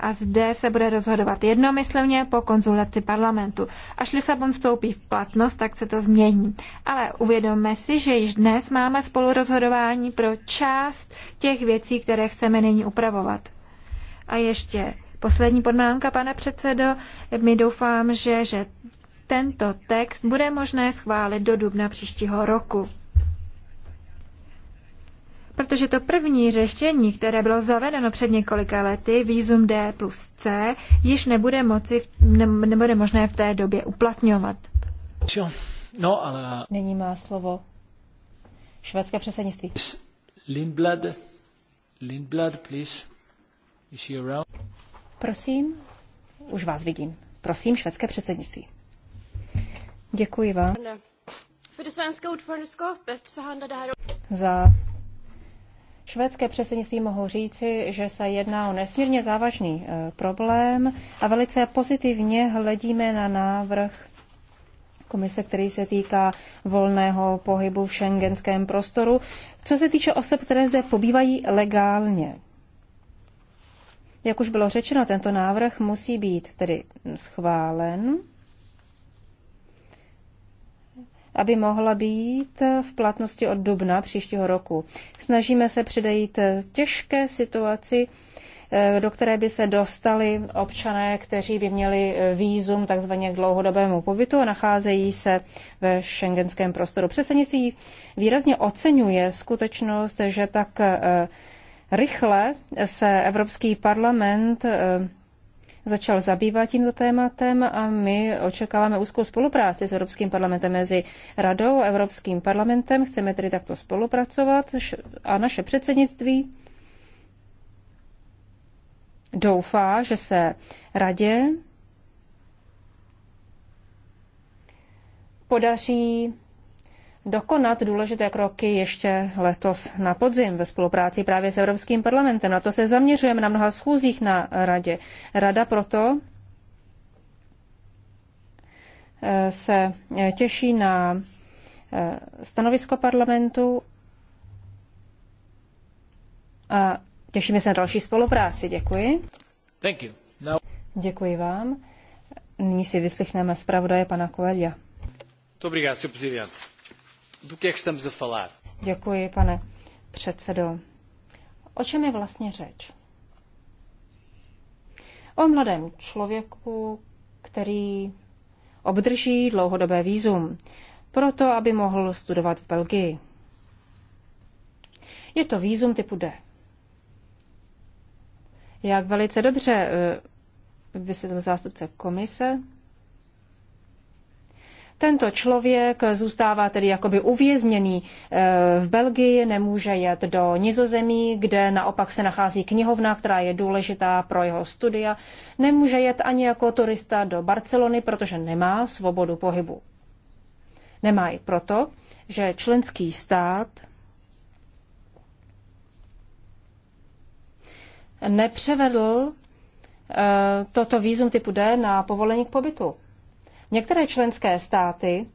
a zde se bude rozhodovat jednomyslně po konzultaci parlamentu. Až Lisabon vstoupí v platnost, tak se to změní. Ale uvědomme si, že již dnes máme spolurozhodování pro část těch věcí, které chceme nyní upravovat. A ještě poslední podmánka, pane předsedo. My doufám, že, že tento text bude možné schválit do dubna příštího roku protože to první řešení, které bylo zavedeno před několika lety, výzum D plus C, již nebude, moci, ne, nebude možné v té době uplatňovat. Čo? No, ale... Není má slovo švédské přesednictví. Lindblad, Lindblad, please. Is she around? Prosím, už vás vidím. Prosím, švédské předsednictví. Děkuji vám. Za švédské předsednictví mohou říci, že se jedná o nesmírně závažný eh, problém a velice pozitivně hledíme na návrh komise, který se týká volného pohybu v šengenském prostoru, co se týče osob, které zde pobývají legálně. Jak už bylo řečeno, tento návrh musí být tedy schválen aby mohla být v platnosti od dubna příštího roku. Snažíme se předejít těžké situaci, eh, do které by se dostali občané, kteří by měli výzum takzvaně k dlouhodobému pobytu a nacházejí se ve šengenském prostoru. Předsednictví výrazně oceňuje skutečnost, že tak eh, rychle se Evropský parlament eh, začal zabývat tímto tématem a my očekáváme úzkou spolupráci s Evropským parlamentem mezi Radou a Evropským parlamentem. Chceme tedy takto spolupracovat a naše předsednictví doufá, že se Radě podaří dokonat důležité kroky ještě letos na podzim ve spolupráci právě s Evropským parlamentem. Na to se zaměřujeme na mnoha schůzích na radě. Rada proto eh, se eh, těší na eh, stanovisko parlamentu a těšíme se na další spolupráci. Děkuji. Thank you. Now... Děkuji vám. Nyní si vyslychneme zpravodaje pana Coelha. Dobrý den, do que é que estamos a falar? Děkuji, pane předsedo. O čem je vlastně řeč? O mladém člověku, který obdrží dlouhodobé výzum, proto aby mohl studovat v Belgii. Je to výzum typu D. Jak velice dobře eh, vysvětlil zástupce komise, tento člověk zůstává tedy jakoby uvězněný eh, v Belgii, nemůže jet do Nizozemí, kde naopak se nachází knihovna, která je důležitá pro jeho studia. Nemůže jet ani jako turista do Barcelony, protože nemá svobodu pohybu. Nemá i proto, že členský stát nepřevedl eh, toto výzum typu D na povolení k pobytu. Některé členské státy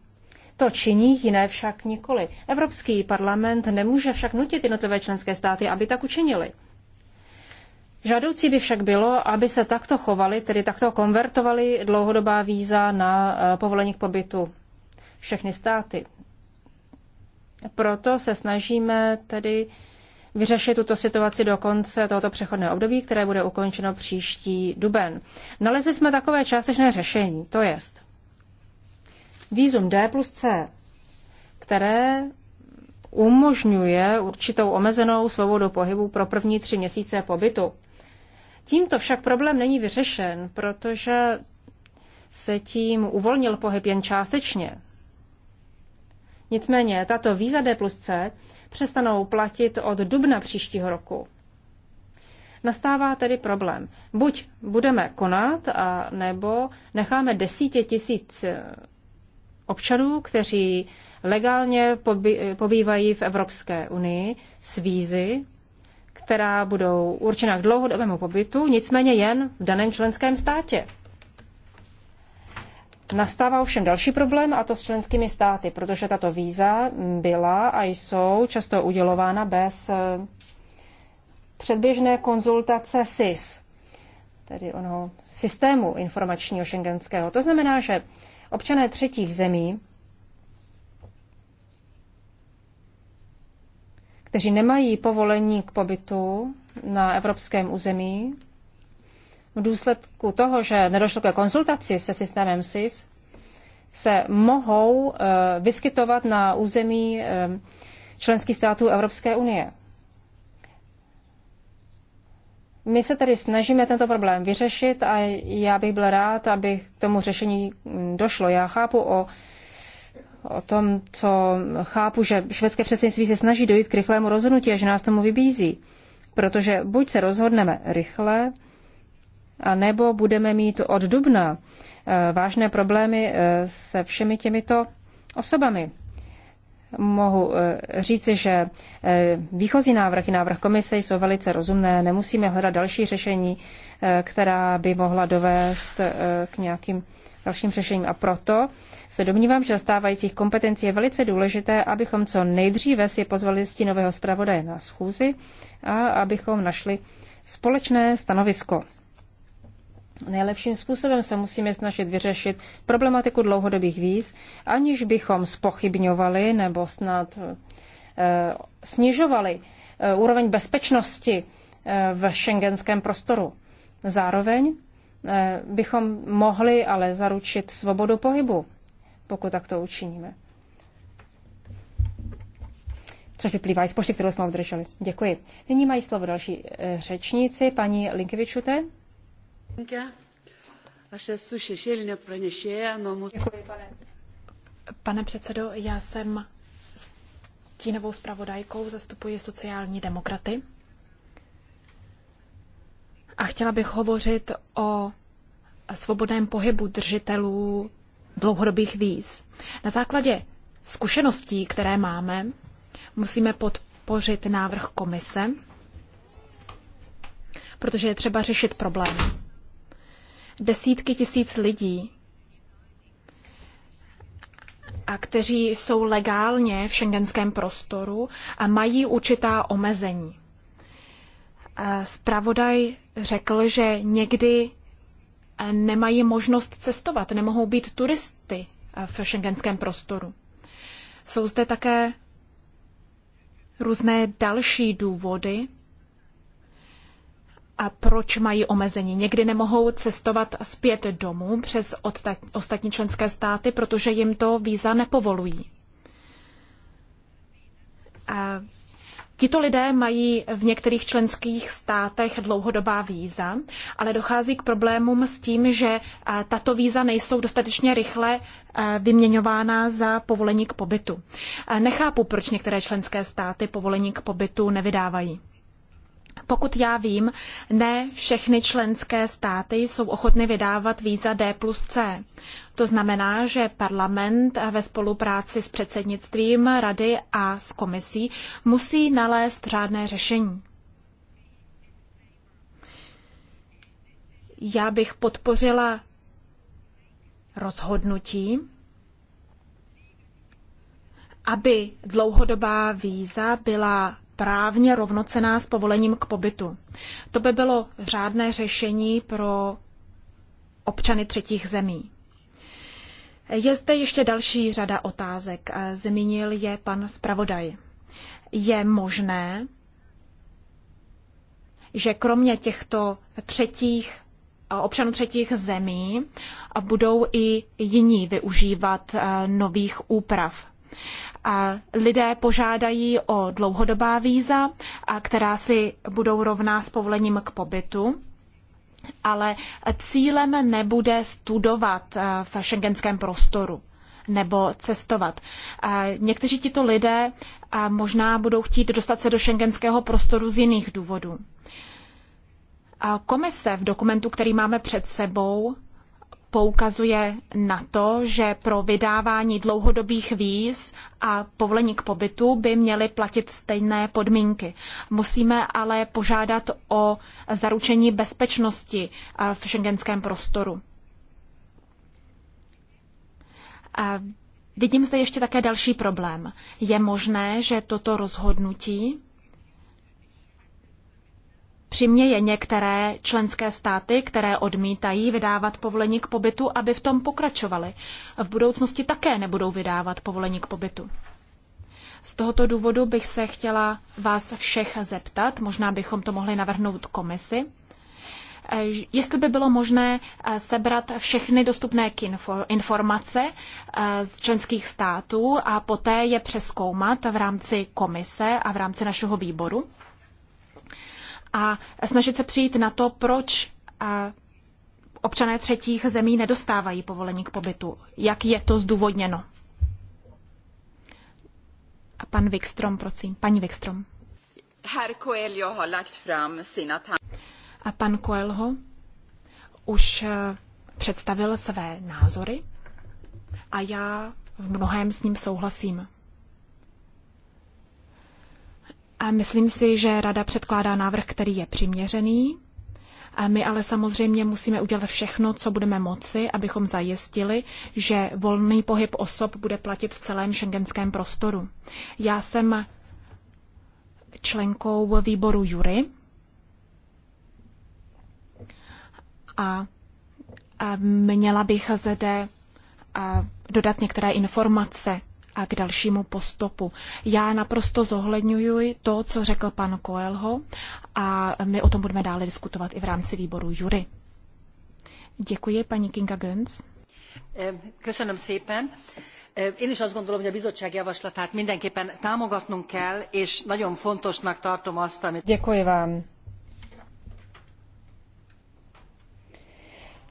to činí, jiné však nikoli. Evropský parlament nemůže však nutit jednotlivé členské státy, aby tak učinili. Žádoucí by však bylo, aby se takto chovali, tedy takto konvertovali dlouhodobá víza na eh, povolení k pobytu všechny státy. Proto se snažíme tedy vyřešit tuto situaci do konce tohoto přechodného období, které bude ukončeno příští duben. Nalezli jsme takové částečné řešení, to jest Vízum D plus C, které umožňuje určitou omezenou svobodu pohybu pro první tři měsíce pobytu. Tímto však problém není vyřešen, protože se tím uvolnil pohyb jen částečně. Nicméně tato víza D plus C přestanou platit od dubna příštího roku. Nastává tedy problém. Buď budeme konat, a nebo necháme desítě tisíc občanů, kteří legálně pobývají v Evropské unii s vízy, která budou určena k dlouhodobému pobytu, nicméně jen v daném členském státě. Nastává ovšem další problém, a to s členskými státy, protože tato víza byla a jsou často udělována bez eh, předběžné konzultace SIS, tedy onoho systému informačního šengenského. To znamená, že Občané třetích zemí, kteří nemají povolení k pobytu na evropském území, v důsledku toho, že nedošlo ke konzultaci se systémem SIS, se mohou eh, vyskytovat na území eh, členských států Evropské unie. My se tedy snažíme tento problém vyřešit a já bych byl rád, aby k tomu řešení došlo. Já chápu o, o tom, co chápu, že švédské předsednictví se snaží dojít k rychlému rozhodnutí a že nás tomu vybízí. Protože buď se rozhodneme rychle, a nebo budeme mít od dubna eh, vážné problémy eh, se všemi těmito osobami mohu eh, říci, že eh, výchozí návrh i návrh komise jsou velice rozumné. Nemusíme hledat další řešení, eh, která by mohla dovést k nějakým dalším řešením. A proto se domnívám, že stávajících kompetencí je velice důležité, abychom co nejdříve si pozvali nového zpravodaje na schůzi a abychom našli společné stanovisko. Nejlepším způsobem se musíme snažit vyřešit problematiku dlouhodobých víz, aniž bychom spochybňovali nebo snad e, snižovali e, úroveň bezpečnosti e, v šengenském prostoru. Zároveň e, bychom mohli ale zaručit svobodu pohybu, pokud tak to učiníme. Což vyplývá i z pošty, kterou jsme obdrželi. Děkuji. Nyní mají slovo další e, řečníci, paní Linkevičute. Děkuji, pane. pane předsedo, já jsem stínovou zpravodajkou, zastupuji sociální demokraty. A chtěla bych hovořit o svobodném pohybu držitelů dlouhodobých víz. Na základě zkušeností, které máme, musíme podpořit návrh komise, protože je třeba řešit problém desítky tisíc lidí, a kteří jsou legálně v šengenském prostoru a mají určitá omezení. Spravodaj řekl, že někdy nemají možnost cestovat, nemohou být turisty v šengenském prostoru. Jsou zde také různé další důvody, a proč mají omezení. Někdy nemohou cestovat zpět domů přes ostatní členské státy, protože jim to víza nepovolují. A tito lidé mají v některých členských státech dlouhodobá víza, ale dochází k problémům s tím, že tato víza nejsou dostatečně rychle vyměňována za povolení k pobytu. Nechápu, proč některé členské státy povolení k pobytu nevydávají. Pokud já vím, ne všechny členské státy jsou ochotny vydávat víza D plus C. To znamená, že parlament ve spolupráci s předsednictvím rady a s komisí musí nalézt řádné řešení. Já bych podpořila rozhodnutí, aby dlouhodobá víza byla právně rovnocená s povolením k pobytu. To by bylo řádné řešení pro občany třetích zemí. Je zde ještě další řada otázek. Zmínil je pan zpravodaj. Je možné, že kromě těchto třetích občanů třetích zemí budou i jiní využívat nových úprav lidé požádají o dlouhodobá víza, která si budou rovná s povolením k pobytu. Ale cílem nebude studovat eh, v šengenském prostoru nebo cestovat. Eh, někteří tito lidé eh, možná budou chtít dostat se do šengenského prostoru z jiných důvodů. Komise v dokumentu, který máme před sebou, poukazuje na to, že pro vydávání dlouhodobých víz a povolení k pobytu by měly platit stejné podmínky. Musíme ale požádat o zaručení bezpečnosti eh, v šengenském prostoru. Eh, vidím zde ještě také další problém. Je možné, že toto rozhodnutí přiměje některé členské státy, které odmítají vydávat povolení k pobytu, aby v tom pokračovaly. V budoucnosti také nebudou vydávat povolení k pobytu. Z tohoto důvodu bych se chtěla vás všech zeptat, možná bychom to mohli navrhnout komisi, jestli by bylo možné eh, sebrat všechny dostupné informace eh, z členských států a poté je přeskoumat v rámci komise a v rámci našeho výboru a snažit se přijít na to, proč občané třetích zemí nedostávají povolení k pobytu. Jak je to zdůvodněno? A pan Wikstrom, prosím. Paní Wikstrom. Herr Coelho ha lagt fram sina A pan Coelho už e, představil své názory a já v mnohem s ním souhlasím. A myslím si, že rada předkládá návrh, který je přiměřený. A my ale samozřejmě musíme udělat všechno, co budeme moci, abychom zajistili, že volný pohyb osob bude platit v celém šengenském prostoru. Já jsem členkou výboru jury a měla bych zde dodat některé informace a k dalšímu postupu. Já naprosto zohledňuji to, co řekl pan Koelho a my o tom budeme dále diskutovat i v rámci výboru jury. Děkuji, paní Kinga Göns. Eh, köszönöm szépen. Eh, én is azt gondolom, hogy a bizottság javaslatát mindenképpen támogatnunk kell, és nagyon fontosnak tartom azt, amit... Děkuji vám.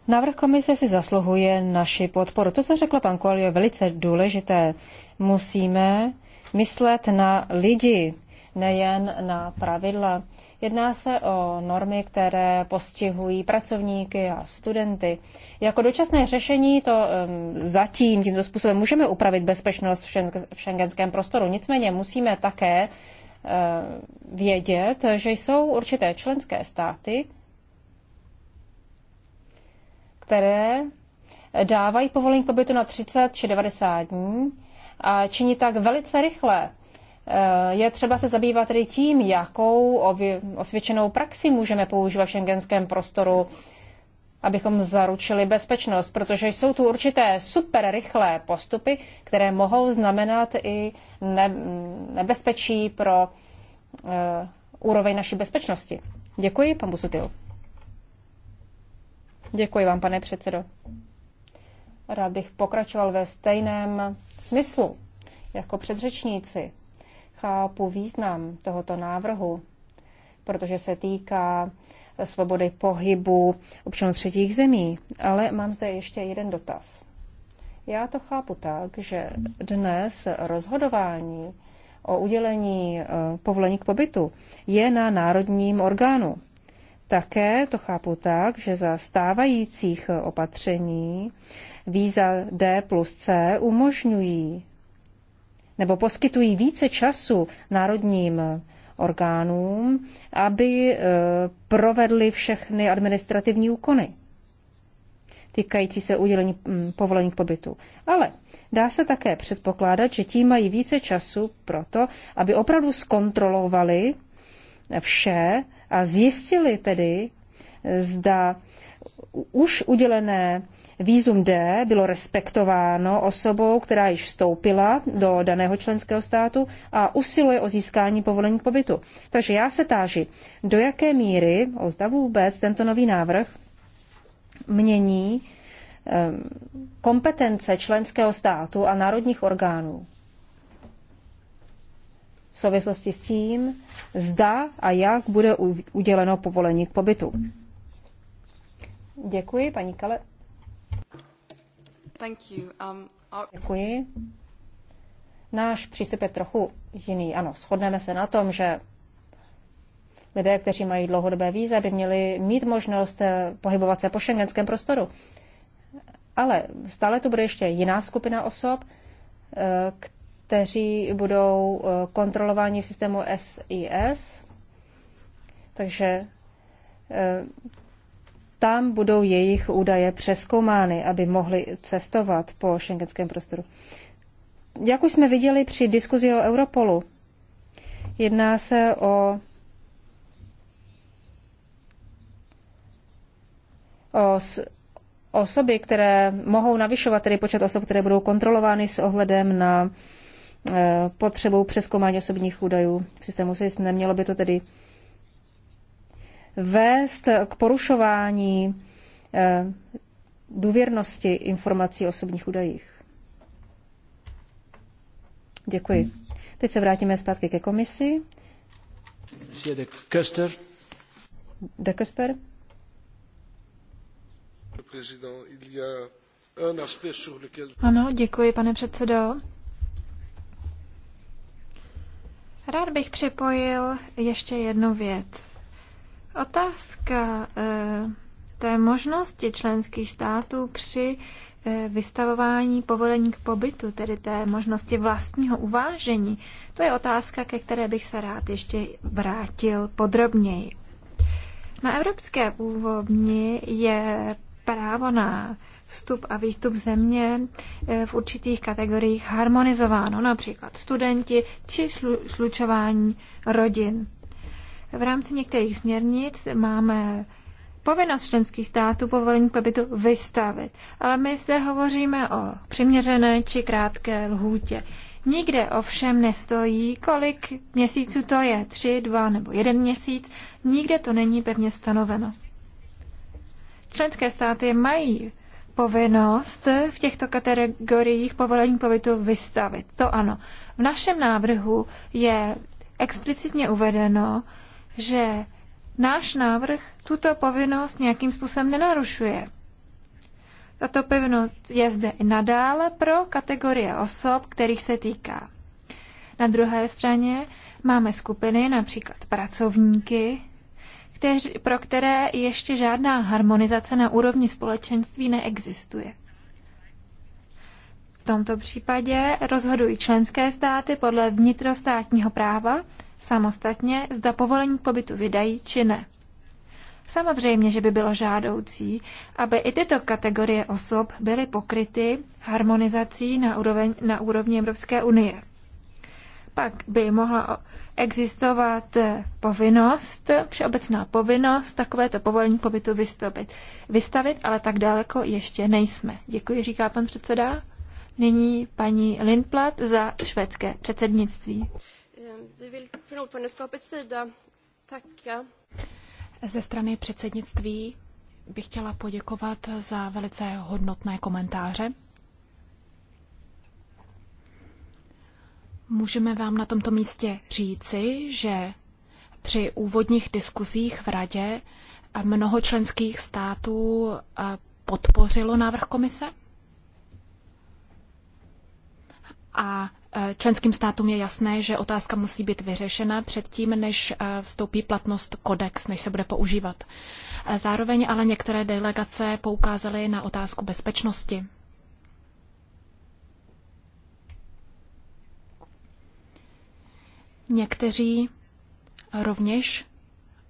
Návrh komise si zasluhuje naši podporu. To, co řekl pan Koal, je velice důležité musíme myslet na lidi, nejen na pravidla. Jedná se o normy, které postihují pracovníky a studenty. Jako dočasné řešení to zatím tímto způsobem můžeme upravit bezpečnost v šengenském prostoru. Nicméně musíme také vědět, že jsou určité členské státy, které dávají povolení pobytu na 30 či 90 dní a činí tak velice rychle. Eh, je třeba se zabývat tedy tím, jakou osvědčenou praxi můžeme používat v šengenském prostoru, abychom zaručili bezpečnost, protože jsou tu určité super rychlé postupy, které mohou znamenat i nebezpečí pro eh, úroveň naší bezpečnosti. Děkuji, pan Busutil. Děkuji vám, pane předsedo. Rád bych pokračoval ve stejném smyslu. Jako předřečníci chápu význam tohoto návrhu, protože se týká svobody pohybu občanů třetích zemí. Ale mám zde ještě jeden dotaz. Já to chápu tak, že dnes rozhodování o udělení eh, povolení k pobytu je na národním orgánu. Také to chápu tak, že za stávajících opatření víza D plus C umožňují nebo poskytují více času národním orgánům, aby e, provedli všechny administrativní úkony týkající se udělení povolení k pobytu. Ale dá se také předpokládat, že tím mají více času pro to, aby opravdu zkontrolovali vše a zjistili tedy, zda už udělené Výzum D bylo respektováno osobou, která již vstoupila do daného členského státu a usiluje o získání povolení k pobytu. Takže já se táži, do jaké míry, o zda vůbec, tento nový návrh mění ehm, kompetence členského státu a národních orgánů v souvislosti s tím, zda a jak bude uděleno povolení k pobytu. Děkuji, paní Kale. Um, Děkuji. Náš přístup je trochu jiný. Ano, shodneme se na tom, že lidé, kteří mají dlouhodobé víze, by měli mít možnost eh, pohybovat se po šengenském prostoru. Ale stále tu bude ještě jiná skupina osob, eh, kteří budou eh, kontrolováni v systému SIS. Takže tam budou jejich údaje přeskoumány, aby mohli cestovat po šengenském prostoru. Jak už jsme viděli při diskuzi o Europolu, jedná se o, o osoby, které mohou navyšovat tedy počet osob, které budou kontrolovány s ohledem na eh, potřebu přeskoumání osobních údajů v systému SIS. Nemělo by to tedy vést k porušování eh, důvěrnosti informací o osobních údajích. Děkuji. Teď se vrátíme zpátky ke komisi. De Köster. De Köster. Ano, děkuji, pane předsedo. Rád bych připojil ještě jednu věc. Otázka eh, té možnosti členských států při eh, vystavování povolení k pobytu, tedy té možnosti vlastního uvážení, to je otázka, ke které bych se rád ještě vrátil podrobněji. Na evropské úrovni je právo na vstup a výstup země eh, v určitých kategoriích harmonizováno, například studenti či slučování rodin v rámci některých směrnic máme povinnost členských států povolení k pobytu vystavit. Ale my zde hovoříme o přiměřené či krátké lhůtě. Nikde ovšem nestojí, kolik měsíců to je, tři, dva nebo jeden měsíc, nikde to není pevně stanoveno. Členské státy mají povinnost v těchto kategoriích povolení pobytu vystavit. To ano. V našem návrhu je explicitně uvedeno, že náš návrh tuto povinnost nějakým způsobem nenarušuje. Tato povinnost je zde i nadále pro kategorie osob, kterých se týká. Na druhé straně máme skupiny, například pracovníky, kteři, pro které ještě žádná harmonizace na úrovni společenství neexistuje. V tomto případě rozhodují členské státy podle vnitrostátního práva samostatně, zda povolení k pobytu vydají či ne. Samozřejmě, že by bylo žádoucí, aby i tyto kategorie osob byly pokryty harmonizací na, úroveň, na úrovni Evropské unie. Pak by mohla existovat eh, povinnost, všeobecná povinnost, takovéto povolení pobytu vystavit, vystavit, ale tak daleko ještě nejsme. Děkuji, říká pan předseda. Nyní paní Lindplat za švédské předsednictví. Vi vill från ordförandeskapets sida tacka. Ze strany předsednictví bych chtěla poděkovat za velice hodnotné komentáře. Můžeme vám na tomto místě říci, že při úvodních diskuzích v Radě mnoho členských států eh, podpořilo návrh komise? A Členským státům je jasné, že otázka musí být vyřešena předtím, než eh, vstoupí platnost kodex, než se bude používat. Eh, zároveň ale některé delegace poukázaly na otázku bezpečnosti. Někteří rovněž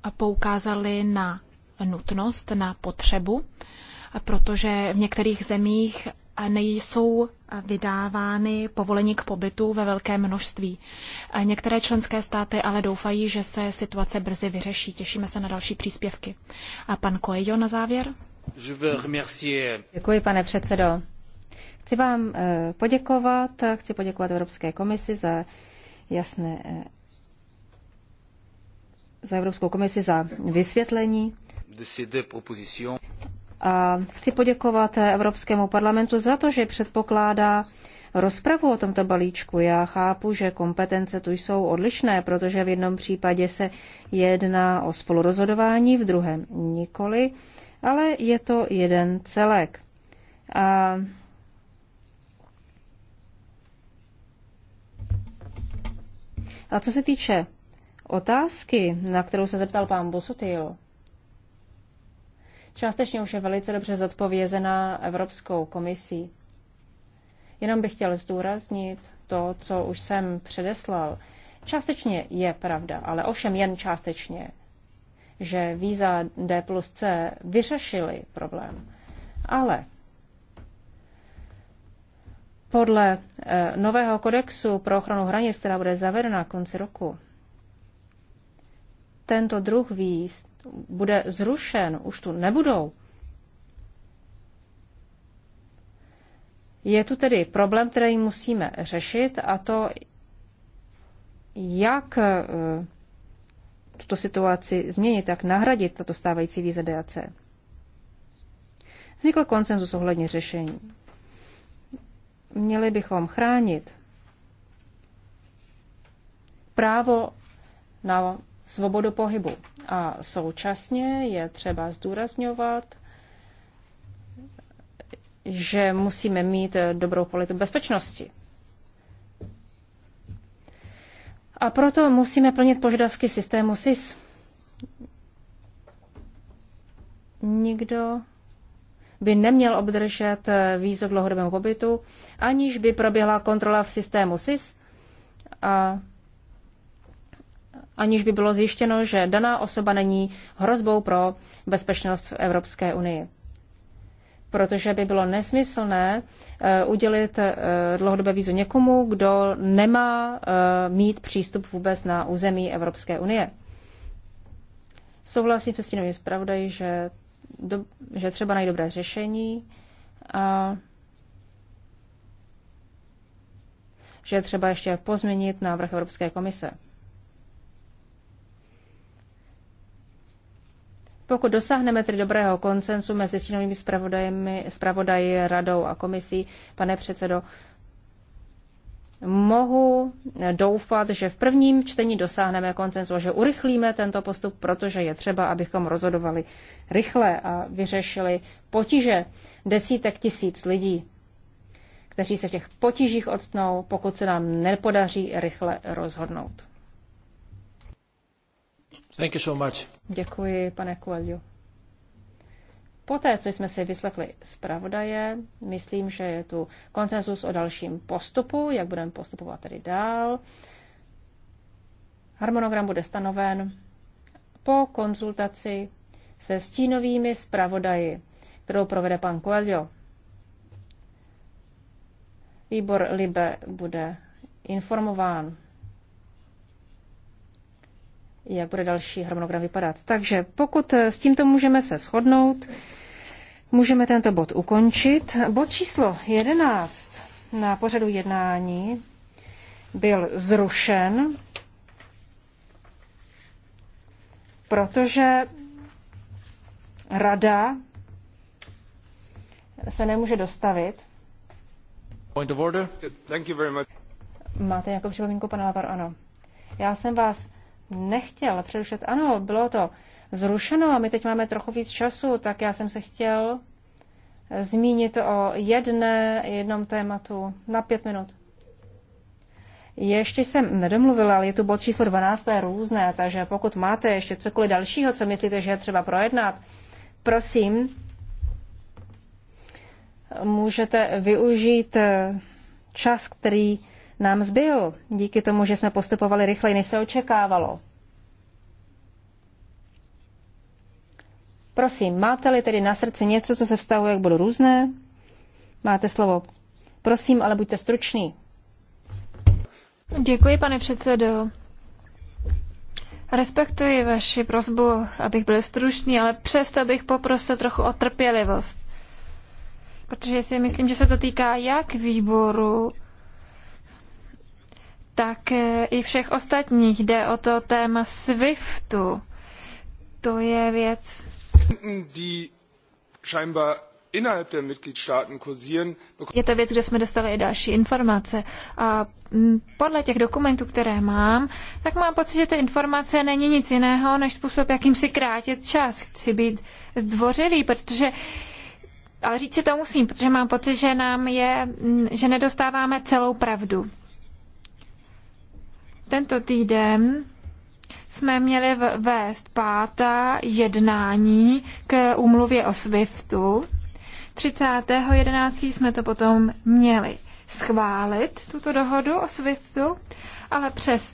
eh, poukázali na nutnost, na potřebu, protože v některých zemích nejsou eh, vydávány povolení k pobytu ve velkém množství. Některé členské státy ale doufají, že se situace brzy vyřeší. Těšíme se na další příspěvky. A pan Coelho na závěr. Děkuji, pane předsedo. Chci vám eh, poděkovat, chci poděkovat Evropské komisi za jasné eh, za Evropskou komisi za vysvětlení a chci poděkovat Evropskému parlamentu za to, že předpokládá rozpravu o tomto balíčku. Já chápu, že kompetence tu jsou odlišné, protože v jednom případě se jedná o spolurozhodování, v druhém nikoli, ale je to jeden celek. A A co se týče otázky, na kterou se zeptal pán Bosutil, částečně už je velice dobře zodpovězená Evropskou komisí. Jenom bych chtěl zdůraznit to, co už jsem předeslal. Částečně je pravda, ale ovšem jen částečně, že víza D plus C vyřešily problém. Ale podle eh, nového kodexu pro ochranu hranic, která bude zavedena konci roku, tento druh víz bude zrušen, už tu nebudou. Je tu tedy problém, který musíme řešit a to, jak eh, tuto situaci změnit, jak nahradit tato stávající víze DAC. Vznikl konsenzus ohledně řešení. Měli bychom chránit právo na svobodu pohybu. A současně je třeba zdůrazňovat, že musíme mít dobrou politiku bezpečnosti. A proto musíme plnit požadavky systému SIS. Nikdo by neměl obdržet vízo dlouhodobému pobytu, aniž by proběhla kontrola v systému SIS a aniž by bylo zjištěno, že daná osoba není hrozbou pro bezpečnost v Evropské unii. Protože by bylo nesmyslné eh, udělit eh, dlouhodobé vízu někomu, kdo nemá eh, mít přístup vůbec na území Evropské unie. Souhlasím se tím zpravodají, že, do, že třeba najít dobré řešení. A že třeba ještě pozměnit návrh Evropské komise. Pokud dosáhneme tedy dobrého koncensu mezi stínovými zpravodaji, radou a komisí, pane předsedo, mohu doufat, že v prvním čtení dosáhneme koncenzu, že urychlíme tento postup, protože je třeba, abychom rozhodovali rychle a vyřešili potíže desítek tisíc lidí, kteří se v těch potížích odstnou, pokud se nám nepodaří rychle rozhodnout. Thank you so much. Děkuji, pane Coelho. Poté, co jsme si vyslechli zpravodaje, myslím, že je tu konsenzus o dalším postupu, jak budeme postupovat tedy dál. Harmonogram bude stanoven po konzultaci se stínovými zpravodaji, kterou provede pan Coelho. Výbor Libe bude informován jak bude další harmonogram vypadat. Takže pokud eh, s tímto můžeme se shodnout, můžeme tento bod ukončit. Bod číslo 11 na pořadu jednání byl zrušen, protože rada se nemůže dostavit. Point of order. Thank you very much. Máte nějakou připomínku, pane Lavar? Ano. Já jsem vás nechtěl přerušit. Ano, bylo to zrušeno a my teď máme trochu víc času, tak já jsem se chtěl zmínit o jedné, jednom tématu na pět minut. Ještě jsem nedomluvila, ale je tu bod číslo 12, to je různé, takže pokud máte ještě cokoliv dalšího, co myslíte, že je třeba projednat, prosím, můžete využít čas, který nám zbyl, díky tomu, že jsme postupovali rychleji, než se očekávalo. Prosím, máte-li tedy na srdci něco, co se vztahuje k bodu různé? Máte slovo. Prosím, ale buďte stručný. Děkuji, pane předsedo. Respektuji vaši prozbu, abych byl stručný, ale přesto bych poprosil trochu o trpělivost. Protože si myslím, že se to týká jak výboru tak e, i všech ostatních. Jde o to téma SWIFTu. To je věc. Je to věc, kde jsme dostali i další informace. A podle těch dokumentů, které mám, tak mám pocit, že ta informace není nic jiného, než způsob, jakým si krátit čas. Chci být zdvořilý, protože ale říct si to musím, protože mám pocit, že nám je, že nedostáváme celou pravdu. Tento týden jsme měli vést pátá jednání k umluvě o SWIFTu. 30.11. jsme to potom měli schválit, tuto dohodu o SWIFTu, ale přesto